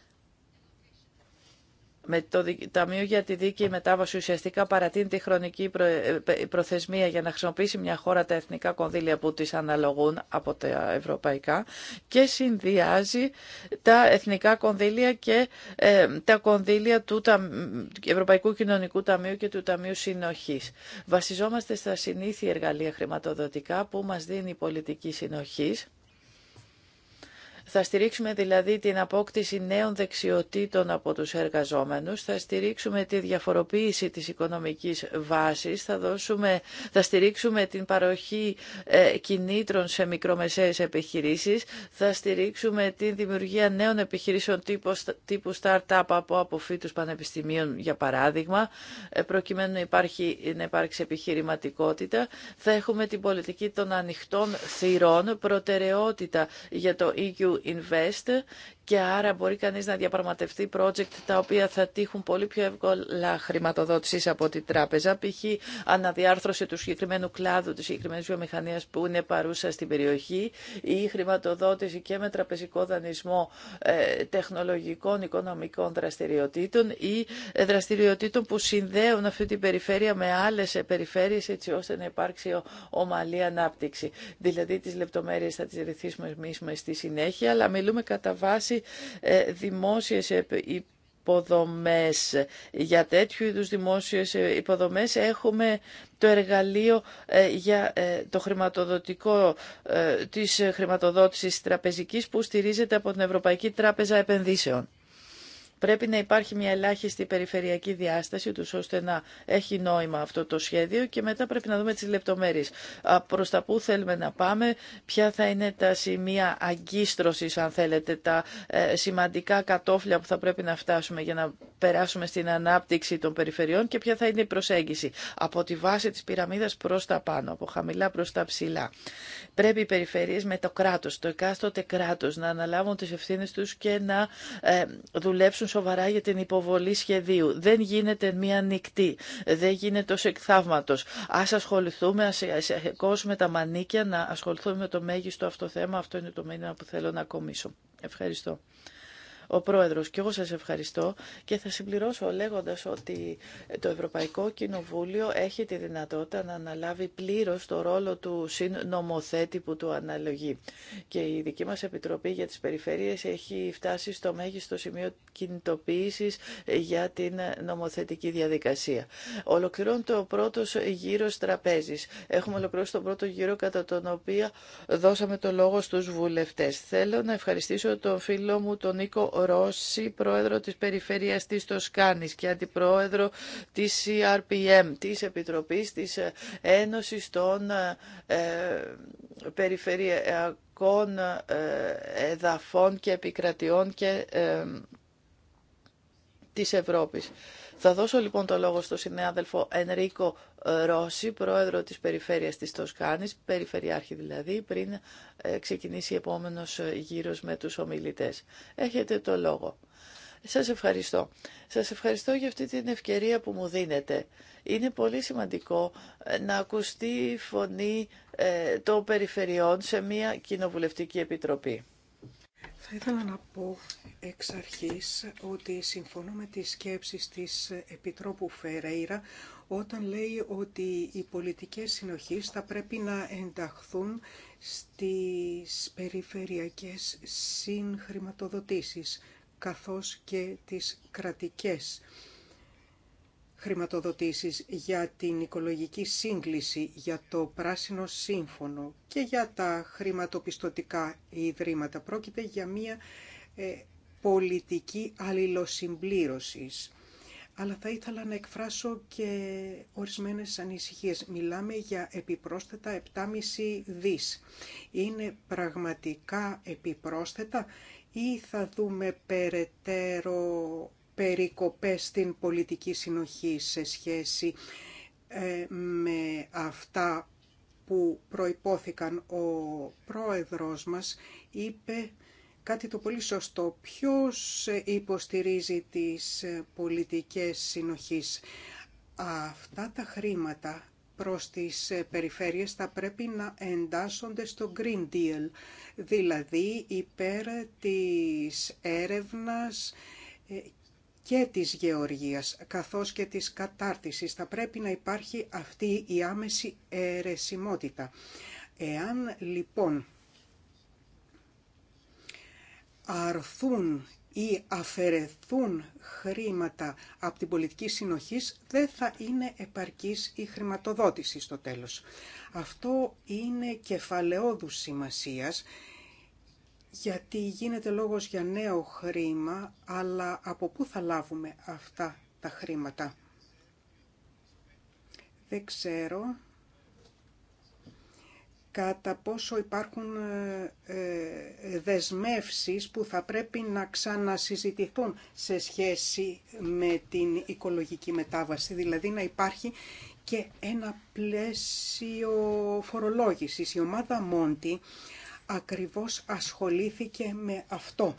με το Ταμείο για τη Δίκαιη Μετάβαση ουσιαστικά παρατείνει τη χρονική ε, προθεσμία για να χρησιμοποιήσει μια χώρα τα εθνικά κονδύλια που της αναλογούν από τα ευρωπαϊκά και συνδυάζει τα εθνικά κονδύλια και ε, τα κονδύλια του Ευρωπαϊκού Κοινωνικού Ταμείου και του Ταμείου Συνοχής. Βασιζόμαστε στα συνήθεια εργαλεία χρηματοδοτικά που μας δίνει η πολιτική συνοχής θα στηρίξουμε δηλαδή την απόκτηση νέων δεξιοτήτων από τους εργαζόμενους, θα στηρίξουμε τη διαφοροποίηση της οικονομικής βάσης, θα, δώσουμε, θα στηρίξουμε την παροχή ε, κινήτρων σε μικρομεσαίες επιχειρήσεις, θα στηρίξουμε την δημιουργία νέων επιχειρήσεων τύπου, από αποφύτους πανεπιστημίων, για παράδειγμα, ε, προκειμένου να, υπάρχει, να υπάρξει επιχειρηματικότητα. Θα έχουμε την πολιτική των ανοιχτών θυρών, προτεραιότητα για το EU Invest και άρα μπορεί κανείς να διαπραγματευτεί project τα οποία θα τύχουν πολύ πιο εύκολα χρηματοδότησης από την τράπεζα, π.χ. αναδιάρθρωση του συγκεκριμένου κλάδου, της συγκεκριμένη βιομηχανίας που είναι παρούσα στην περιοχή ή χρηματοδότηση και με τραπεζικό δανεισμό ε, τεχνολογικών οικονομικών δραστηριοτήτων ή ε, δραστηριοτήτων που συνδέουν αυτή την περιφέρεια με άλλες ε, περιφέρειες έτσι ώστε να υπάρξει ομαλή ανάπτυξη. Δηλαδή τις λεπτομέρειες θα τις ρυθίσουμε στη συνέχεια, αλλά μιλούμε κατά βάση ε, δημόσιες υποδομές. Για τέτοιου είδους δημόσιες ε, υποδομές έχουμε το εργαλείο ε, για το χρηματοδοτικό της χρηματοδότησης τραπεζικής που στηρίζεται από την Ευρωπαϊκή Τράπεζα Επενδύσεων. Πρέπει να υπάρχει μια ελάχιστη περιφερειακή διάσταση, τους ώστε να έχει νόημα αυτό το σχέδιο και μετά πρέπει να δούμε τις λεπτομέρειες. Προς τα πού θέλουμε να πάμε, ποια θα είναι τα σημεία αγκίστρωσης, αν θέλετε, τα ε, σημαντικά κατόφλια που θα πρέπει να φτάσουμε για να περάσουμε στην ανάπτυξη των περιφερειών και ποια θα είναι η προσέγγιση από τη βάση της πυραμίδας προς τα πάνω, από χαμηλά προς τα ψηλά. Πρέπει οι περιφερειές με το κράτος, το εκάστοτε κράτος να αναλάβουν τις ευθύνες τους και να ε, δουλέψουν σοβαρά για την υποβολή σχεδίου. Δεν γίνεται μία νυχτή, δεν γίνεται ω εκθαύματο. Α ασχοληθούμε, ας κόσουμε τα μανίκια, να ασχοληθούμε με το μέγιστο αυτό θέμα. Αυτό είναι το μήνυμα που θέλω να κομίσω. Ευχαριστώ ο Πρόεδρος. Και εγώ σας ευχαριστώ και θα συμπληρώσω λέγοντας ότι το Ευρωπαϊκό Κοινοβούλιο έχει τη δυνατότητα να αναλάβει πλήρως το ρόλο του συνομοθέτη που του αναλογεί. Και η δική μας Επιτροπή για τις Περιφέρειες έχει φτάσει στο μέγιστο σημείο κινητοποίησης για την νομοθετική διαδικασία. Ολοκληρώνεται ο πρώτο γύρο τραπέζης. Έχουμε ολοκληρώσει τον πρώτο γύρο κατά τον οποίο δώσαμε το λόγο στους βουλευτές. Θέλω να ευχαριστήσω τον φίλο μου τον Νίκο Ρώση, πρόεδρο της Περιφερειάς της Τοσκάνης και αντιπρόεδρο της CRPM, της Επιτροπής της Ένωσης των ε, Περιφερειακών ε, Εδαφών και Επικρατιών και ε, της Ευρώπης. Θα δώσω λοιπόν το λόγο στον συνάδελφο Ενρίκο ε, Ρώση, πρόεδρο της περιφέρειας της Τοσκάνης, περιφερειάρχη δηλαδή, πριν ε, ξεκινήσει επόμενος ε, γύρος με τους ομιλητές. Έχετε το λόγο. Σας ευχαριστώ. Σας ευχαριστώ για αυτή την ευκαιρία που μου δίνετε. Είναι πολύ σημαντικό να ακουστεί η φωνή των περιφερειών σε μια κοινοβουλευτική επιτροπή. Θα ήθελα να πω εξ αρχής ότι συμφωνώ με τις σκέψεις της Επιτρόπου Φερέιρα όταν λέει ότι οι πολιτικές συνοχής θα πρέπει να ενταχθούν στις περιφερειακές συγχρηματοδοτήσεις καθώς και τις κρατικές χρηματοδοτήσεις για την οικολογική σύγκληση, για το πράσινο σύμφωνο και για τα χρηματοπιστωτικά ιδρύματα. Πρόκειται για μια ε, πολιτική αλληλοσυμπλήρωσης. Αλλά θα ήθελα να εκφράσω και ορισμένες ανησυχίες. Μιλάμε για επιπρόσθετα 7,5 δις. Είναι πραγματικά επιπρόσθετα ή θα δούμε περαιτέρω περικοπές στην πολιτική συνοχή σε σχέση ε, με αυτά που προϋπόθηκαν. Ο πρόεδρος μας είπε κάτι το πολύ σωστό. Ποιος υποστηρίζει τις πολιτικές συνοχής. Αυτά τα χρήματα προς τις περιφέρειες θα πρέπει να εντάσσονται στο Green Deal, δηλαδή υπέρ της έρευνας ε, και της γεωργίας καθώς και της κατάρτισης. Θα πρέπει να υπάρχει αυτή η άμεση αιρεσιμότητα. Εάν λοιπόν αρθούν ή αφαιρεθούν χρήματα από την πολιτική συνοχής, δεν θα είναι επαρκής η χρηματοδότηση στο τέλος. Αυτό είναι κεφαλαιόδους σημασίας γιατί γίνεται λόγος για νέο χρήμα, αλλά από πού θα λάβουμε αυτά τα χρήματα. Δεν ξέρω κατά πόσο υπάρχουν ε, ε, δεσμεύσεις που θα πρέπει να ξανασυζητηθούν σε σχέση με την οικολογική μετάβαση, δηλαδή να υπάρχει και ένα πλαίσιο φορολόγησης. Η ομάδα Μόντι ακριβώς ασχολήθηκε με αυτό,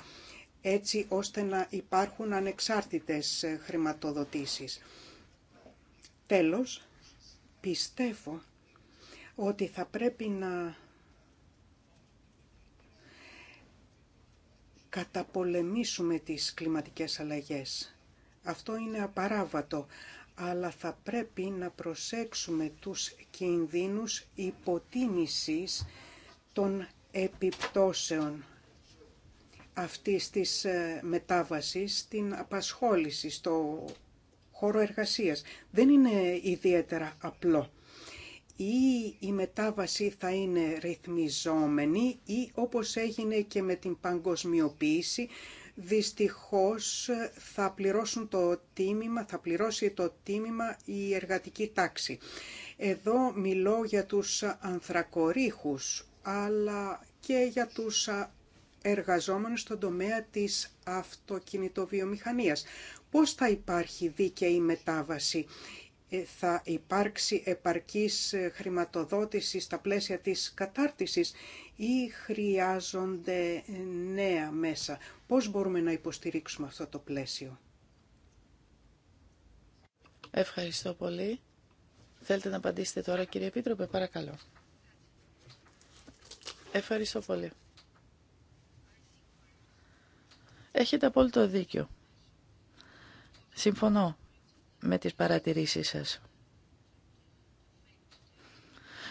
έτσι ώστε να υπάρχουν ανεξάρτητες ε, χρηματοδοτήσεις. Τέλος, πιστεύω ότι θα πρέπει να καταπολεμήσουμε τις κλιματικές αλλαγές. Αυτό είναι απαράβατο, αλλά θα πρέπει να προσέξουμε τους κινδύνους υποτίμησης των επιπτώσεων αυτής της ε, μετάβασης στην απασχόληση, στο χώρο εργασίας. Δεν είναι ιδιαίτερα απλό. Ή η μετάβαση θα είναι ρυθμιζόμενη ή όπως έγινε και με την παγκοσμιοποίηση, δυστυχώς ε, θα πληρώσουν το τίμημα, θα πληρώσει το τίμημα η εργατική τάξη. Εδώ μιλώ για τους ανθρακορίχους, αλλά και για τους εργαζόμενους στον τομέα της αυτοκινητοβιομηχανίας. Πώς θα υπάρχει δίκαιη μετάβαση. Ε, θα υπάρξει επαρκής ε, χρηματοδότηση στα πλαίσια της κατάρτισης ή χρειάζονται ε, νέα μέσα. Πώς μπορούμε να υποστηρίξουμε αυτό το πλαίσιο. Ευχαριστώ πολύ. Θέλετε να απαντήσετε τώρα κύριε Επίτροπε, παρακαλώ. Ευχαριστώ πολύ. Έχετε απόλυτο δίκιο. Συμφωνώ με τις παρατηρήσεις σας.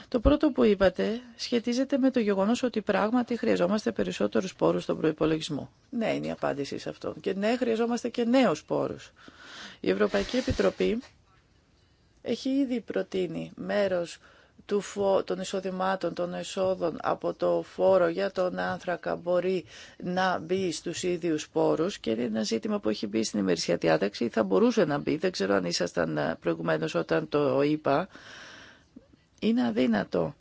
Το πρώτο που είπατε σχετίζεται με το γεγονός ότι πράγματι χρειαζόμαστε περισσότερους πόρους στον προϋπολογισμό. Ναι, είναι η απάντηση σε αυτό. Και ναι, χρειαζόμαστε και νέους πόρους. Η Ευρωπαϊκή Επιτροπή έχει ήδη προτείνει μέρος του φο... των εισοδημάτων, των εσόδων από το φόρο για τον άνθρακα μπορεί να μπει στους ίδιους πόρους και είναι ένα ζήτημα που έχει μπει στην ημερησία διάταξη ή θα μπορούσε να μπει, δεν ξέρω αν ήσασταν ε, προηγουμένως όταν το είπα. Είναι αδύνατο.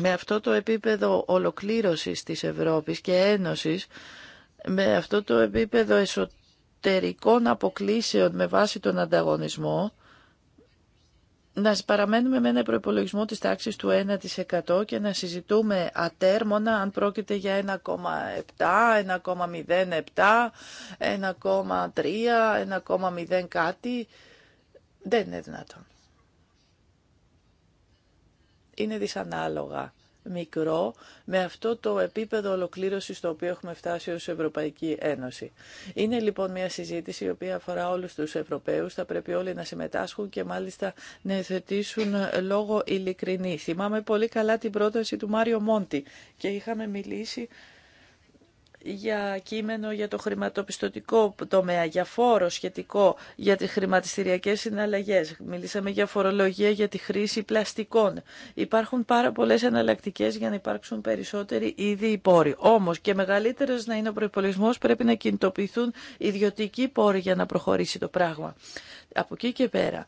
Με αυτό το επίπεδο ολοκλήρωσης της Ευρώπης και ένωσης, με αυτό το επίπεδο εσωτερικών αποκλήσεων με βάση τον ανταγωνισμό, να παραμένουμε με ένα προπολογισμό της τάξης του 1% και να συζητούμε ατέρμονα αν πρόκειται για 1,7, 1,07, 1,3, 1,0 κάτι. Δεν είναι δυνατόν. Είναι δυσανάλογα μικρό με αυτό το επίπεδο ολοκλήρωσης στο οποίο έχουμε φτάσει ως Ευρωπαϊκή Ένωση. Είναι λοιπόν μια συζήτηση η οποία αφορά όλους τους Ευρωπαίους, θα πρέπει όλοι να συμμετάσχουν και μάλιστα να εθετήσουν λόγο ειλικρινή. Θυμάμαι πολύ καλά την πρόταση του Μάριο Μόντι και είχαμε μιλήσει για κείμενο για το χρηματοπιστωτικό τομέα, για φόρο σχετικό για τις χρηματιστηριακές συναλλαγές. Μιλήσαμε για φορολογία για τη χρήση πλαστικών. Υπάρχουν πάρα πολλές εναλλακτικέ για να υπάρξουν περισσότεροι ήδη οι πόροι. Όμως και μεγαλύτερος να είναι ο προπολογισμό πρέπει να κινητοποιηθούν ιδιωτικοί πόροι για να προχωρήσει το πράγμα. Από εκεί και πέρα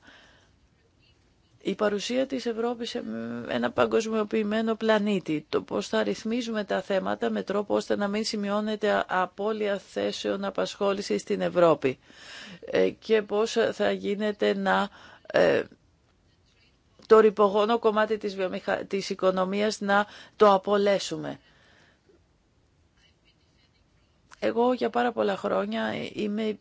η παρουσία της Ευρώπης σε ένα παγκοσμιοποιημένο πλανήτη, το πώς θα ρυθμίζουμε τα θέματα με τρόπο ώστε να μην σημειώνεται απώλεια θέσεων απασχόλησης στην Ευρώπη ε, και πώς θα γίνεται να ε, το ρηπογόνο κομμάτι της, βιομηχα... της οικονομίας να το απολέσουμε. Εγώ για πάρα πολλά χρόνια είμαι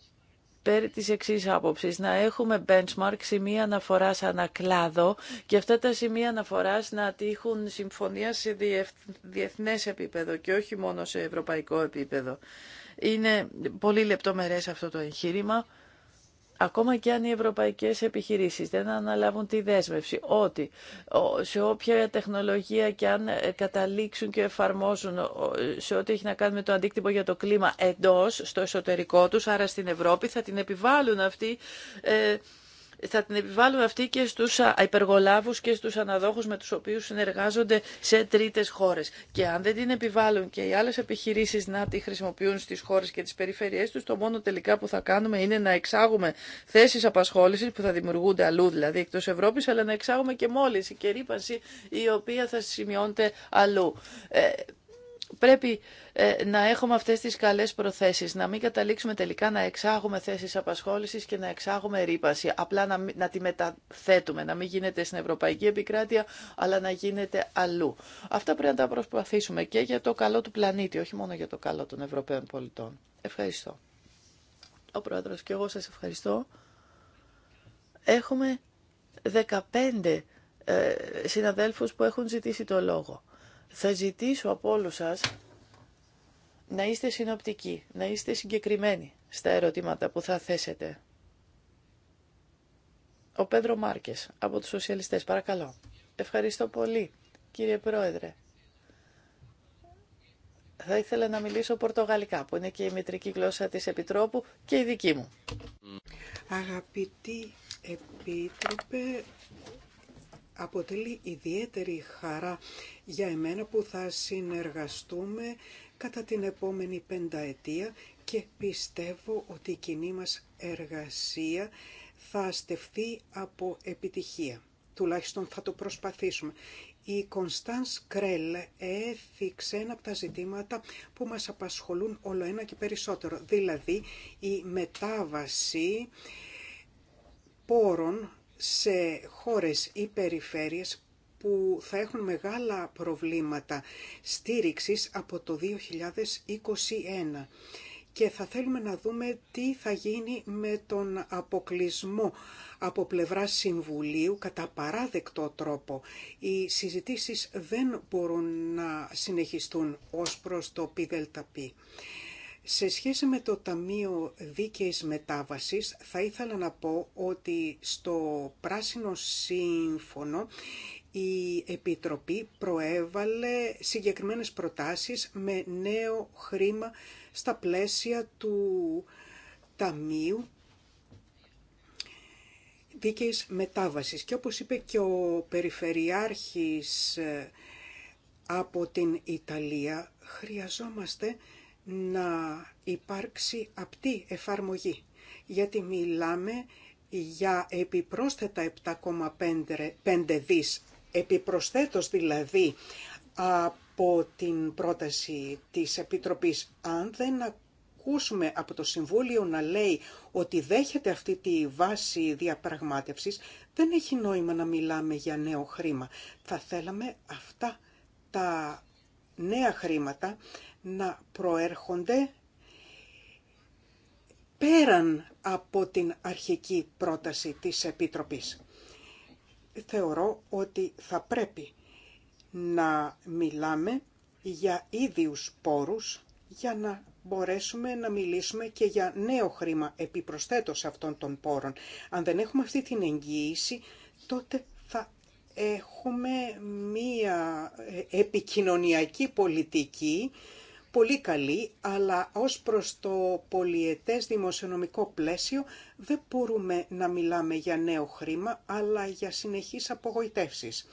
Πέρι της εξής άποψης, να έχουμε benchmark σημεία αναφοράς ανακλάδο και αυτά τα σημεία αναφοράς να τύχουν συμφωνία σε διεθνές επίπεδο και όχι μόνο σε ευρωπαϊκό επίπεδο. Είναι πολύ λεπτομερές αυτό το εγχείρημα. Ακόμα και αν οι ευρωπαϊκές επιχειρήσεις δεν αναλάβουν τη δέσμευση ότι σε όποια τεχνολογία και αν ε, καταλήξουν και εφαρμόζουν σε ό,τι έχει να κάνει με το αντίκτυπο για το κλίμα εντός, στο εσωτερικό τους, άρα στην Ευρώπη, θα την επιβάλλουν αυτή ε, θα την επιβάλλουμε αυτή και στους υπεργολάβους και στους αναδόχους με τους οποίους συνεργάζονται σε τρίτες χώρες. Και αν δεν την επιβάλλουν και οι άλλες επιχειρήσεις να τη χρησιμοποιούν στις χώρες και τις περιφερειές τους, το μόνο τελικά που θα κάνουμε είναι να εξάγουμε θέσεις απασχόλησης που θα δημιουργούνται αλλού δηλαδή εκτός Ευρώπης, αλλά να εξάγουμε και μόλις η ρήπανση η οποία θα σημειώνεται αλλού. Ε, Πρέπει ε, να έχουμε αυτές τις καλές προθέσεις, να μην καταλήξουμε τελικά να εξάγουμε θέσεις απασχόλησης και να εξάγουμε ρήπαση. Απλά να, τη μεταθέτουμε, να μην γίνεται στην Ευρωπαϊκή Επικράτεια, αλλά να γίνεται αλλού. Αυτά πρέπει να τα προσπαθήσουμε και για το καλό του πλανήτη, όχι μόνο για το καλό των Ευρωπαίων πολιτών. Ευχαριστώ. Ο Πρόεδρος και εγώ σας ευχαριστώ. Έχουμε 15 ε, συναδέλφους που έχουν ζητήσει το λόγο. Θα ζητήσω από όλους σας να είστε συνοπτικοί, να είστε συγκεκριμένοι στα ερωτήματα που θα θέσετε. Ο Πέντρο Μάρκες από τους Σοσιαλιστές, παρακαλώ. Ευχαριστώ πολύ, κύριε Πρόεδρε. Θα ήθελα να μιλήσω πορτογαλικά, που είναι και η μητρική γλώσσα της Επιτρόπου και η δική μου. Αγαπητή Επίτροπε, αποτελεί ιδιαίτερη χαρά για εμένα που θα συνεργαστούμε κατά την επόμενη πενταετία και πιστεύω ότι η κοινή μας εργασία θα στεφθεί από επιτυχία. Τουλάχιστον θα το προσπαθήσουμε. Η Κωνσταντς Κρέλ έθιξε ένα από τα ζητήματα που μας απασχολούν όλο ένα και περισσότερο, δηλαδή η μετάβαση πόρων σε χώρες ή περιφέρειες που θα έχουν μεγάλα προβλήματα στήριξης από το 2021 και θα θέλουμε να δούμε τι θα γίνει με τον αποκλεισμό από πλευρά Συμβουλίου κατά παράδεκτο τρόπο. Οι συζητήσεις δεν μπορούν να συνεχιστούν ως προς το ΠΔΠ. Σε σχέση με το Ταμείο Δίκαιης Μετάβασης θα ήθελα να πω ότι στο Πράσινο Σύμφωνο η Επιτροπή προέβαλε συγκεκριμένες προτάσεις με νέο χρήμα στα πλαίσια του Ταμείου Δίκαιης Μετάβασης. Και όπως είπε και ο Περιφερειάρχης ε, από την Ιταλία, χρειαζόμαστε να υπάρξει απτή εφαρμογή, γιατί μιλάμε για επιπρόσθετα 7,5 δις, επιπροσθέτως δηλαδή από την πρόταση της Επιτροπής. Αν δεν ακούσουμε από το Συμβούλιο να λέει ότι δέχεται αυτή τη βάση διαπραγμάτευσης, δεν έχει νόημα να μιλάμε για νέο χρήμα. Θα θέλαμε αυτά τα νέα χρήματα να προέρχονται πέραν από την αρχική πρόταση της Επιτροπής. Θεωρώ ότι θα πρέπει να μιλάμε για ίδιους πόρους για να μπορέσουμε να μιλήσουμε και για νέο χρήμα επιπροσθέτως αυτών των πόρων. Αν δεν έχουμε αυτή την εγγύηση, τότε θα έχουμε μία ε, επικοινωνιακή πολιτική πολύ καλή, αλλά ως προς το πολιετές δημοσιονομικό πλαίσιο δεν μπορούμε να μιλάμε για νέο χρήμα, αλλά για συνεχείς απογοητεύσεις.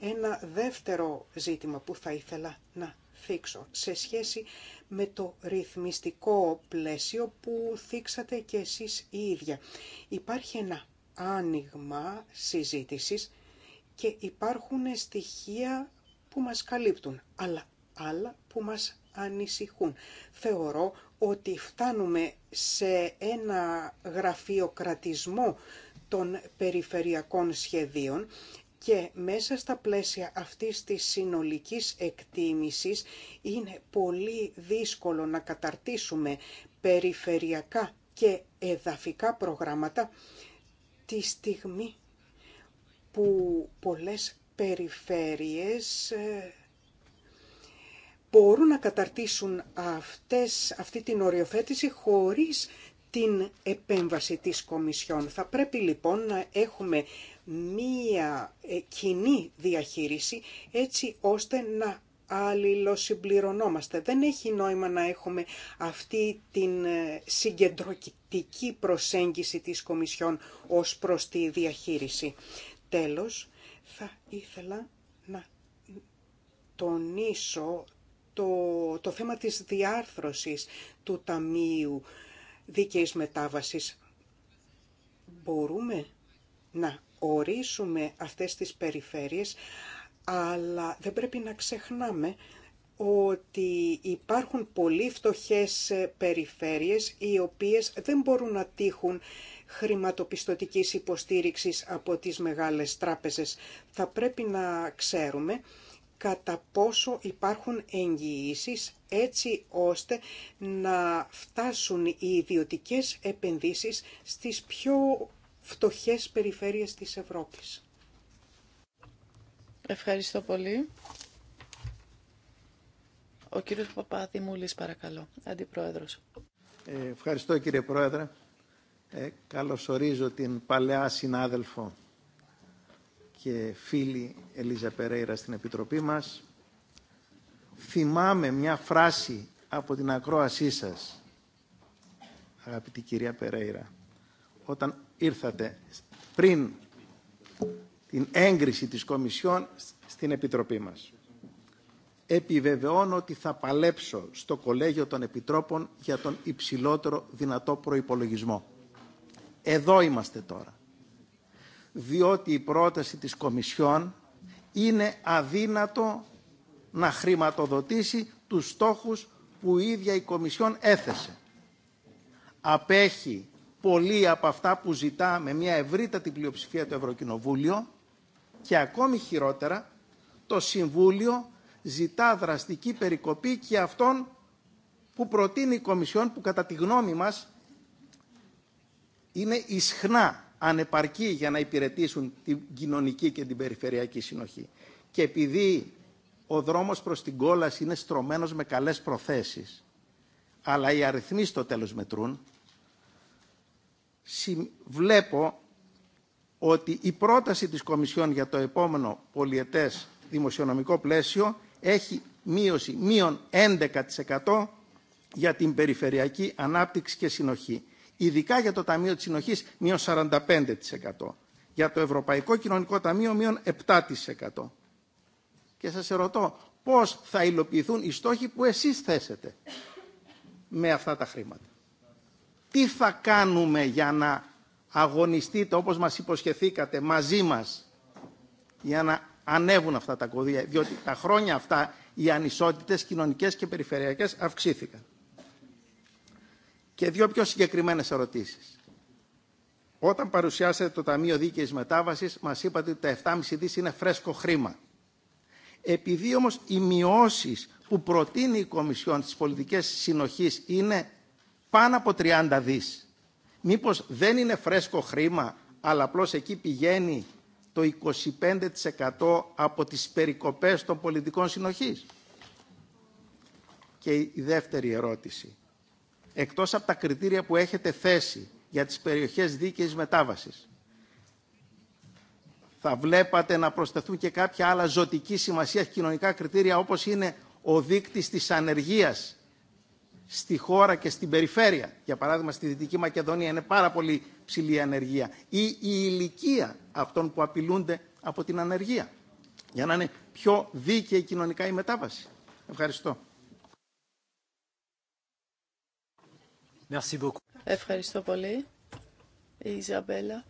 Ένα δεύτερο ζήτημα που θα ήθελα να θίξω σε σχέση με το ρυθμιστικό πλαίσιο που θίξατε και εσείς οι ίδια. Υπάρχει ένα άνοιγμα συζήτησης και υπάρχουν στοιχεία που μας καλύπτουν, αλλά άλλα που μας ανησυχούν. Θεωρώ ότι φτάνουμε σε ένα γραφειοκρατισμό των περιφερειακών σχεδίων και μέσα στα πλαίσια αυτής της συνολικής εκτίμησης είναι πολύ δύσκολο να καταρτήσουμε περιφερειακά και εδαφικά προγράμματα τη στιγμή που πολλές περιφέρειες ε, μπορούν να καταρτήσουν αυτές, αυτή την οριοθέτηση χωρίς την επέμβαση της Κομισιόν. Θα πρέπει λοιπόν να έχουμε μία ε, κοινή διαχείριση έτσι ώστε να αλληλοσυμπληρωνόμαστε. Δεν έχει νόημα να έχουμε αυτή την ε, συγκεντρωτική προσέγγιση της Κομισιόν ως προς τη διαχείριση. Τέλος, θα ήθελα να τονίσω το, το θέμα της διάρθρωσης του Ταμείου Δίκαιης Μετάβασης. Μπορούμε να ορίσουμε αυτές τις περιφέρειες, αλλά δεν πρέπει να ξεχνάμε ότι υπάρχουν πολύ φτωχές περιφέρειες οι οποίες δεν μπορούν να τύχουν χρηματοπιστωτικής υποστήριξης από τις μεγάλες τράπεζες. Θα πρέπει να ξέρουμε κατά πόσο υπάρχουν εγγυήσει έτσι ώστε να φτάσουν οι ιδιωτικές επενδύσεις στις πιο φτωχές περιφέρειες της Ευρώπης. Ευχαριστώ πολύ. Ο κύριος Παπαδημούλης, παρακαλώ, αντιπρόεδρος. Ε, ευχαριστώ κύριε Πρόεδρε. Ε, καλωσορίζω την παλαιά συνάδελφο και φίλη Ελίζα Περέιρα στην Επιτροπή μας. Θυμάμαι μια φράση από την ακρόασή σας, αγαπητή κυρία Περέιρα, όταν ήρθατε πριν την έγκριση της Κομισιόν στην Επιτροπή μας. Επιβεβαιώνω ότι θα παλέψω στο Κολέγιο των Επιτρόπων για τον υψηλότερο δυνατό προϋπολογισμό. Εδώ είμαστε τώρα διότι η πρόταση της Κομισιόν είναι αδύνατο να χρηματοδοτήσει τους στόχους που η ίδια η Κομισιόν έθεσε. Απέχει πολύ από αυτά που ζητά με μια ευρύτατη πλειοψηφία το Ευρωκοινοβούλιο και ακόμη χειρότερα το Συμβούλιο ζητά δραστική περικοπή και αυτών που προτείνει η Κομισιόν που κατά τη γνώμη μας είναι ισχνά ανεπαρκή για να υπηρετήσουν την κοινωνική και την περιφερειακή συνοχή. Και επειδή ο δρόμος προς την κόλαση είναι στρωμένος με καλές προθέσεις, αλλά οι αριθμοί στο τέλος μετρούν, βλέπω ότι η πρόταση της Κομισιόν για το επόμενο πολιετές δημοσιονομικό πλαίσιο έχει μείωση μείον 11% για την περιφερειακή ανάπτυξη και συνοχή ειδικά για το Ταμείο της Συνοχής μείον 45%. Για το Ευρωπαϊκό Κοινωνικό Ταμείο μείον 7%. Και σας ερωτώ πώς θα υλοποιηθούν οι στόχοι που εσείς θέσετε με αυτά τα χρήματα. Τι θα κάνουμε για να αγωνιστείτε όπως μας υποσχεθήκατε μαζί μας για να ανέβουν αυτά τα κωδία. διότι τα χρόνια αυτά οι ανισότητες κοινωνικές και περιφερειακές αυξήθηκαν. Και δύο πιο συγκεκριμένες ερωτήσεις. Όταν παρουσιάσατε το Ταμείο Δίκαιης Μετάβασης, μας είπατε ότι τα 7,5 δις είναι φρέσκο χρήμα. Επειδή όμως οι μειώσει που προτείνει η Κομισιόν στις πολιτικές συνοχής είναι πάνω από 30 δις, μήπως δεν είναι φρέσκο χρήμα, αλλά απλώ εκεί πηγαίνει το 25% από τις περικοπές των πολιτικών συνοχής. Και η δεύτερη ερώτηση εκτός από τα κριτήρια που έχετε θέσει για τις περιοχές δίκαιης μετάβασης. Θα βλέπατε να προσθεθούν και κάποια άλλα ζωτική σημασία κοινωνικά κριτήρια όπως είναι ο δείκτης της ανεργίας στη χώρα και στην περιφέρεια. Για παράδειγμα, στη Δυτική Μακεδονία είναι πάρα πολύ ψηλή η ανεργία. Ή η ηλικία αυτών που απειλούνται από την ανεργία. Για να είναι πιο δίκαιη κοινωνικά η μετάβαση. Ευχαριστώ. Merci beaucoup. Ευχαριστώ πολύ. Η Ιζαμπέλα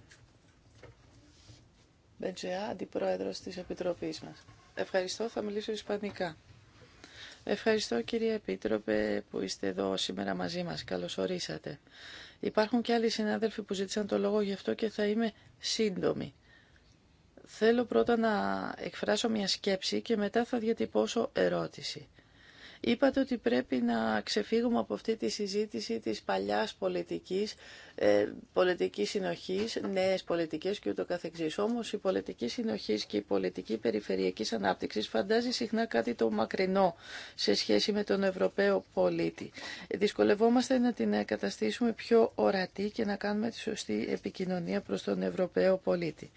Μπεντζεά, αντιπρόεδρος της Επιτροπής μας. Ευχαριστώ, θα μιλήσω ισπανικά. Ευχαριστώ κυρία Επίτροπε που είστε εδώ σήμερα μαζί μας. Καλώς ορίσατε. Υπάρχουν και άλλοι συνάδελφοι που ζήτησαν το λόγο γι' αυτό και θα είμαι σύντομη. Θέλω πρώτα να εκφράσω μια σκέψη και μετά θα διατυπώσω ερώτηση. Είπατε ότι πρέπει να ξεφύγουμε από αυτή τη συζήτηση της παλιάς πολιτικής ε, πολιτική συνοχή, νέε πολιτικέ και ούτω καθεξής. Όμως η πολιτική συνοχή και η πολιτική περιφερειακή ανάπτυξη φαντάζει συχνά κάτι το μακρινό σε σχέση με τον Ευρωπαίο πολίτη. Δυσκολευόμαστε να την καταστήσουμε πιο ορατή και να κάνουμε τη σωστή επικοινωνία προ τον Ευρωπαίο πολίτη.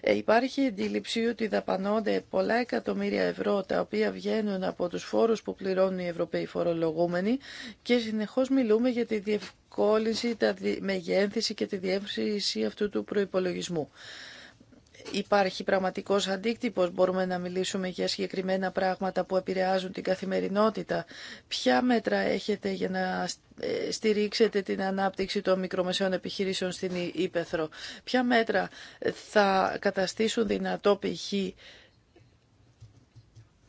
Ε, υπάρχει αντίληψη ότι δαπανώνται πολλά εκατομμύρια ευρώ τα οποία βγαίνουν από του φόρου που πληρώνουν οι Ευρωπαίοι φορολογούμενοι και συνεχώ μιλούμε για τη διευκόλυνση, τα, με μεγέθυνση και τη διεύθυνση αυτού του προϋπολογισμού. Υπάρχει πραγματικός αντίκτυπος, μπορούμε να μιλήσουμε για συγκεκριμένα πράγματα που επηρεάζουν την καθημερινότητα. Ποια μέτρα έχετε για να ε, στηρίξετε την ανάπτυξη των μικρομεσαίων επιχειρήσεων στην Ήπεθρο. Ποια μέτρα θα καταστήσουν δυνατό π.χ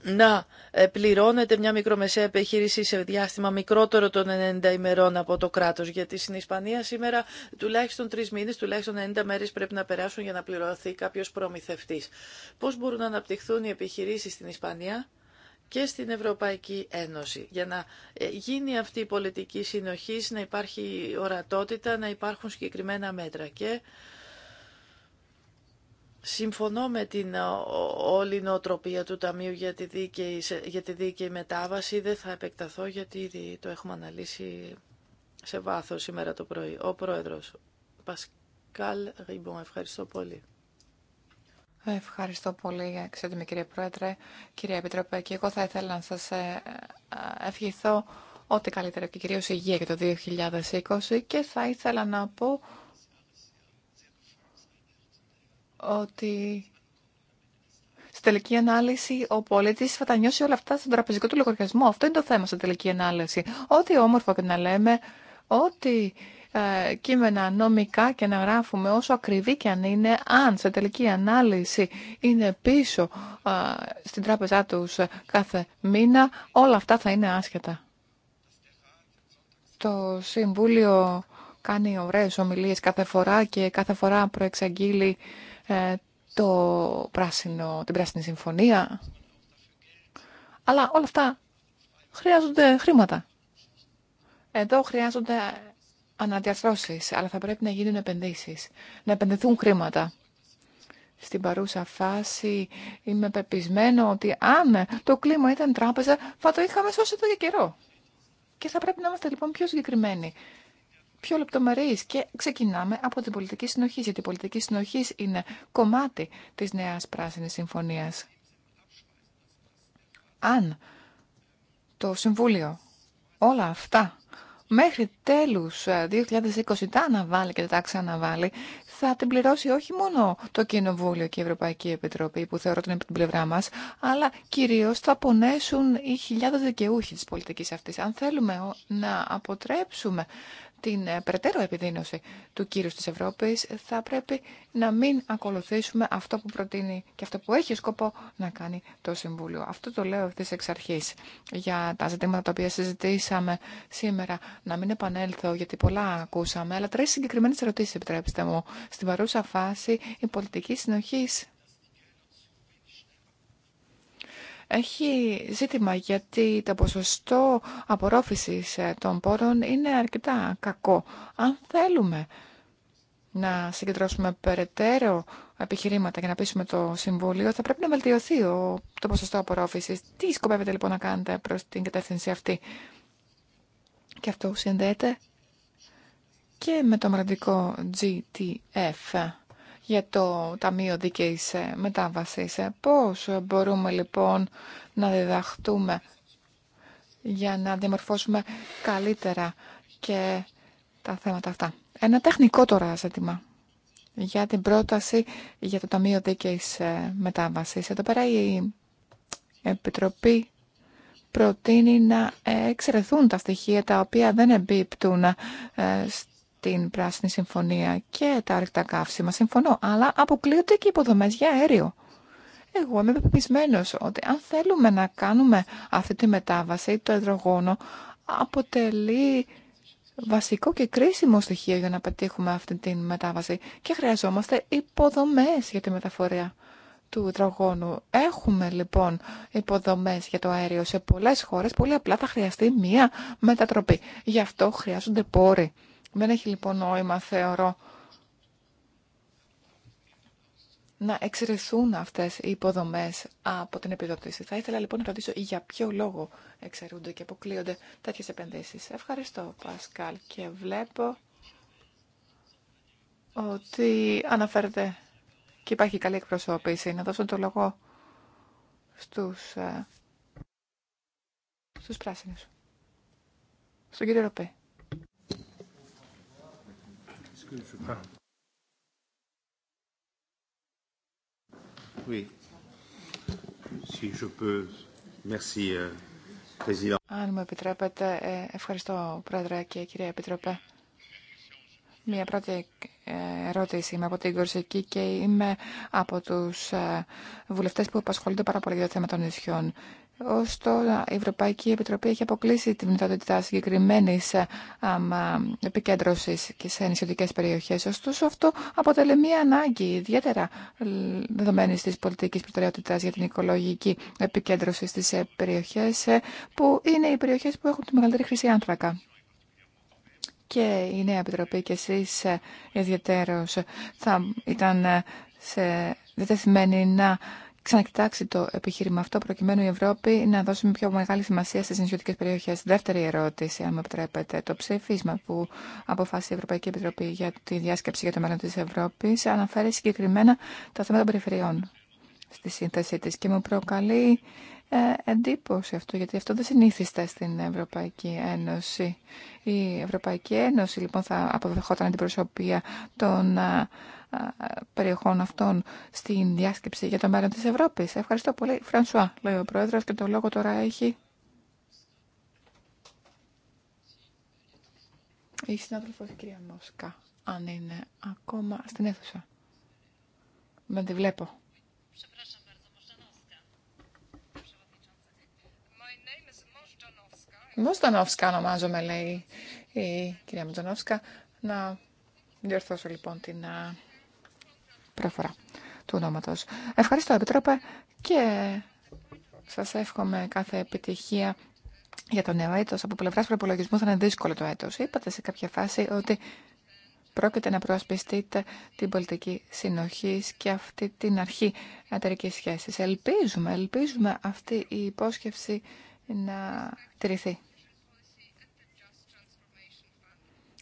να ε, πληρώνεται μια μικρομεσαία επιχείρηση σε διάστημα μικρότερο των 90 ημερών από το κράτος. Γιατί στην Ισπανία σήμερα τουλάχιστον τρει μήνες, τουλάχιστον 90 μέρες πρέπει να περάσουν για να πληρωθεί κάποιος προμηθευτής. Πώς μπορούν να αναπτυχθούν οι επιχειρήσεις στην Ισπανία και στην Ευρωπαϊκή Ένωση για να ε, γίνει αυτή η πολιτική συνοχή, να υπάρχει ορατότητα, να υπάρχουν συγκεκριμένα μέτρα. Και Συμφωνώ με την ε, όλη νοοτροπία του Ταμείου για τη, δίκαιη, για τη μετάβαση. Δεν θα επεκταθώ γιατί ήδη το έχουμε αναλύσει σε βάθος σήμερα το πρωί. Ο Πρόεδρος Πασκάλ Ριμπον, ευχαριστώ πολύ. Ευχαριστώ πολύ, ξέρετε, κύριε Πρόεδρε, κύριε Επιτροπέ. Και εγώ θα ήθελα να σας ε, ε, ευχηθώ ό,τι καλύτερο και κυρίως υγεία για το 2020 και θα ήθελα να πω ότι στη τελική ανάλυση ο πολίτη θα τα νιώσει όλα αυτά στον τραπεζικό του λογαριασμό. Αυτό είναι το θέμα στην τελική ανάλυση. Ό,τι όμορφο και να λέμε, ό,τι ε, κείμενα νομικά και να γράφουμε, όσο ακριβή και αν είναι, αν σε τελική ανάλυση είναι πίσω ε, στην τράπεζά τους ε, κάθε μήνα, όλα αυτά θα είναι άσχετα. Το Συμβούλιο κάνει ωραίες ομιλίες κάθε φορά και κάθε φορά προεξαγγείλει ε, το πράσινο, την πράσινη συμφωνία. Αλλά όλα αυτά χρειάζονται χρήματα. Εδώ χρειάζονται αναδιαστρώσεις, αλλά θα πρέπει να γίνουν επενδύσεις, να επενδυθούν χρήματα. Στην παρούσα φάση είμαι πεπισμένο ότι αν το κλίμα ήταν τράπεζα θα το είχαμε σώσει εδώ για καιρό. Και θα πρέπει να είμαστε λοιπόν πιο συγκεκριμένοι πιο λεπτομερείς και ξεκινάμε από την πολιτική συνοχή, γιατί η πολιτική συνοχή είναι κομμάτι της νέας πράσινης συμφωνίας. Αν το Συμβούλιο όλα αυτά μέχρι τέλους 2020 ε, τα αναβάλει και τα ξαναβάλει, θα την πληρώσει όχι μόνο το Κοινοβούλιο και η Ευρωπαϊκή Επιτροπή που θεωρώ ότι την πλευρά μας, αλλά κυρίως θα πονέσουν οι χιλιάδες δικαιούχοι της πολιτικής αυτής. Αν θέλουμε να αποτρέψουμε την ε, περαιτέρω επιδείνωση του κύρου της Ευρώπης, θα πρέπει να μην ακολουθήσουμε αυτό που προτείνει και αυτό που έχει σκοπό να κάνει το Συμβούλιο. Αυτό το λέω ευθύ εξ αρχής για τα ζητήματα τα οποία συζητήσαμε σήμερα. Να μην επανέλθω γιατί πολλά ακούσαμε, αλλά τρεις συγκεκριμένες ερωτήσεις επιτρέψτε μου. Στην παρούσα φάση η πολιτική συνοχής έχει ζήτημα γιατί το ποσοστό απορρόφησης ε, των πόρων είναι αρκετά κακό. Αν θέλουμε να συγκεντρώσουμε περαιτέρω επιχειρήματα για να πείσουμε το Συμβούλιο, θα πρέπει να βελτιωθεί το ποσοστό απορρόφησης. Τι σκοπεύετε λοιπόν να κάνετε προς την κατεύθυνση αυτή. Και αυτό συνδέεται και με το μελλοντικό GTF για το Ταμείο Δίκαιης ε, Μετάβασης. Ε. Πώς μπορούμε λοιπόν να διδαχτούμε για να διαμορφώσουμε καλύτερα και τα θέματα αυτά. Ένα τεχνικό τώρα ζήτημα για την πρόταση για το Ταμείο Δίκαιης ε, Μετάβασης. Εδώ πέρα η Επιτροπή προτείνει να εξαιρεθούν τα στοιχεία τα οποία δεν εμπίπτουν την Πράσινη Συμφωνία και τα αρκετά καύσιμα, συμφωνώ, αλλά αποκλείονται και υποδομές για αέριο. Εγώ είμαι πεπισμένο ότι αν θέλουμε να κάνουμε αυτή τη μετάβαση, το υδρογόνο αποτελεί βασικό και κρίσιμο στοιχείο για να πετύχουμε αυτή τη μετάβαση και χρειαζόμαστε υποδομές για τη μεταφορία του υδρογόνου. Έχουμε λοιπόν υποδομές για το αέριο σε πολλές χώρες, πολύ απλά θα χρειαστεί μία μετατροπή. Γι' αυτό χρειάζονται πόροι. Δεν έχει λοιπόν νόημα, θεωρώ, να εξαιρεθούν αυτές οι υποδομές από την επιδότηση. Θα ήθελα λοιπόν να ρωτήσω για ποιο λόγο εξαιρούνται και αποκλείονται τέτοιες επενδύσεις. Ευχαριστώ, Πασκάλ. Και βλέπω ότι αναφέρεται και υπάρχει καλή εκπροσώπηση. Να δώσω το λόγο στους, ε, στους πράσινους. Στον κύριο Ροπέ. Euh, Αν μου επιτρέπετε, ε, ευχαριστώ Πρόεδρε και κυρία Επιτροπέ. Μία πρώτη ε, ερώτηση. Είμαι από την Κορσική και είμαι από τους ε, βουλευτές που απασχολούνται πάρα πολύ για το θέμα των νησιών. Ωστόσο, η Ευρωπαϊκή Επιτροπή έχει αποκλείσει τη δυνατότητα συγκεκριμένη ε, ε, επικέντρωση και σε νησιωτικέ περιοχέ. Ωστόσο, αυτό αποτελεί μια ανάγκη, ιδιαίτερα ε, δεδομένη τη πολιτική προτεραιότητα για την οικολογική επικέντρωση στι περιοχέ, που είναι οι περιοχέ που έχουν τη μεγαλύτερη χρήση άνθρακα. Και η Νέα Επιτροπή και εσεί ιδιαίτερω θα ήταν σε να ξανακοιτάξει το επιχείρημα αυτό προκειμένου η Ευρώπη να δώσει με πιο μεγάλη σημασία στις νησιωτικές περιοχές. Δεύτερη ερώτηση, αν με επιτρέπετε, το ψήφισμα που αποφάσισε η Ευρωπαϊκή Επιτροπή για τη διάσκεψη για το μέλλον της Ευρώπης αναφέρει συγκεκριμένα τα θέματα των περιφερειών στη σύνθεσή της και μου προκαλεί ε, εντύπωση αυτό, γιατί αυτό δεν συνήθιστα στην Ευρωπαϊκή Ένωση. Η Ευρωπαϊκή Ένωση λοιπόν θα αποδεχόταν την προσωπία των ε, περιοχών αυτών στην διάσκεψη για το μέλλον της Ευρώπης. Ευχαριστώ πολύ. Φρανσουά, λέει ο Πρόεδρος και το λόγο τώρα έχει η συνάδελφος κυρία Μόσκα, αν είναι ακόμα στην αίθουσα. Δεν τη βλέπω. Μόστανόφσκα ονομάζομαι, λέει η κυρία Μόστανόφσκα. Να διορθώσω λοιπόν την προφορά του Ευχαριστώ, Επιτρόπε, και σας εύχομαι κάθε επιτυχία για το νέο έτος. Από πλευράς προπολογισμού θα είναι δύσκολο το έτος. Είπατε σε κάποια φάση ότι πρόκειται να προασπιστείτε την πολιτική συνοχή και αυτή την αρχή εταιρική σχέση. Ελπίζουμε, ελπίζουμε αυτή η υπόσχευση να τηρηθεί.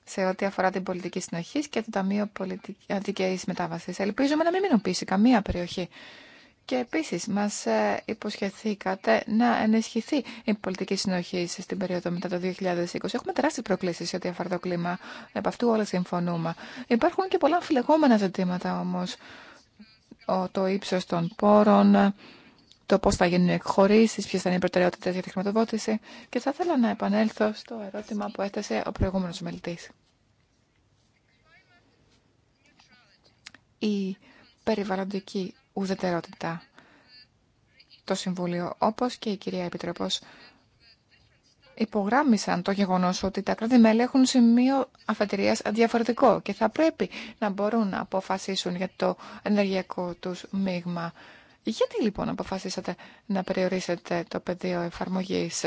σε ό,τι αφορά την πολιτική συνοχή και το Ταμείο Πολιτική Μετάβαση. Ελπίζουμε να μην μείνουν καμία περιοχή. Και επίση, μα ε, υποσχεθήκατε να ενισχυθεί η πολιτική συνοχή στην περίοδο μετά το 2020. Έχουμε τεράστιε προκλήσει σε ό,τι αφορά το κλίμα. Επ' αυτού όλα συμφωνούμε. Υπάρχουν και πολλά αμφιλεγόμενα ζητήματα όμω. Το ύψο των πόρων, το πώς θα γίνουν οι εκχωρήσεις, ποιες θα είναι οι προτεραιότητες για τη χρηματοδότηση και θα ήθελα να επανέλθω στο ερώτημα που έθεσε ο προηγούμενος μελητής. Η περιβαλλοντική ουδετερότητα. Το Συμβούλιο, όπως και η κυρία Επιτροπός, υπογράμμισαν το γεγονός ότι τα κράτη-μέλη έχουν σημείο αφετηρίας διαφορετικό και θα πρέπει να μπορούν να αποφασίσουν για το ενεργειακό τους μείγμα γιατί λοιπόν αποφασίσατε να περιορίσετε το πεδίο εφαρμογής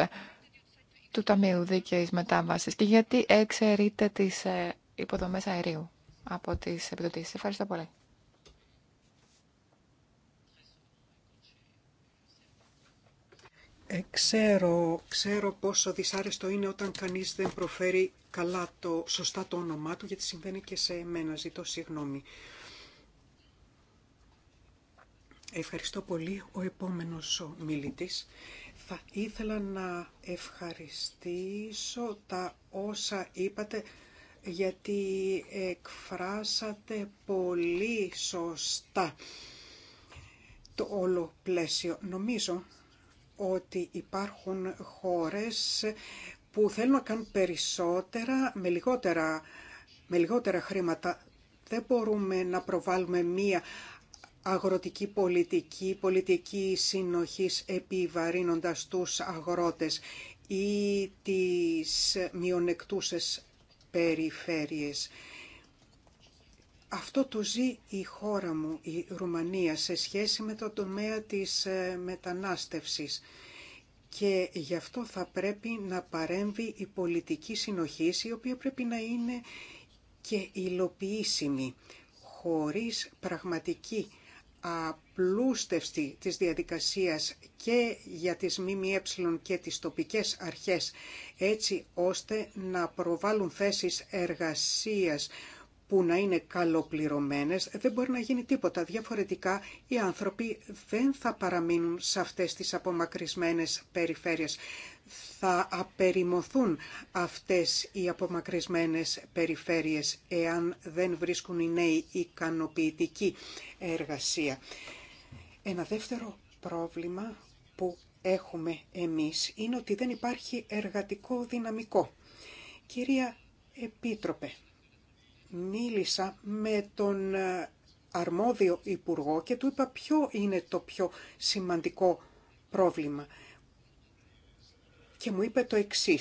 του Ταμείου Δίκαιης Μετάβασης και γιατί εξαιρείτε τις ε, υποδομές αερίου από τις επιδοτήσεις. Ευχαριστώ πολύ. Ε, ξέρω, ξέρω πόσο δυσάρεστο είναι όταν κανείς δεν προφέρει καλά το σωστά το όνομά του, γιατί συμβαίνει και σε εμένα, ζητώ συγγνώμη. Ευχαριστώ πολύ. Ο επόμενος μιλητής. Θα ήθελα να ευχαριστήσω τα όσα είπατε γιατί εκφράσατε πολύ σωστά το όλο πλαίσιο. Νομίζω ότι υπάρχουν χώρες που θέλουν να κάνουν περισσότερα με λιγότερα, με λιγότερα χρήματα. Δεν μπορούμε να προβάλλουμε μία αγροτική πολιτική, πολιτική συνοχής επιβαρύνοντας τους αγρότες ή τις μειονεκτούσες περιφέρειες. Αυτό το ζει η χώρα μου, η Ρουμανία, σε σχέση με το τομέα της ε, μετανάστευσης. Και γι' αυτό θα πρέπει να παρέμβει η πολιτική συνοχή, η οποία πρέπει να είναι και υλοποιήσιμη, χωρίς πραγματική απλούστευση της διαδικασίας και για τις ΜΜΕ και τις τοπικές αρχές, έτσι ώστε να προβάλλουν θέσεις εργασίας που να είναι καλοπληρωμένες, δεν μπορεί να γίνει τίποτα. Διαφορετικά, οι άνθρωποι δεν θα παραμείνουν σε αυτές τις απομακρυσμένες περιφέρειες θα απεριμωθούν αυτές οι απομακρυσμένες περιφέρειες εάν δεν βρίσκουν οι νέοι ικανοποιητική εργασία. Ένα δεύτερο πρόβλημα που έχουμε εμείς είναι ότι δεν υπάρχει εργατικό δυναμικό. Κυρία Επίτροπε, μίλησα με τον ε, αρμόδιο υπουργό και του είπα ποιο είναι το πιο σημαντικό πρόβλημα και μου είπε το εξή.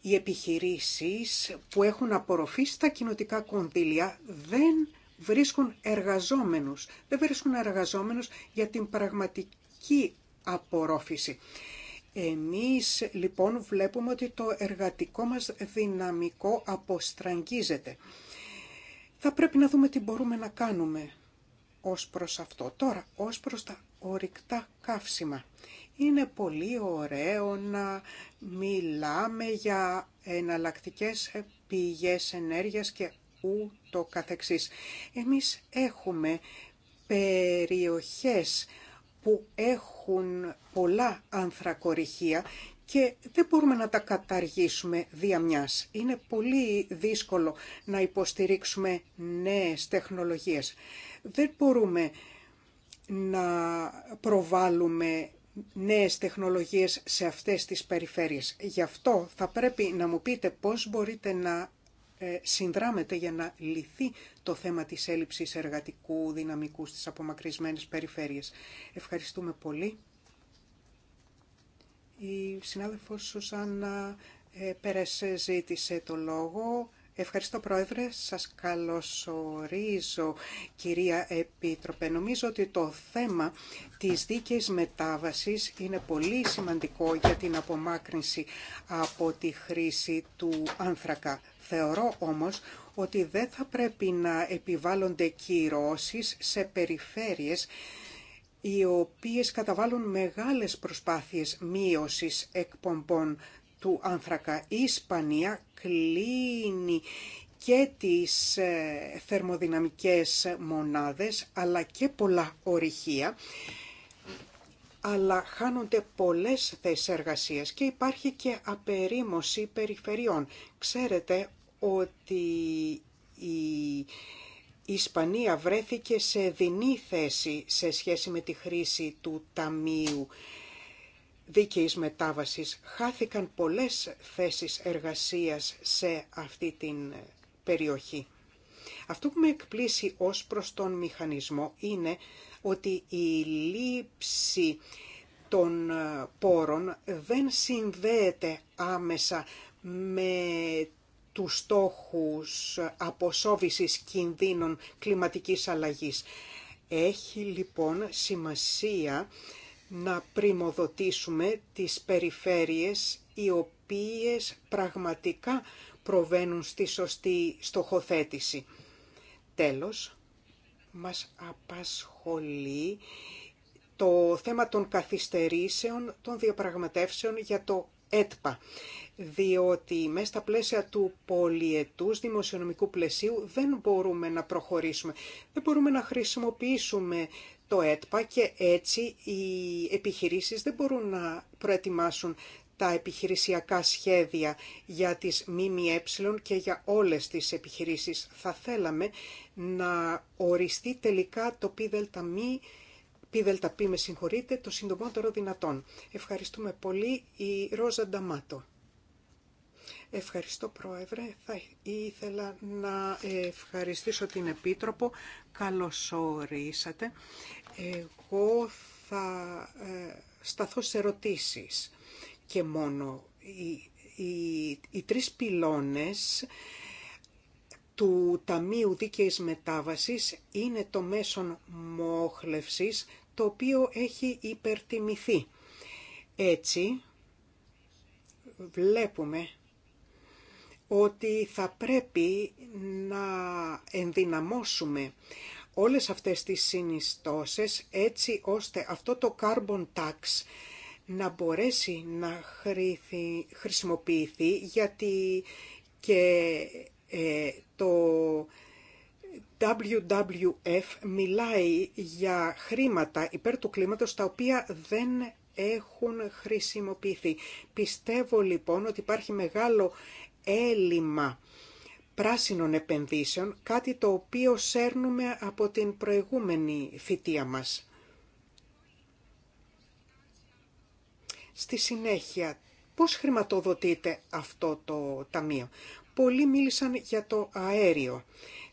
Οι επιχειρήσεις που έχουν απορροφήσει στα κοινοτικά κονδύλια δεν βρίσκουν εργαζόμενους. Δεν βρίσκουν εργαζόμενους για την πραγματική απορρόφηση. Εμείς λοιπόν βλέπουμε ότι το εργατικό μας δυναμικό αποστραγγίζεται. Θα πρέπει να δούμε τι μπορούμε να κάνουμε ως προς αυτό. Τώρα, ως προς τα ορυκτά καύσιμα. Είναι πολύ ωραίο να μιλάμε για εναλλακτικές πηγές ενέργειας και ούτω καθεξής. Εμείς έχουμε περιοχές που έχουν πολλά ανθρακοριχεία και δεν μπορούμε να τα καταργήσουμε δια Είναι πολύ δύσκολο να υποστηρίξουμε νέες τεχνολογίες. Δεν μπορούμε να προβάλλουμε νέες τεχνολογίες σε αυτές τις περιφέρειες. Γι' αυτό θα πρέπει να μου πείτε πώς μπορείτε να ε, συνδράμετε για να λυθεί το θέμα της έλλειψης εργατικού δυναμικού στις απομακρυσμένες περιφέρειες. Ευχαριστούμε πολύ. Η συνάδελφος Σουσάννα Περέσε ζήτησε το λόγο. Ευχαριστώ Πρόεδρε, σας καλωσορίζω κυρία Επίτροπε. Νομίζω ότι το θέμα της δίκαιης μετάβασης είναι πολύ σημαντικό για την απομάκρυνση από τη χρήση του άνθρακα. Θεωρώ όμως ότι δεν θα πρέπει να επιβάλλονται κυρώσεις σε περιφέρειες οι οποίες καταβάλουν μεγάλες προσπάθειες μείωσης εκπομπών του άνθρακα. Η Ισπανία κλείνει και τις ε, θερμοδυναμικές μονάδες αλλά και πολλά ορυχεία αλλά χάνονται πολλές θέσεις εργασίας και υπάρχει και απερίμωση περιφερειών. Ξέρετε ότι η Ισπανία βρέθηκε σε δινή θέση σε σχέση με τη χρήση του Ταμείου δίκαιης μετάβασης. Χάθηκαν πολλές θέσεις εργασίας σε αυτή την περιοχή. Αυτό που με εκπλήσει ως προς τον μηχανισμό είναι ότι η λήψη των ε, πόρων δεν συνδέεται άμεσα με τους στόχους ε, αποσόβησης κινδύνων κλιματικής αλλαγής. Έχει λοιπόν σημασία να πρημοδοτήσουμε τις περιφέρειες οι οποίες πραγματικά προβαίνουν στη σωστή στοχοθέτηση. Τέλος, μας απασχολεί το θέμα των καθυστερήσεων των διαπραγματεύσεων για το ΕΤΠΑ, διότι μέσα στα πλαίσια του πολιετούς δημοσιονομικού πλαισίου δεν μπορούμε να προχωρήσουμε, δεν μπορούμε να χρησιμοποιήσουμε το ΕΤΠΑ και έτσι οι επιχειρήσεις δεν μπορούν να προετοιμάσουν τα επιχειρησιακά σχέδια για τις ΜΜΕ και για όλες τις επιχειρήσεις. Θα θέλαμε να οριστεί τελικά το ΠΔΜ ΠΔΠ με συγχωρείτε, το συντομότερο δυνατόν. Ευχαριστούμε πολύ η Ρόζα Νταμάτο. Ευχαριστώ Πρόεδρε. Θα ήθελα να ευχαριστήσω την Επίτροπο. Καλώς ορίσατε. Εγώ θα ε, σταθώ σε ερωτήσεις και μόνο. Οι, οι, οι τρεις πυλώνες του Ταμείου Δίκαιης Μετάβασης είναι το μέσον μόχλευσης το οποίο έχει υπερτιμηθεί. Έτσι βλέπουμε ότι θα πρέπει να ενδυναμώσουμε όλες αυτές τις συνιστώσεις έτσι ώστε αυτό το carbon tax να μπορέσει να χρησιμοποιηθεί γιατί και ε, το WWF μιλάει για χρήματα υπέρ του κλίματος τα οποία δεν έχουν χρησιμοποιηθεί. Πιστεύω λοιπόν ότι υπάρχει μεγάλο έλλειμμα πράσινων επενδύσεων, κάτι το οποίο σέρνουμε από την προηγούμενη θητεία μας. Στη συνέχεια, πώς χρηματοδοτείτε αυτό το ταμείο. Πολλοί μίλησαν για το αέριο.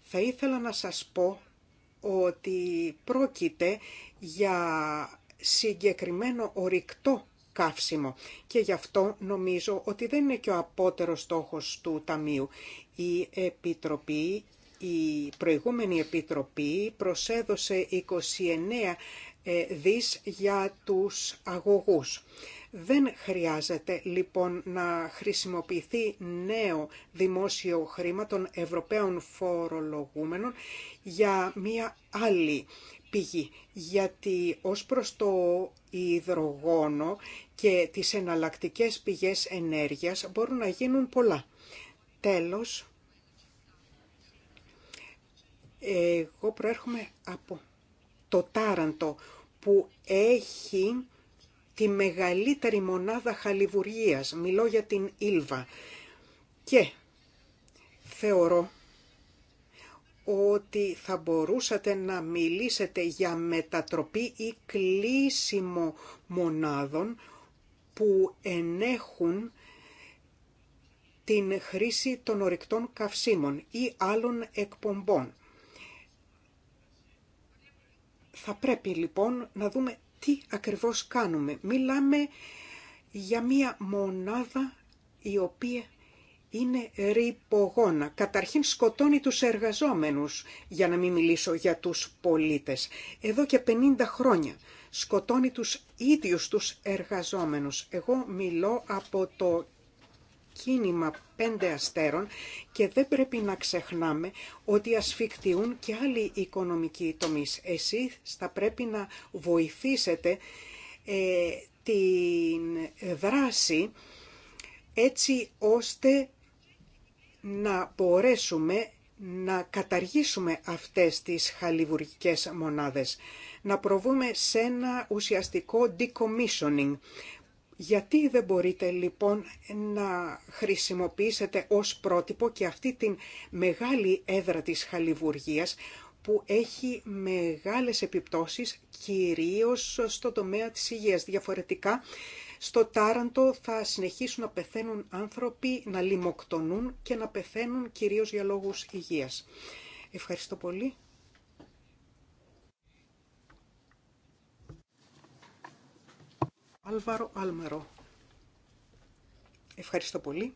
Θα ήθελα να σας πω ότι πρόκειται για συγκεκριμένο ορυκτό καύσιμο. Και γι' αυτό νομίζω ότι δεν είναι και ο απότερος στόχος του Ταμείου. Η Επιτροπή, η προηγούμενη Επιτροπή προσέδωσε 29 ε, δις για τους αγωγούς. Δεν χρειάζεται λοιπόν να χρησιμοποιηθεί νέο δημόσιο χρήμα των Ευρωπαίων φορολογούμενων για μία άλλη πηγή. Γιατί ως προς το υδρογόνο και τις εναλλακτικές πηγές ενέργειας μπορούν να γίνουν πολλά. Τέλος, εγώ προέρχομαι από το Τάραντο που έχει τη μεγαλύτερη μονάδα χαλιβουργίας. Μιλώ για την Ήλβα. Και θεωρώ ότι θα μπορούσατε να μιλήσετε για μετατροπή ή κλείσιμο μονάδων που ενέχουν την χρήση των ορυκτών καυσίμων ή άλλων εκπομπών. Θα πρέπει λοιπόν να δούμε τι ακριβώς κάνουμε. Μιλάμε για μία μονάδα η κλεισιμο μοναδων που ενεχουν την χρηση των ορεικτων καυσιμων η αλλων εκπομπων θα πρεπει λοιπον να δουμε τι ακριβως κανουμε μιλαμε για μια μοναδα η οποια είναι ρηπογόνα. Καταρχήν σκοτώνει τους εργαζόμενους, για να μην μιλήσω για τους πολίτες. Εδώ και 50 χρόνια σκοτώνει τους ίδιους τους εργαζόμενους. Εγώ μιλώ από το κίνημα πέντε αστέρων και δεν πρέπει να ξεχνάμε ότι ασφιχτιούν και άλλοι οικονομικοί τομείς. Εσείς θα πρέπει να βοηθήσετε ε, την δράση έτσι ώστε να μπορέσουμε να καταργήσουμε αυτές τις χαλιβουργικές μονάδες, να προβούμε σε ένα ουσιαστικό decommissioning. Γιατί δεν μπορείτε λοιπόν να χρησιμοποιήσετε ως πρότυπο και αυτή την μεγάλη έδρα της χαλιβουργίας που έχει μεγάλες επιπτώσεις κυρίως στο τομέα της υγείας. Διαφορετικά στο Τάραντο θα συνεχίσουν να πεθαίνουν άνθρωποι, να λιμοκτονούν και να πεθαίνουν κυρίως για λόγους υγείας. Ευχαριστώ πολύ. Άλβαρο Άλμερο. Ευχαριστώ πολύ.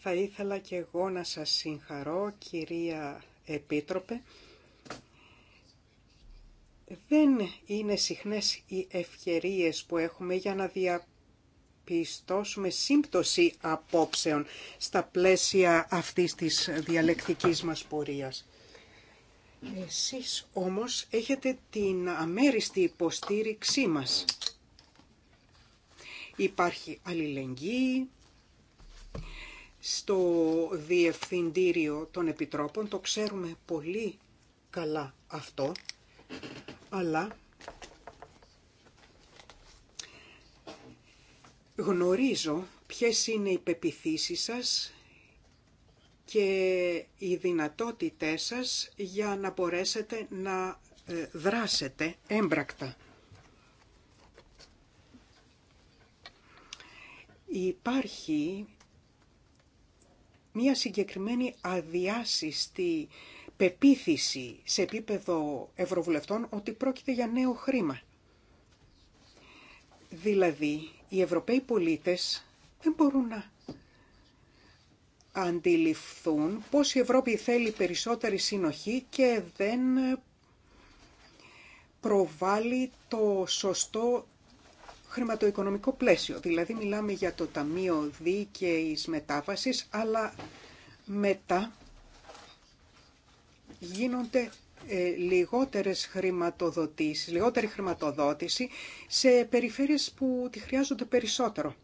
Θα ήθελα και εγώ να σας συγχαρώ, κυρία Επίτροπε, δεν είναι συχνές οι ευκαιρίες που έχουμε για να διαπιστώσουμε σύμπτωση απόψεων στα πλαίσια αυτής της διαλεκτικής μας πορείας. Εσείς όμως έχετε την αμέριστη υποστήριξή μας. Υπάρχει αλληλεγγύη στο Διευθυντήριο των Επιτρόπων, το ξέρουμε πολύ καλά αυτό αλλά γνωρίζω ποιες είναι οι πεπιθήσεις σας και οι δυνατότητές σας για να μπορέσετε να ε, δράσετε έμπρακτα. Υπάρχει μία συγκεκριμένη αδιάσυστη πεποίθηση σε επίπεδο ευρωβουλευτών ότι πρόκειται για νέο χρήμα. Δηλαδή, οι Ευρωπαίοι πολίτες δεν μπορούν να αντιληφθούν πώς η Ευρώπη θέλει περισσότερη συνοχή και δεν προβάλλει το σωστό χρηματοοικονομικό πλαίσιο. Δηλαδή μιλάμε για το Ταμείο Δίκαιης Μετάβασης, αλλά μετά γίνονται ε, λιγότερες χρηματοδοτήσεις, λιγότερη χρηματοδότηση σε περιφέρειες που τη χρειάζονται περισσότερο.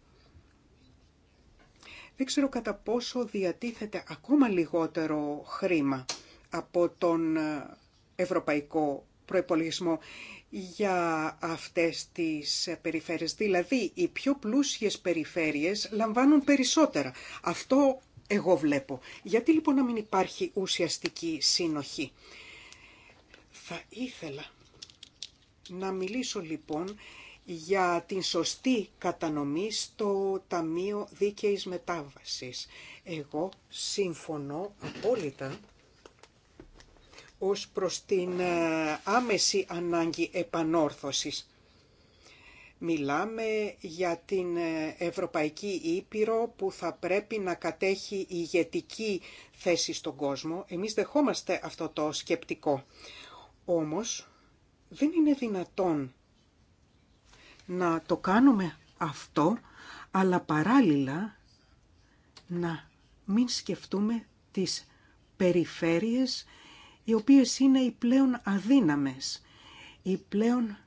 Δεν ξέρω κατά πόσο διατίθεται ακόμα λιγότερο χρήμα από τον ε, ευρωπαϊκό προϋπολογισμό για αυτές τις ε, περιφέρειες. Δηλαδή, οι πιο πλούσιες περιφέρειες λαμβάνουν περισσότερα. Αυτό εγώ βλέπω. Γιατί λοιπόν να μην υπάρχει ουσιαστική σύνοχη. Θα ήθελα να μιλήσω λοιπόν για την σωστή κατανομή στο Ταμείο Δίκαιης Μετάβασης. Εγώ συμφωνώ απόλυτα ως προς την ε, άμεση ανάγκη επανόρθωσης. Μιλάμε για την ε, Ευρωπαϊκή Ήπειρο που θα πρέπει να κατέχει η ηγετική θέση στον κόσμο. Εμείς δεχόμαστε αυτό το σκεπτικό. Όμως δεν είναι δυνατόν να το κάνουμε αυτό, αλλά παράλληλα να μην σκεφτούμε τις περιφέρειες οι οποίες είναι οι πλέον αδύναμες, οι πλέον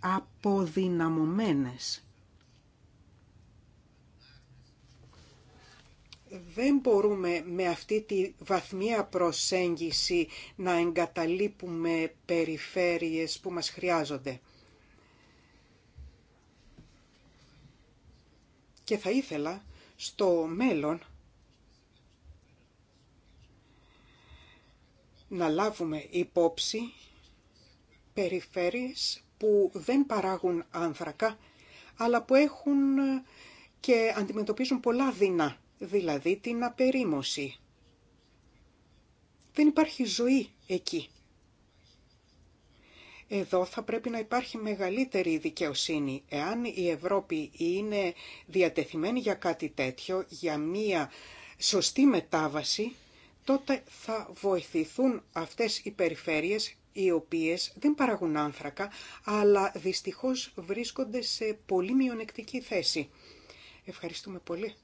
αποδυναμωμένες. Δεν μπορούμε με αυτή τη βαθμία προσέγγιση να εγκαταλείπουμε περιφέρειες που μας χρειάζονται. Και θα ήθελα στο μέλλον να λάβουμε υπόψη περιφέρειες που δεν παράγουν άνθρακα, αλλά που έχουν ε, και αντιμετωπίζουν πολλά δεινά, δηλαδή την απερίμωση. Δεν υπάρχει ζωή εκεί. Εδώ θα πρέπει να υπάρχει μεγαλύτερη δικαιοσύνη. Εάν η Ευρώπη είναι διατεθειμένη για κάτι τέτοιο, για μία σωστή μετάβαση, τότε θα βοηθηθούν αυτές οι περιφέρειες οι οποίες δεν παράγουν άνθρακα, αλλά δυστυχώς βρίσκονται σε πολύ μειονεκτική θέση. Ευχαριστούμε πολύ.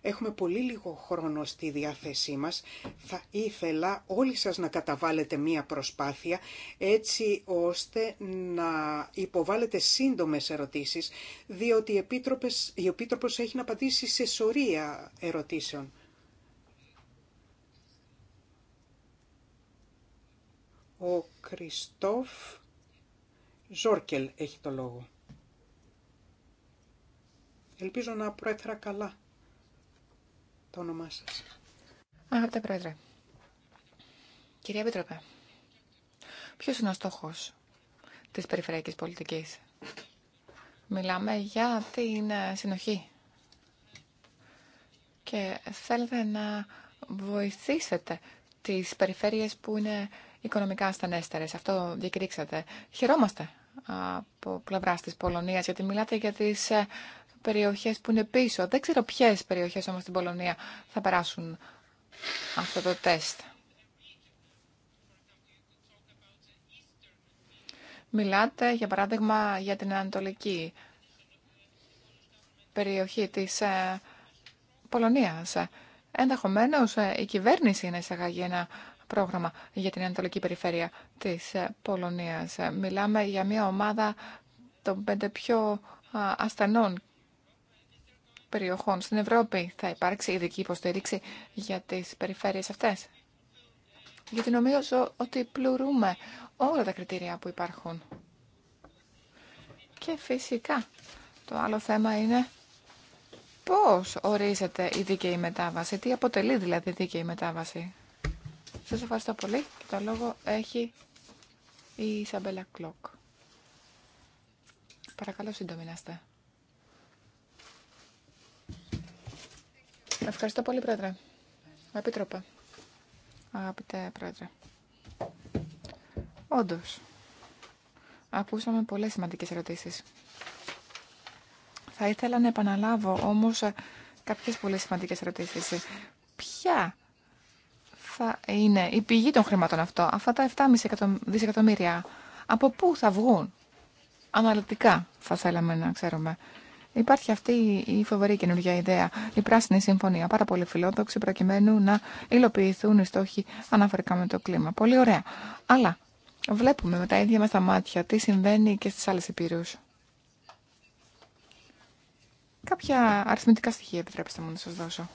Έχουμε πολύ λίγο χρόνο στη διάθεσή μας. Θα ήθελα όλοι σας να καταβάλετε μία προσπάθεια έτσι ώστε να υποβάλλετε σύντομες ερωτήσεις, διότι η Επίτροπος έχει να απαντήσει σε σωρία ερωτήσεων. Ο Κριστόφ Ζόρκελ έχει το λόγο. Ελπίζω να προέφερα καλά το όνομά σας. Αγαπητέ Πρόεδρε, κυρία Επιτροπέ, ποιος είναι ο στόχος της περιφερειακής πολιτικής. Μιλάμε για την ε, συνοχή. Και θέλετε να βοηθήσετε τις περιφέρειες που είναι οικονομικά ασθενέστερε. Αυτό διακηρύξατε. Χαιρόμαστε από πλευρά τη Πολωνία, γιατί μιλάτε για τις ε, περιοχές που είναι πίσω. Δεν ξέρω ποιες περιοχές όμως στην Πολωνία θα περάσουν αυτό το τεστ. Μιλάτε, για παράδειγμα, για την Ανατολική περιοχή της ε, Πολωνίας. Ενδεχομένως ε, η κυβέρνηση είναι σε ένα πρόγραμμα για την Ανατολική Περιφέρεια της ε, Πολωνίας. Μιλάμε για μια ομάδα των πέντε πιο ασθενών περιοχών στην Ευρώπη. Θα υπάρξει ειδική υποστήριξη για τις περιφέρειες αυτές. Γιατί νομίζω ότι πλουρούμε όλα τα κριτήρια που υπάρχουν. Και φυσικά το άλλο θέμα είναι πώς ορίζεται η δίκαιη μετάβαση, τι αποτελεί δηλαδή δίκαιη μετάβαση. Σας ευχαριστώ πολύ και το λόγο έχει η Σαμπέλα Κλοκ. Παρακαλώ σύντομη να είστε. Ευχαριστώ πολύ, Πρόεδρε. Επίτροπε. Αγαπητέ Πρόεδρε. Όντως, ακούσαμε πολλές σημαντικές ερωτήσεις. Θα ήθελα να επαναλάβω όμως κάποιες πολύ σημαντικές ερωτήσεις. Ποια θα είναι η πηγή των χρημάτων αυτό, αυτά τα 7,5 δισεκατομμύρια, από πού θα βγουν. Αναλυτικά θα θέλαμε να ξέρουμε. Υπάρχει αυτή η φοβερή καινούργια ιδέα, η πράσινη συμφωνία, πάρα πολύ φιλόδοξη, προκειμένου να υλοποιηθούν οι στόχοι αναφορικά με το κλίμα. Πολύ ωραία. Αλλά βλέπουμε με τα ίδια μας τα μάτια τι συμβαίνει και στις άλλες επίρους. Κάποια αριθμητικά στοιχεία επιτρέψτε μου να σας δώσω.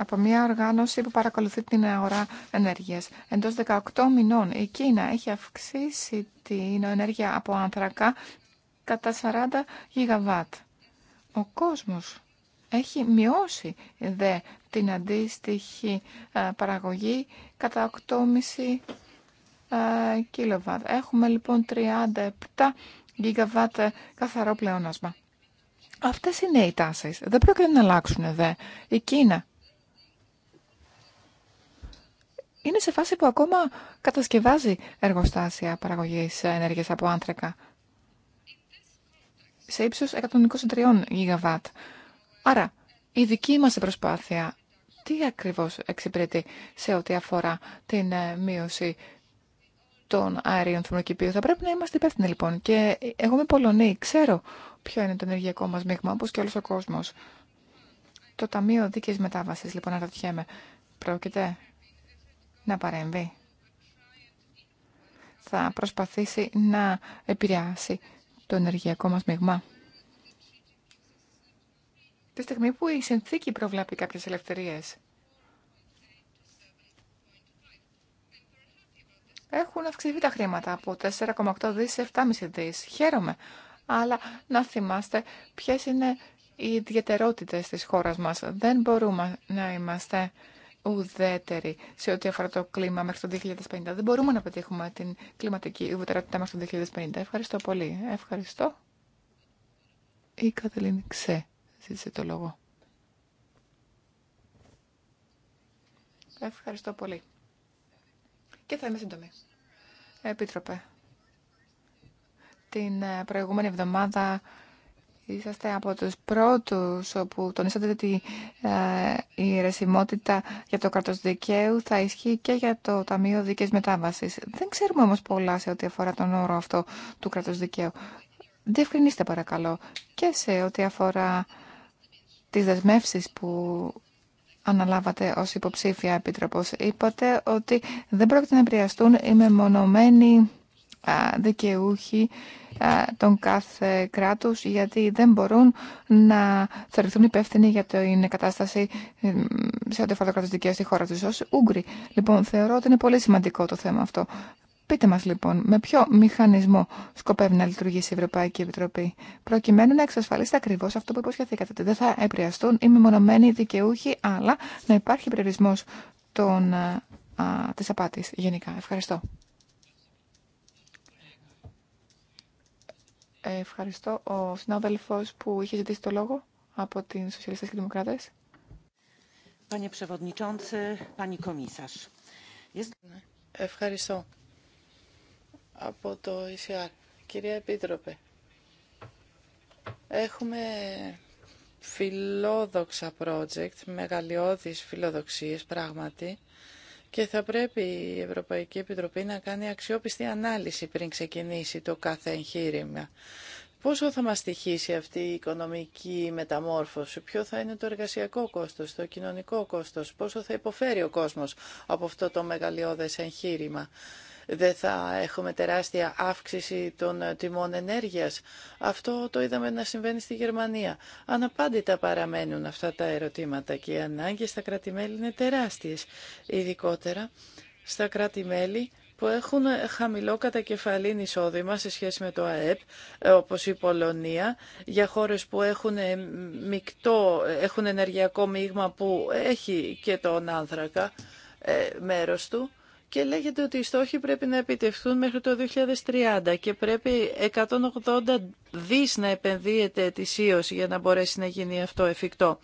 από μια οργάνωση που παρακολουθεί την αγορά ενέργειας. Εντός 18 μηνών η Κίνα έχει αυξήσει την ενέργεια από άνθρακα κατά 40 γιγαβάτ. Ο κόσμος έχει μειώσει δε την αντίστοιχη ε, παραγωγή κατά 8,5 ε, κιλοβάτ. Έχουμε λοιπόν 37 γιγαβάτ ε, καθαρό πλεόνασμα. Αυτές είναι οι τάσεις. Δεν πρόκειται να αλλάξουν δε. Η Κίνα είναι σε φάση που ακόμα κατασκευάζει εργοστάσια παραγωγής ενέργειας από άνθρακα σε ύψος 123 γιγαβάτ. Άρα, η δική μας προσπάθεια τι ακριβώς εξυπηρετεί σε ό,τι αφορά την ε, μείωση των αερίων θερμοκηπίου. Θα πρέπει να είμαστε υπεύθυνοι λοιπόν. Και εγώ είμαι Πολωνή, ξέρω ποιο είναι το ενεργειακό μας μείγμα, όπως και όλος ο κόσμος. Το Ταμείο Δίκαιης Μετάβασης, λοιπόν, αναρωτιέμαι, πρόκειται να παρέμβει. Θα προσπαθήσει να επηρεάσει το ενεργειακό μας μείγμα. Τη στιγμή που η συνθήκη προβλέπει κάποιες ελευθερίες. Έχουν αυξηθεί τα χρήματα από 4,8 δις σε 7,5 δις. Χαίρομαι. Αλλά να θυμάστε ποιες είναι οι ιδιαιτερότητες της χώρας μας. Δεν μπορούμε να είμαστε ουδέτερη σε ό,τι αφορά το κλίμα μέχρι το 2050. Δεν μπορούμε να πετύχουμε την κλιματική ουδετερότητα μέχρι το 2050. Ευχαριστώ πολύ. Ευχαριστώ. Η Κατελίνη Ξέ ζήτησε το λόγο. Ευχαριστώ πολύ. Και θα είμαι σύντομη. Επίτροπε. Την ε, προηγούμενη εβδομάδα Είσαστε από τους πρώτους όπου τονίσατε ότι ε, η ρεσιμότητα για το κράτος δικαίου θα ισχύει και για το Ταμείο Δίκαιης Μετάβασης. Δεν ξέρουμε όμως πολλά σε ό,τι αφορά τον όρο αυτό του κράτος δικαίου. Διευκρινίστε παρακαλώ και σε ό,τι αφορά τις δεσμεύσεις που αναλάβατε ως υποψήφια επίτροπος. Είπατε ότι δεν πρόκειται να επηρεαστούν οι μεμονωμένοι δικαιούχοι των κάθε κράτους γιατί δεν μπορούν να θεωρηθούν υπεύθυνοι για την κατάσταση σε ό,τι αφορά το κράτο στη χώρα τους ως Ούγγροι. Λοιπόν, θεωρώ ότι είναι πολύ σημαντικό το θέμα αυτό. Πείτε μας λοιπόν, με ποιο μηχανισμό σκοπεύει να λειτουργήσει η Ευρωπαϊκή Επιτροπή, προκειμένου να εξασφαλίσετε ακριβώ αυτό που υποσχεθήκατε, ότι δεν θα επηρεαστούν οι μεμονωμένοι δικαιούχοι, αλλά να υπάρχει περιορισμό τη απάτη. γενικά. Ευχαριστώ. Ευχαριστώ. Ο συνάδελφο που είχε ζητήσει το λόγο από την Σοσιαλιστέ και Δημοκράτες. Ναι. Ευχαριστώ. Από το ECR. Κυρία Επίτροπε, έχουμε φιλόδοξα project, μεγαλειώδεις φιλοδοξίες πράγματι και θα πρέπει η Ευρωπαϊκή Επιτροπή να κάνει αξιόπιστη ανάλυση πριν ξεκινήσει το κάθε εγχείρημα. Πόσο θα μας στοιχήσει αυτή η οικονομική μεταμόρφωση, ποιο θα είναι το εργασιακό κόστος, το κοινωνικό κόστος, πόσο θα υποφέρει ο κόσμος από αυτό το μεγαλειώδες εγχείρημα δεν θα έχουμε τεράστια αύξηση των ε, τιμών ενέργειας. Αυτό το είδαμε να συμβαίνει στη Γερμανία. Αναπάντητα παραμένουν αυτά τα ερωτήματα και οι ανάγκες στα κράτη-μέλη είναι τεράστιες, ειδικότερα στα κρατη που έχουν χαμηλό κατακεφαλήν εισόδημα σε σχέση με το ΑΕΠ, ε, όπως η Πολωνία, για χώρες που έχουν, ε, μεικτό, έχουν ενεργειακό μείγμα που έχει και τον άνθρακα μέρος του και λέγεται ότι οι στόχοι πρέπει να επιτευχθούν μέχρι το 2030 και πρέπει 180 δις να επενδύεται ετησίως για να μπορέσει να γίνει αυτό εφικτό.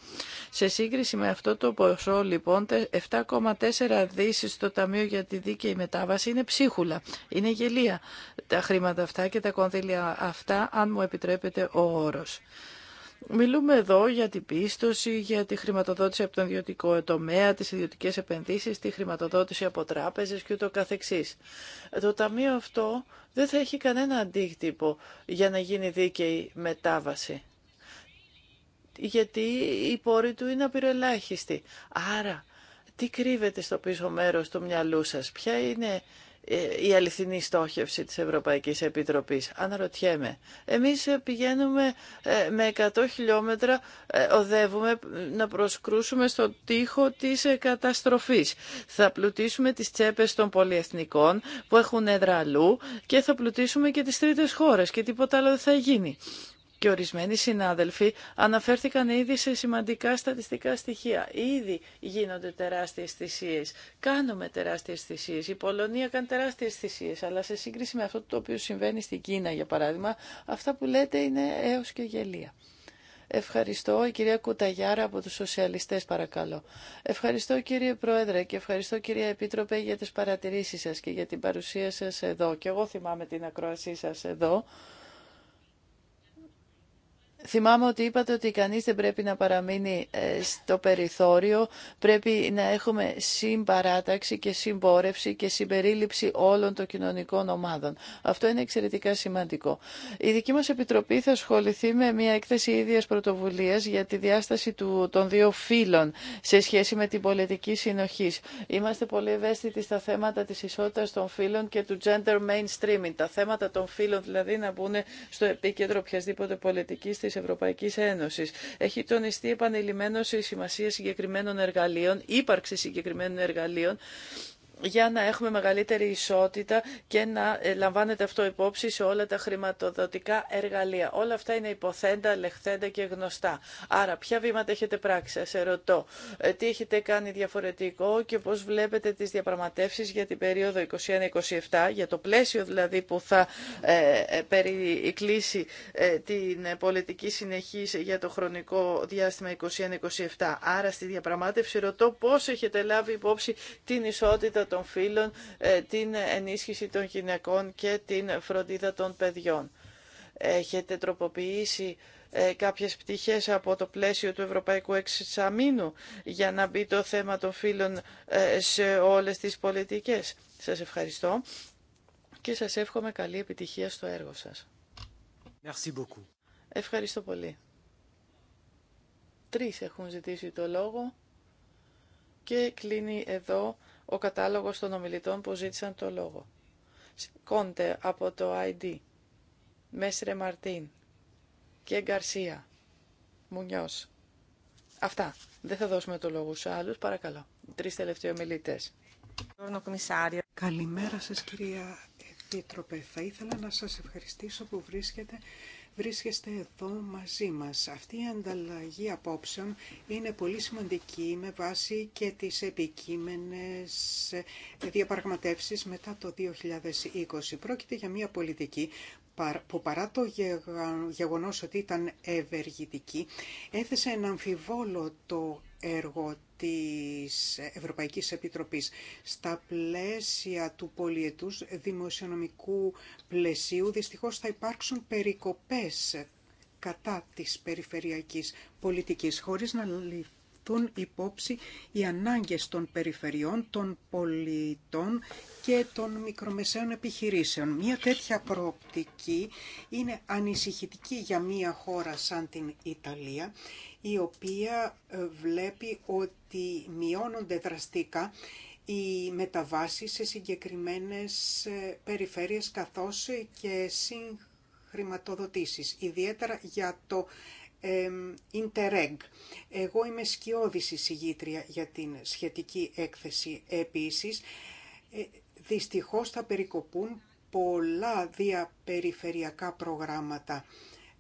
Σε σύγκριση με αυτό το ποσό λοιπόν 7,4 δις στο Ταμείο για τη Δίκαιη Μετάβαση είναι ψίχουλα, είναι γελία τα χρήματα αυτά και τα κονδύλια αυτά αν μου επιτρέπεται ο όρος. Μιλούμε εδώ για την πίστοση, για τη χρηματοδότηση από τον ιδιωτικό τομέα, τις ιδιωτικές επενδύσεις, τη χρηματοδότηση από τράπεζες και ούτω καθεξής. Το ταμείο αυτό δεν θα έχει κανένα αντίκτυπο για να γίνει δίκαιη μετάβαση. Γιατί η πόροι του είναι απειροελάχιστοι. Άρα, τι κρύβεται στο πίσω μέρος του μυαλού σας, ποια είναι ε, η αληθινή στόχευση της Ευρωπαϊκής Επιτροπής. Αναρωτιέμαι. Εμείς πηγαίνουμε ε, με 100 χιλιόμετρα, ε, οδεύουμε να προσκρούσουμε στο τοίχο της καταστροφής. Θα πλουτίσουμε τις τσέπες των πολυεθνικών που έχουν έδρα αλλού και θα πλουτίσουμε και τις τρίτες χώρες και τίποτα άλλο δεν θα γίνει και ορισμένοι συνάδελφοι αναφέρθηκαν ήδη σε σημαντικά στατιστικά στοιχεία. Ήδη γίνονται τεράστιες θυσίε. Κάνουμε τεράστιες θυσίε. Η Πολωνία κάνει τεράστιες θυσίε, Αλλά σε σύγκριση με αυτό το οποίο συμβαίνει στην Κίνα, για παράδειγμα, αυτά που λέτε είναι έως και γελία. Ευχαριστώ η κυρία Κουταγιάρα από τους Σοσιαλιστές παρακαλώ. Ευχαριστώ κύριε Πρόεδρε και ευχαριστώ κυρία Επίτροπε για τις παρατηρήσεις σας και για την παρουσία σας εδώ. Και εγώ θυμάμαι την ακρόασή σας εδώ. Θυμάμαι ότι είπατε ότι κανείς δεν πρέπει να παραμείνει ε, στο περιθώριο, πρέπει να έχουμε συμπαράταξη και συμπόρευση και συμπερίληψη όλων των κοινωνικών ομάδων. Αυτό είναι εξαιρετικά σημαντικό. Η δική μας Επιτροπή θα ασχοληθεί με μια έκθεση ίδιας πρωτοβουλίας για τη διάσταση του, των δύο φύλων σε σχέση με την πολιτική συνοχή. Είμαστε πολύ ευαίσθητοι στα θέματα της ισότητας των φύλων και του gender mainstreaming. Τα θέματα των φύλων δηλαδή να μπουν στο επίκεντρο οποιασδήποτε πολιτικής της Ευρωπαϊκής Ένωσης. Έχει τονιστεί επανειλημμένως η σημασία συγκεκριμένων εργαλείων, ύπαρξη συγκεκριμένων εργαλείων για να έχουμε μεγαλύτερη ισότητα και να ε, λαμβάνεται αυτό υπόψη σε όλα τα χρηματοδοτικά εργαλεία. Όλα αυτά είναι υποθέντα, λεχθέντα και γνωστά. Άρα, ποια βήματα έχετε πράξει, σε ρωτώ. Ε, τι έχετε κάνει διαφορετικό και πώς βλέπετε τις διαπραγματεύσεις για την περίοδο 2021-2027, για το πλαίσιο δηλαδή που θα ε, ε περικλείσει την πολιτική συνεχή... για το χρονικό διάστημα 2021-2027. Άρα, στη διαπραγμάτευση ρωτώ πώς έχετε λάβει υπόψη την ισότητα των φύλων, ε, την ενίσχυση των γυναικών και την φροντίδα των παιδιών. Έχετε τροποποιήσει ε, κάποιες πτυχές από το πλαίσιο του Ευρωπαϊκού Εξαμήνου για να μπει το θέμα των φίλων ε, σε όλες τις πολιτικές. Σας ευχαριστώ και σας εύχομαι καλή επιτυχία στο έργο σας. Merci beaucoup. Ευχαριστώ πολύ. Τρεις έχουν ζητήσει το λόγο και κλείνει εδώ ο κατάλογος των ομιλητών που ζήτησαν το λόγο. Κόντε από το ID, Μέσρε Μαρτίν και Γκαρσία, Μουνιός. Αυτά. Δεν θα δώσουμε το λόγο σε άλλους. Παρακαλώ. Τρεις τελευταίοι ομιλητές. Καλημέρα σας κυρία Επίτροπε. Θα ήθελα να σας ευχαριστήσω που βρίσκετε βρίσκεστε εδώ μαζί μας. Αυτή η ανταλλαγή απόψεων είναι πολύ σημαντική με βάση και τις επικείμενες διαπραγματεύσεις μετά το 2020. Πρόκειται για μια πολιτική που παρά το γεγονός ότι ήταν ευεργητική, έθεσε ένα αμφιβόλο το έργο της Ευρωπαϊκής Επιτροπής. Στα πλαίσια του πολιετούς δημοσιονομικού πλαισίου δυστυχώς θα υπάρξουν περικοπές κατά της περιφερειακής πολιτικής, χωρίς να υπόψη οι ανάγκες των περιφερειών, των πολιτών και των μικρομεσαίων επιχειρήσεων. Μία τέτοια προοπτική είναι ανησυχητική για μία χώρα σαν την Ιταλία, η οποία ε, βλέπει ότι μειώνονται δραστικά οι μεταβάσεις σε συγκεκριμένες ε, περιφέρειες καθώς και συγχρηματοδοτήσεις, ιδιαίτερα για το Interreg. Εγώ είμαι σκιώδης εισηγήτρια για την σχετική έκθεση επίσης. Ε, δυστυχώς θα περικοπούν πολλά διαπεριφερειακά προγράμματα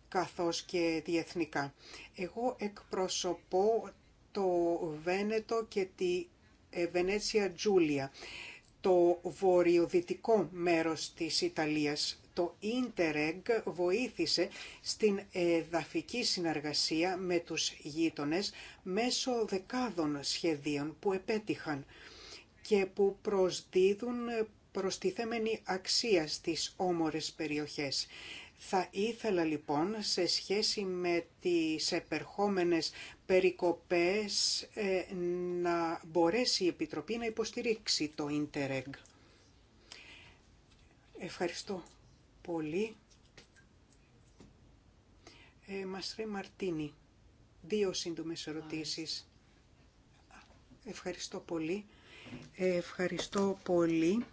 καθώς και διεθνικά. Εγώ εκπροσωπώ το Βένετο και τη ε, Βενέτσια Τζούλια, το βορειοδυτικό μέρος της Ιταλίας το Ιντερεγ βοήθησε στην εδαφική συνεργασία με τους γείτονες μέσω δεκάδων σχεδίων που επέτυχαν και που προσδίδουν προστιθέμενη αξία στις όμορες περιοχές. Θα ήθελα λοιπόν σε σχέση με τις επερχόμενες περικοπές ε, να μπορέσει η Επιτροπή να υποστηρίξει το Interreg. Ευχαριστώ πολύ. Ε, Μαστρέ Μαρτίνη, δύο σύντομες ερωτήσεις. Ευχαριστώ πολύ. Ε, ευχαριστώ πολύ.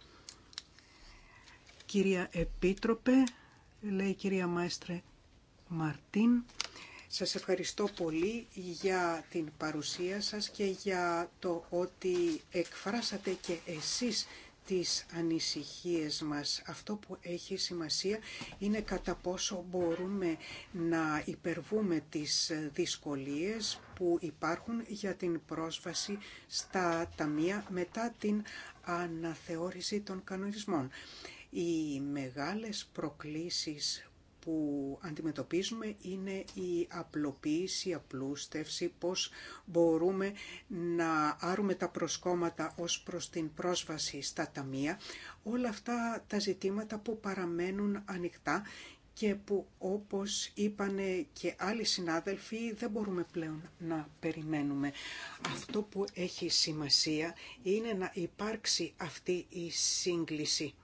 Κυρία Επίτροπε, λέει η κυρία μαστρέ Μαρτίν. Σας ευχαριστώ πολύ για την παρουσία σας και για το ότι εκφράσατε και εσείς τις ανησυχίες μας. Αυτό που έχει σημασία είναι κατά πόσο μπορούμε να υπερβούμε τις δυσκολίες που υπάρχουν για την πρόσβαση στα ταμεία μετά την αναθεώρηση των κανονισμών. Οι μεγάλες προκλήσεις που αντιμετωπίζουμε είναι η απλοποίηση, η απλούστευση, πώς μπορούμε να άρουμε τα προσκόμματα ως προς την πρόσβαση στα ταμεία. Όλα αυτά τα ζητήματα που παραμένουν ανοιχτά και που όπως είπαν και άλλοι συνάδελφοι δεν μπορούμε πλέον να περιμένουμε. Αυτό που έχει σημασία είναι να υπάρξει αυτή η σύγκληση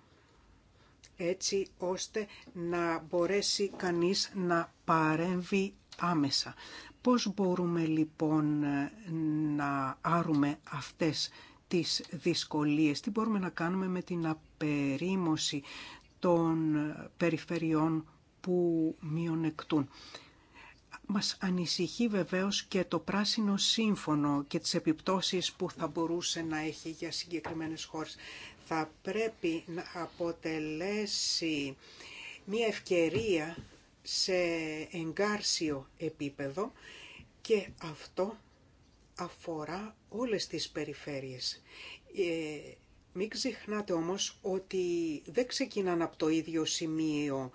έτσι ώστε να μπορέσει κανείς να παρέμβει άμεσα. Πώς μπορούμε λοιπόν να άρουμε αυτές τις δυσκολίες, τι μπορούμε να κάνουμε με την απερίμωση των περιφερειών που μειονεκτούν. Μας ανησυχεί βεβαίως και το πράσινο σύμφωνο και τις επιπτώσεις που θα μπορούσε να έχει για συγκεκριμένες χώρες θα πρέπει να αποτελέσει μια ευκαιρία σε εγκάρσιο επίπεδο και αυτό αφορά όλες τις περιφέρειες. Ε, μην ξεχνάτε όμως ότι δεν ξεκινάνε από το ίδιο σημείο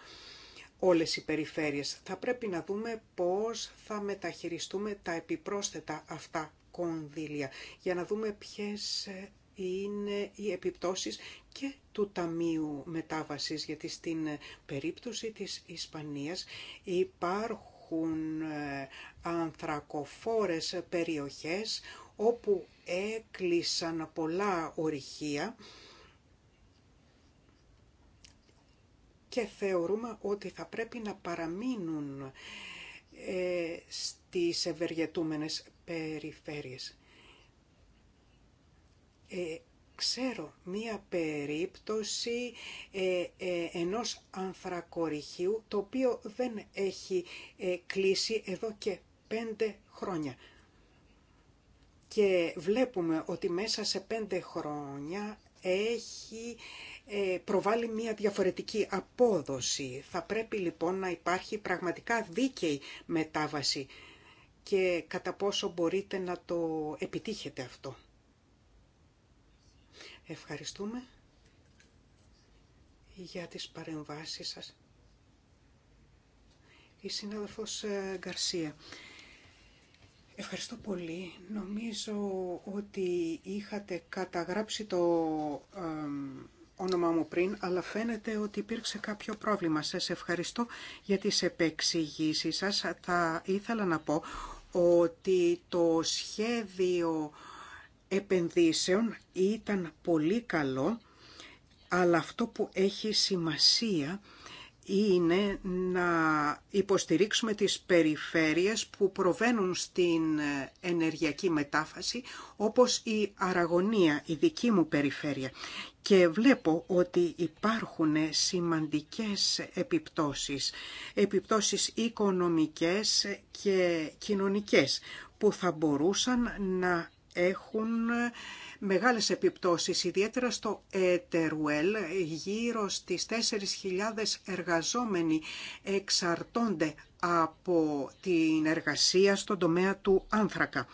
όλες οι περιφέρειες. Θα πρέπει να δούμε πώς θα μεταχειριστούμε τα επιπρόσθετα αυτά κονδύλια για να δούμε ποιες είναι οι επιπτώσεις και του Ταμείου Μετάβασης, γιατί στην περίπτωση της Ισπανίας υπάρχουν ε, ανθρακοφόρες περιοχές όπου έκλεισαν πολλά ορυχεία και θεωρούμε ότι θα πρέπει να παραμείνουν ε, στις ευεργετούμενες περιφέρειες. Ε, ξέρω μία περίπτωση ε, ε, ενός ανθρακοριχείου το οποίο δεν έχει ε, κλείσει εδώ και πέντε χρόνια. Και βλέπουμε ότι μέσα σε πέντε χρόνια έχει προβάλλει μια διαφορετική απόδοση. Θα πρέπει λοιπόν να υπάρχει πραγματικά δίκαιη μετάβαση και κατά πόσο μπορείτε να το επιτύχετε αυτό. Ευχαριστούμε για τις παρεμβάσεις σας. Η συνάδελφος ε, Γκαρσία. Ευχαριστώ πολύ. Νομίζω ότι είχατε καταγράψει το όνομά μου πριν, αλλά φαίνεται ότι υπήρξε κάποιο πρόβλημα. Σας ευχαριστώ για τις επεξηγήσεις σας. Θα ήθελα να πω ότι το σχέδιο επενδύσεων ήταν πολύ καλό, αλλά αυτό που έχει σημασία είναι να υποστηρίξουμε τις περιφέρειες που προβαίνουν στην ενεργειακή μετάφαση, όπως η Αραγωνία, η δική μου περιφέρεια. Και βλέπω ότι υπάρχουν σημαντικές επιπτώσεις, επιπτώσεις οικονομικές και κοινωνικές, που θα μπορούσαν να έχουν ε, μεγάλες επιπτώσεις, ιδιαίτερα στο Ετερουέλ, γύρω στις 4.000 εργαζόμενοι εξαρτώνται από την εργασία στον τομέα του άνθρακα.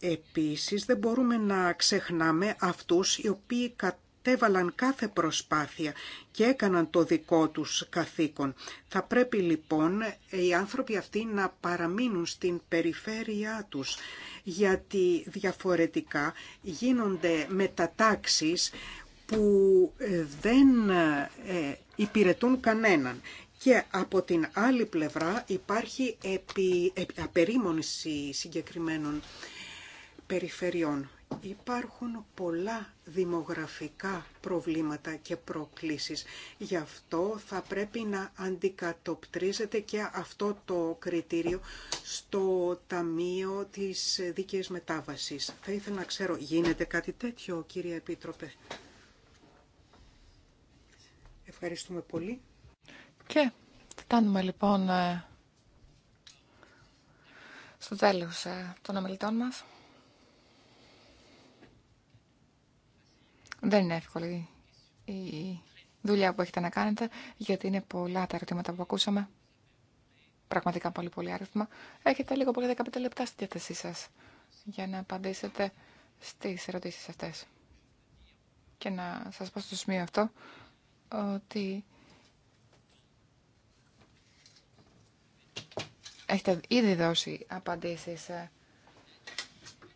Επίσης δεν μπορούμε να ξεχνάμε αυτούς οι οποίοι κατ έβαλαν κάθε προσπάθεια και έκαναν το δικό τους καθήκον. Θα πρέπει λοιπόν οι άνθρωποι αυτοί να παραμείνουν στην περιφέρειά τους, γιατί διαφορετικά γίνονται μετατάξεις που δεν ε, υπηρετούν κανέναν. Και από την άλλη πλευρά υπάρχει επι, επι, απερίμονηση συγκεκριμένων περιφερειών. Υπάρχουν πολλά δημογραφικά προβλήματα και προκλήσεις. Γι' αυτό θα πρέπει να αντικατοπτρίζεται και αυτό το κριτήριο στο Ταμείο της Δίκαιης Μετάβασης. Θα ήθελα να ξέρω, γίνεται κάτι τέτοιο, κύριε Επίτροπε. Ευχαριστούμε πολύ. Και φτάνουμε λοιπόν ε, στο τέλος ε, των ομιλητών μας. Δεν είναι εύκολη η δουλειά που έχετε να κάνετε, γιατί είναι πολλά τα ερωτήματα που ακούσαμε. Πραγματικά πολύ πολύ άριθμα. Έχετε λίγο πολύ 15 λεπτά στη διάθεσή σας για να απαντήσετε στις ερωτήσεις αυτές. Και να σας πω στο σημείο αυτό ότι έχετε ήδη δώσει απαντήσεις ε,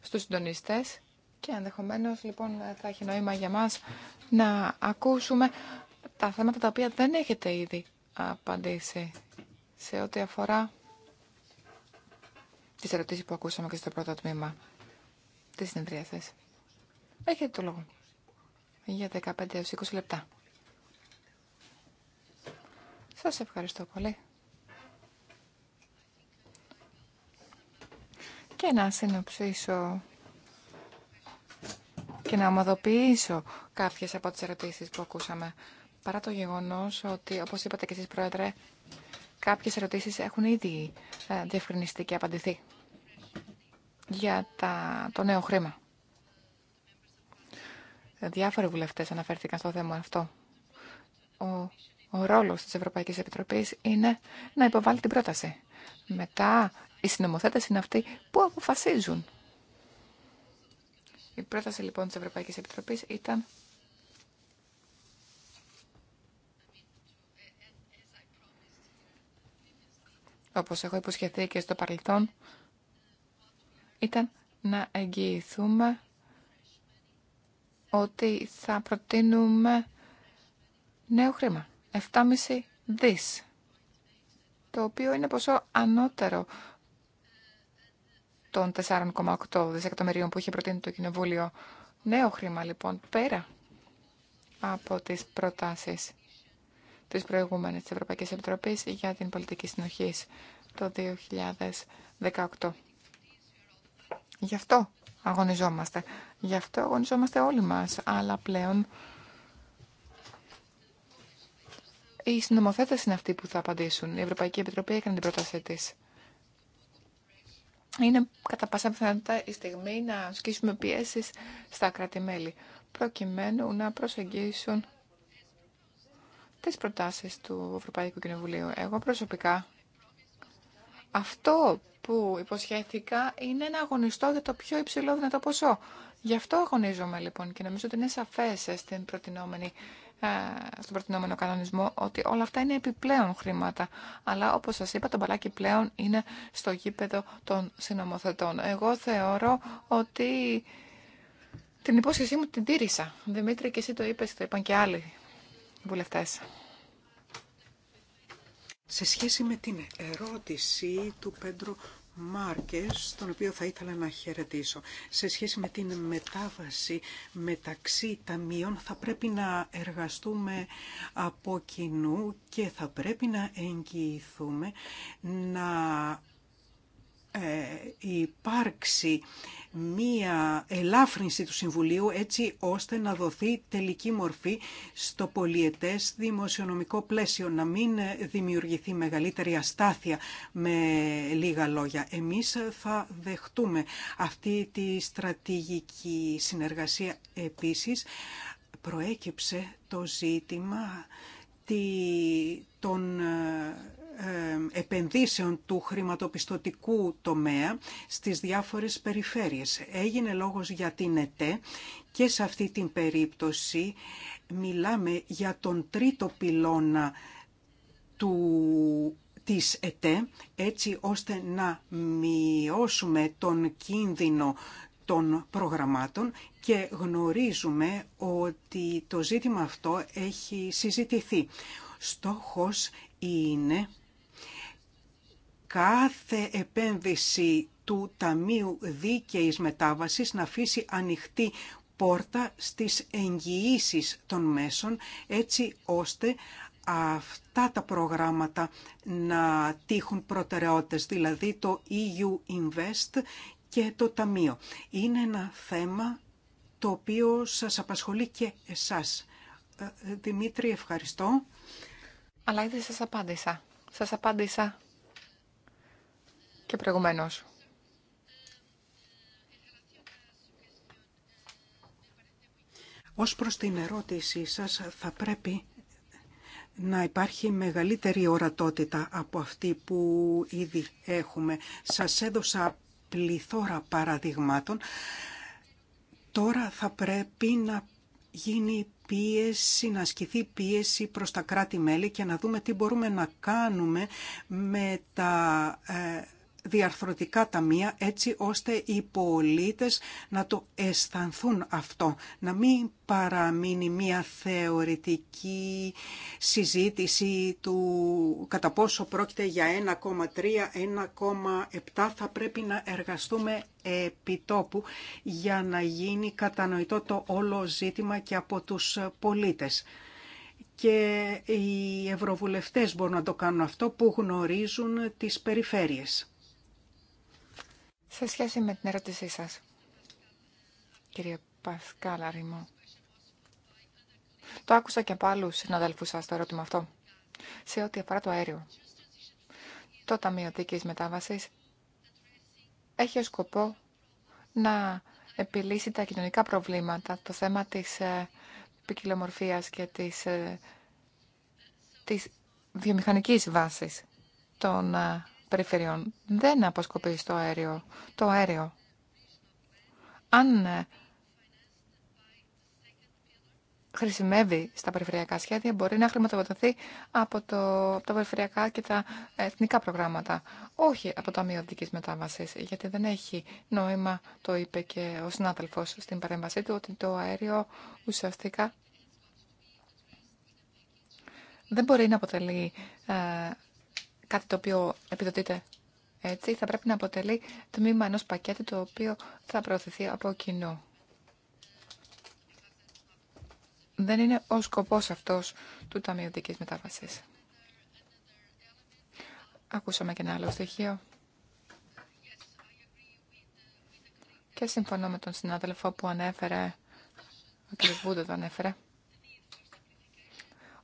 στους συντονιστές και ενδεχομένω λοιπόν θα έχει νόημα για μας να ακούσουμε τα θέματα τα οποία δεν έχετε ήδη απαντήσει σε ό,τι αφορά τις ερωτήσεις που ακούσαμε και στο πρώτο τμήμα της συνεδρίασης. Έχετε το λόγο για 15 έως 20 λεπτά. Σας ευχαριστώ πολύ. Και να συνοψίσω και να ομοδοποιήσω κάποιες από τις ερωτήσεις που ακούσαμε. Παρά το γεγονός ότι, όπως είπατε και εσεί Πρόεδρε, κάποιες ερωτήσεις έχουν ήδη ε, διευκρινιστεί και απαντηθεί για τα, το νέο χρήμα. Διάφοροι βουλευτές αναφέρθηκαν στο θέμα αυτό. Ο, ο ρόλος της Ευρωπαϊκής Επιτροπής είναι να υποβάλει την πρόταση. Μετά οι συνομοθέτες είναι αυτοί που αποφασίζουν η πρόταση λοιπόν της Ευρωπαϊκής Επιτροπής ήταν όπως έχω υποσχεθεί και στο παρελθόν, ήταν να εγγυηθούμε ότι θα προτείνουμε νέο χρήμα, 7,5 δις, το οποίο είναι ποσό ανώτερο των 4,8 δισεκατομμυρίων που είχε προτείνει το Κοινοβούλιο. Νέο χρήμα λοιπόν, πέρα από τις προτάσεις της προηγούμενης της Ευρωπαϊκής Επιτροπής για την πολιτική συνοχή το 2018. Γι' αυτό αγωνιζόμαστε. Γι' αυτό αγωνιζόμαστε όλοι μας, αλλά πλέον οι συνομοθέτες είναι αυτοί που θα απαντήσουν. Η Ευρωπαϊκή Επιτροπή έκανε την πρότασή της είναι κατά πάσα πιθανότητα η στιγμή να ασκήσουμε πιέσεις στα κράτη-μέλη, προκειμένου να προσεγγίσουν τις προτάσεις του Ευρωπαϊκού Κοινοβουλίου. Εγώ προσωπικά αυτό που υποσχέθηκα είναι να αγωνιστώ για το πιο υψηλό δυνατό ποσό. Γι' αυτό αγωνίζομαι λοιπόν και νομίζω ότι είναι σαφές στην προτινόμενη ε, στον προτινόμενο κανονισμό ότι όλα αυτά είναι επιπλέον χρήματα. Αλλά όπως σας είπα, το μπαλάκι πλέον είναι στο γήπεδο των συνομοθετών. Εγώ θεωρώ ότι την υπόσχεσή μου την τήρησα. Δημήτρη, και εσύ το είπες, το είπαν και άλλοι βουλευτές. Σε σχέση με την ερώτηση του Πέντρο Μάρκες, τον οποίο θα ήθελα να χαιρετήσω. Σε σχέση με την μετάβαση μεταξύ ταμείων θα πρέπει να εργαστούμε από κοινού και θα πρέπει να εγγυηθούμε να ε, υπάρξει μία ελάφρυνση του Συμβουλίου έτσι ώστε να δοθεί τελική μορφή στο πολιετές δημοσιονομικό πλαίσιο, να μην δημιουργηθεί μεγαλύτερη αστάθεια με λίγα λόγια. Εμείς θα δεχτούμε αυτή τη στρατηγική συνεργασία επίσης. Προέκυψε το ζήτημα των ε, επενδύσεων του χρηματοπιστωτικού τομέα στις διάφορες περιφέρειες. Έγινε λόγος για την ΕΤΕ και σε αυτή την περίπτωση μιλάμε για τον τρίτο πυλώνα του της ΕΤΕ έτσι ώστε να μειώσουμε τον κίνδυνο των προγραμμάτων και γνωρίζουμε ότι το ζήτημα αυτό έχει συζητηθεί. Στόχος είναι κάθε επένδυση του Ταμείου Δίκαιης Μετάβασης να αφήσει ανοιχτή πόρτα στις εγγυήσει των μέσων, έτσι ώστε αυτά τα προγράμματα να τύχουν προτεραιότητες, δηλαδή το EU Invest και το Ταμείο. Είναι ένα θέμα το οποίο σας απασχολεί και εσάς. Ε, ε, Δημήτρη, ευχαριστώ. Αλλά ήδη σας απάντησα. Σας απάντησα και προηγουμένως. Ως προς την ερώτησή σας θα πρέπει να υπάρχει μεγαλύτερη ορατότητα από αυτή που ήδη έχουμε. Σας έδωσα πληθώρα παραδειγμάτων. Τώρα θα πρέπει να γίνει πίεση, να ασκηθεί πίεση προς τα κράτη-μέλη και να δούμε τι μπορούμε να κάνουμε με τα ε, διαρθρωτικά ταμεία έτσι ώστε οι πολίτες να το αισθανθούν αυτό, να μην παραμείνει μια θεωρητική συζήτηση του κατά πόσο πρόκειται για 1,3, 1,7 θα πρέπει να εργαστούμε επιτόπου για να γίνει κατανοητό το όλο ζήτημα και από τους πολίτες και οι ευρωβουλευτές μπορούν να το κάνουν αυτό που γνωρίζουν τις περιφέρειες σε σχέση με την ερώτησή σας, κύριε Πασκάλα Ρημό. Το άκουσα και από άλλους συναδέλφους σας το ερώτημα αυτό, σε ό,τι αφορά το αέριο. Το Ταμείο Δίκης Μετάβασης έχει ως σκοπό να επιλύσει τα κοινωνικά προβλήματα, το θέμα της ε, ποικιλομορφίας και της, ε, της βιομηχανικής βάσης των ε, περιφερειών δεν αποσκοπεί στο αέριο. Το αέριο. Αν ε, χρησιμεύει στα περιφερειακά σχέδια, μπορεί να χρηματοδοτηθεί από, το, από τα περιφερειακά και τα εθνικά προγράμματα. Όχι από το Ταμείο Μετάβαση, γιατί δεν έχει νόημα, το είπε και ο συνάδελφο στην παρέμβασή του, ότι το αέριο ουσιαστικά δεν μπορεί να αποτελεί ε, κάτι το οποίο επιδοτείται έτσι, θα πρέπει να αποτελεί τμήμα ενός πακέτου το οποίο θα προωθηθεί από κοινό. Δεν είναι ο σκοπός αυτός του Ταμείου Δικής Μετάβασης. Ακούσαμε και ένα άλλο στοιχείο. Και συμφωνώ με τον συνάδελφο που ανέφερε, ο κ. Βούντο το ανέφερε,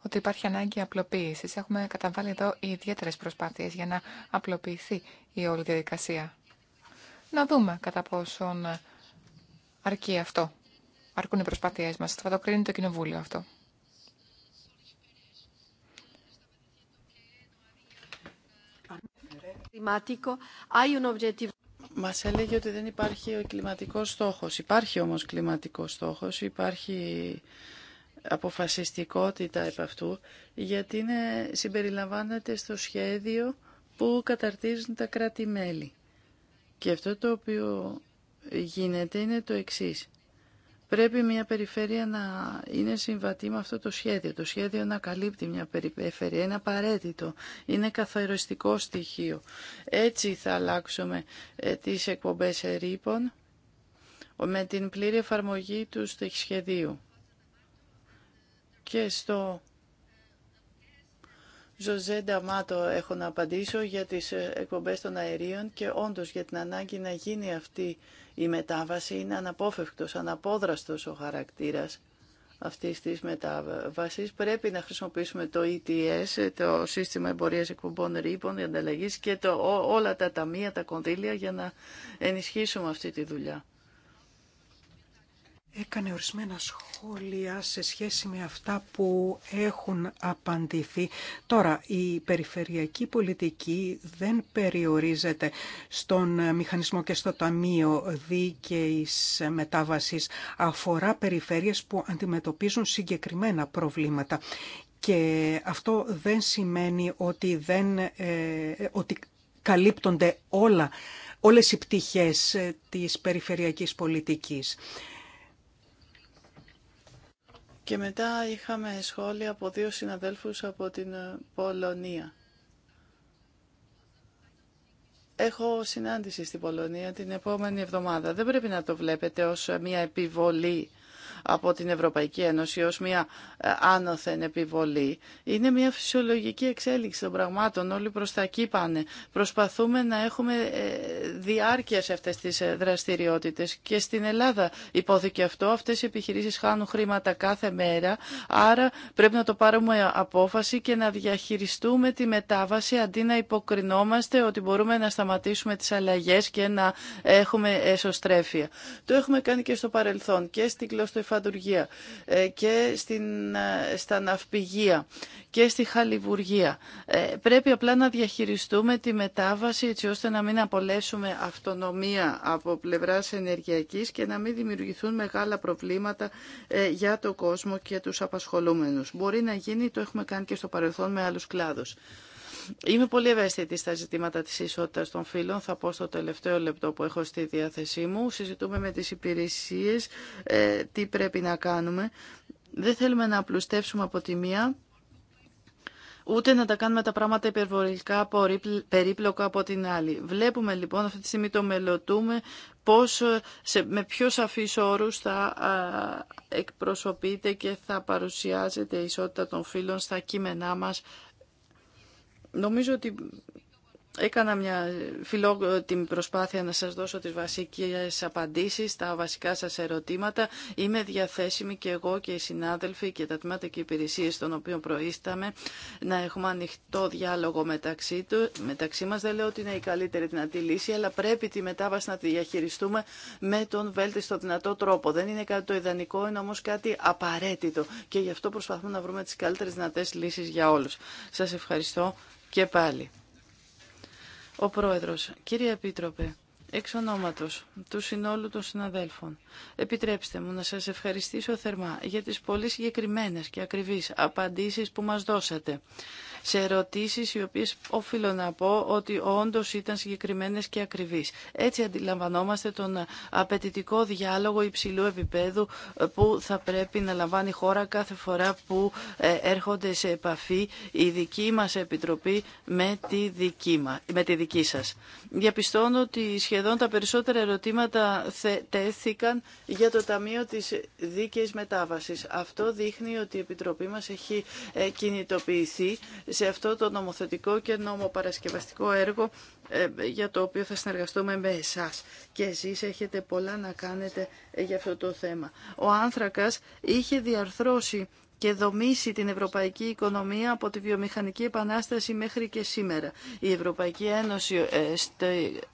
ότι υπάρχει ανάγκη απλοποίησης. Έχουμε καταβάλει εδώ ιδιαίτερες προσπάθειες για να απλοποιηθεί η όλη διαδικασία. Να δούμε κατά πόσον αρκεί αυτό. Αρκούν οι προσπάθειές μας. Θα το κρίνει το Κοινοβούλιο αυτό. Μα έλεγε ότι δεν υπάρχει ο κλιματικός στόχος. Υπάρχει όμως κλιματικός στόχος, υπάρχει αποφασιστικότητα επ' αυτού, γιατί είναι, συμπεριλαμβάνεται στο σχέδιο που καταρτίζουν τα κράτη-μέλη. Και αυτό το οποίο γίνεται είναι το εξής. Πρέπει μια περιφέρεια να είναι συμβατή με αυτό το σχέδιο. Το σχέδιο να καλύπτει μια περιφέρεια. Είναι απαραίτητο. Είναι καθοριστικό στοιχείο. Έτσι θα αλλάξουμε ε, τις εκπομπές ερήπων με την πλήρη εφαρμογή του σχεδίου και στο Ζωζέ Νταμάτο έχω να απαντήσω για τις εκπομπές των αερίων και όντως για την ανάγκη να γίνει αυτή η μετάβαση είναι αναπόφευκτος, αναπόδραστος ο χαρακτήρας αυτή τη μετάβαση. Πρέπει να χρησιμοποιήσουμε το ETS, το σύστημα εμπορία εκπομπών ρήπων, ανταλλαγή και το, όλα τα ταμεία, τα κονδύλια για να ενισχύσουμε αυτή τη δουλειά έκανε ορισμένα σχόλια σε σχέση με αυτά που έχουν απαντηθεί. Τώρα, η περιφερειακή πολιτική δεν περιορίζεται στον μηχανισμό και στο Ταμείο Δίκαιης Μετάβασης. Αφορά περιφέρειες που αντιμετωπίζουν συγκεκριμένα προβλήματα. Και αυτό δεν σημαίνει ότι, δεν, ε, ότι καλύπτονται όλα, όλες οι πτυχές ε, της περιφερειακής πολιτικής. Και μετά είχαμε σχόλια από δύο συναδέλφους από την ε, Πολωνία. Έχω συνάντηση στην Πολωνία την επόμενη εβδομάδα. Δεν πρέπει να το βλέπετε ως μια επιβολή από την Ευρωπαϊκή Ένωση ως μια ε, άνωθεν επιβολή. Είναι μια φυσιολογική εξέλιξη των πραγμάτων. Όλοι προς τα εκεί πάνε. Προσπαθούμε να έχουμε ε, διάρκεια σε αυτές τις ε, δραστηριότητες. Και στην Ελλάδα υπόθηκε αυτό. Αυτές οι επιχειρήσεις χάνουν χρήματα κάθε μέρα. Άρα πρέπει να το πάρουμε απόφαση και να διαχειριστούμε τη μετάβαση αντί να υποκρινόμαστε ότι μπορούμε να σταματήσουμε τις αλλαγές και να έχουμε εσωστρέφεια. Το έχουμε κάνει και στο παρελθόν και στην ε, και στην, ε, στα ναυπηγεία και στη χαλιβουργία. Ε, πρέπει απλά να διαχειριστούμε τη μετάβαση έτσι ώστε να μην απολέσουμε αυτονομία από πλευράς ενεργειακής και να μην δημιουργηθούν μεγάλα προβλήματα ε, για τον κόσμο και τους απασχολούμενους. Μπορεί να γίνει, το έχουμε κάνει και στο παρελθόν με άλλους κλάδους. Είμαι πολύ ευαίσθητη στα ζητήματα της ισότητας των φύλων. Θα πω στο τελευταίο λεπτό που έχω στη διάθεσή μου. Συζητούμε με τις υπηρεσίες ε, τι πρέπει να κάνουμε. Δεν θέλουμε να απλουστεύσουμε από τη μία ούτε να τα κάνουμε τα πράγματα υπερβολικά περίπλοκα από την άλλη. Βλέπουμε λοιπόν αυτή τη στιγμή το μελωτούμε, πώς, ε, σε, με πιο σαφείς όρους θα α, εκπροσωπείται και θα παρουσιάζεται η ισότητα των φύλων στα κείμενά μας Νομίζω ότι έκανα μια φιλότιμη προσπάθεια να σας δώσω τις βασικές απαντήσεις, τα βασικά σας ερωτήματα. Είμαι διαθέσιμη και εγώ και οι συνάδελφοι και τα τμήματα και οι υπηρεσίες των οποίων προείσταμε να έχουμε ανοιχτό διάλογο μεταξύ, του, μεταξύ μας. Δεν λέω ότι είναι η καλύτερη δυνατή λύση, αλλά πρέπει τη μετάβαση να τη διαχειριστούμε με τον βέλτιστο δυνατό τρόπο. Δεν είναι κάτι το ιδανικό, είναι όμως κάτι απαραίτητο και γι' αυτό προσπαθούμε να βρούμε τις καλύτερες δυνατές λύσεις για όλους. Σας ευχαριστώ και πάλι. Ο Πρόεδρος, κύριε Επίτροπε, εξ ονόματος του συνόλου των συναδέλφων, επιτρέψτε μου να σας ευχαριστήσω θερμά για τις πολύ συγκεκριμένες και ακριβείς απαντήσεις που μας δώσατε σε ερωτήσεις οι οποίες οφείλω να πω ότι όντως ήταν συγκεκριμένες και ακριβείς. Έτσι αντιλαμβανόμαστε τον απαιτητικό διάλογο υψηλού επίπεδου ε, που θα πρέπει να λαμβάνει η χώρα κάθε φορά που ε, έρχονται σε επαφή η δική μας Επιτροπή με τη δική, μας, με τη δική σας. Διαπιστώνω ότι σχεδόν τα περισσότερα ερωτήματα τέθηκαν για το Ταμείο της Δίκαιης Μετάβασης. Αυτό δείχνει ότι η Επιτροπή μας έχει ε, κινητοποιηθεί σε αυτό το νομοθετικό και νομοπαρασκευαστικό έργο ε, για το οποίο θα συνεργαστούμε με εσάς. Και εσείς έχετε πολλά να κάνετε για αυτό το θέμα. Ο Άνθρακας είχε διαρθρώσει και δομήσει την ευρωπαϊκή οικονομία από τη βιομηχανική επανάσταση μέχρι και σήμερα. Η Ευρωπαϊκή Ένωση ε,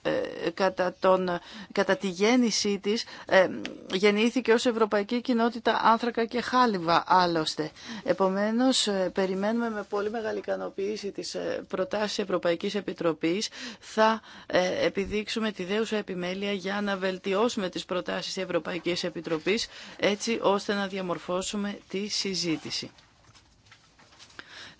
ε, κατά, τον, κατά τη γέννησή της ε, γεννήθηκε ως Ευρωπαϊκή Κοινότητα Άνθρακα και Χάλιβα άλλωστε. Επομένως, περιμένουμε με πολύ μεγάλη ικανοποίηση τις προτάσεις Ευρωπαϊκής Επιτροπής. Θα επιδείξουμε τη δέουσα επιμέλεια για να βελτιώσουμε τις προτάσεις Ευρωπαϊκής Επιτροπής έτσι ώστε να διαμορφώσουμε τη συζήτηση.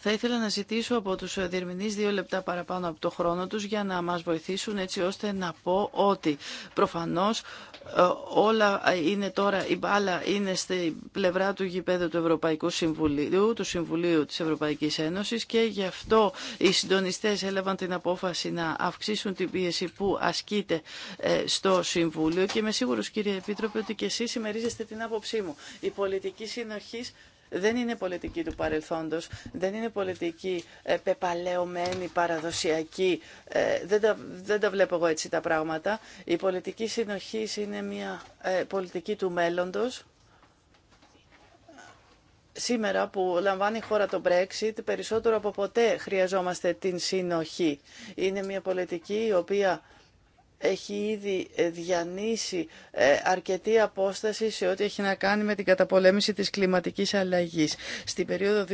Θα ήθελα να ζητήσω από τους διερμηνείς δύο λεπτά παραπάνω από το χρόνο τους για να μας βοηθήσουν έτσι ώστε να πω ότι προφανώς ε, όλα είναι τώρα, η μπάλα είναι στη πλευρά του γηπέδου του Ευρωπαϊκού Συμβουλίου, του Συμβουλίου της Ευρωπαϊκής Ένωσης και γι' αυτό οι συντονιστές έλαβαν την απόφαση να αυξήσουν την πίεση που ασκείται ε, στο Συμβούλιο και είμαι σίγουρος κύριε Επίτροπε ότι και εσείς συμμερίζεστε την άποψή μου. Η πολιτική συνοχής δεν είναι πολιτική του παρελθόντος, δεν είναι πολιτική ε, πεπαλαιωμένη, παραδοσιακή. Ε, δεν τα, δεν βλέπω εγώ έτσι τα πράγματα. Η πολιτική συνοχή είναι μια ε, πολιτική του μέλλοντος, σήμερα που λαμβάνει η χώρα το Brexit, περισσότερο από ποτέ χρειαζόμαστε την συνοχή. Είναι μια πολιτική η οποία έχει ήδη ε, διανύσει ε, αρκετή απόσταση σε ό,τι έχει να κάνει με την καταπολέμηση της κλιματικής αλλαγής. Στην περίοδο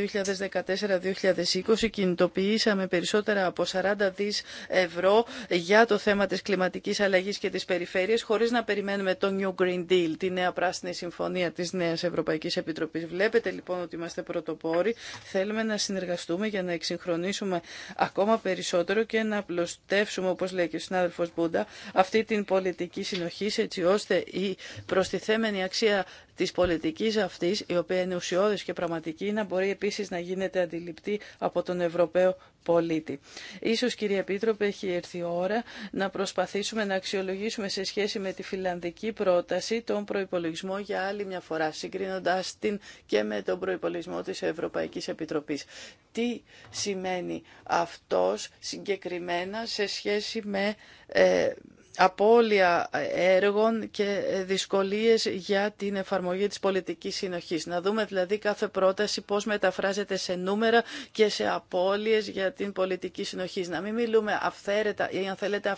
2014-2020 κινητοποιήσαμε περισσότερα από 40 δις ευρώ για το θέμα της κλιματικής αλλαγής και της περιφέρειας, χωρίς να περιμένουμε το New Green Deal, τη νέα πράσινη συμφωνία της Νέας Ευρωπαϊκής Επιτροπής. Βλέπετε λοιπόν ότι είμαστε πρωτοπόροι. Θέλουμε να συνεργαστούμε για να εξυγχρονίσουμε ακόμα περισσότερο και να απλωστεύσουμε, όπως λέει και ο συνάδελφος Μπούντα, αυτή την πολιτική συνοχή έτσι ώστε η προστιθέμενη αξία Τη πολιτική αυτή, η οποία είναι ουσιώδης και πραγματική, να μπορεί επίση να γίνεται αντιληπτή από τον Ευρωπαίο πολίτη. Ίσως, κύριε Επίτροπε, έχει έρθει η ώρα να προσπαθήσουμε να αξιολογήσουμε σε σχέση με τη φιλανδική πρόταση τον προϋπολογισμό για άλλη μια φορά, συγκρίνοντας την και με τον προϋπολογισμό της Ευρωπαϊκής Επιτροπής. Τι σημαίνει αυτός συγκεκριμένα σε σχέση με... Ε, απώλεια έργων και δυσκολίες για την εφαρμογή της πολιτικής συνοχής. Να δούμε δηλαδή κάθε πρόταση πώς μεταφράζεται σε νούμερα και σε απώλειες για την πολιτική συνοχής. Να μην μιλούμε αυθαίρετα ή αν θέλετε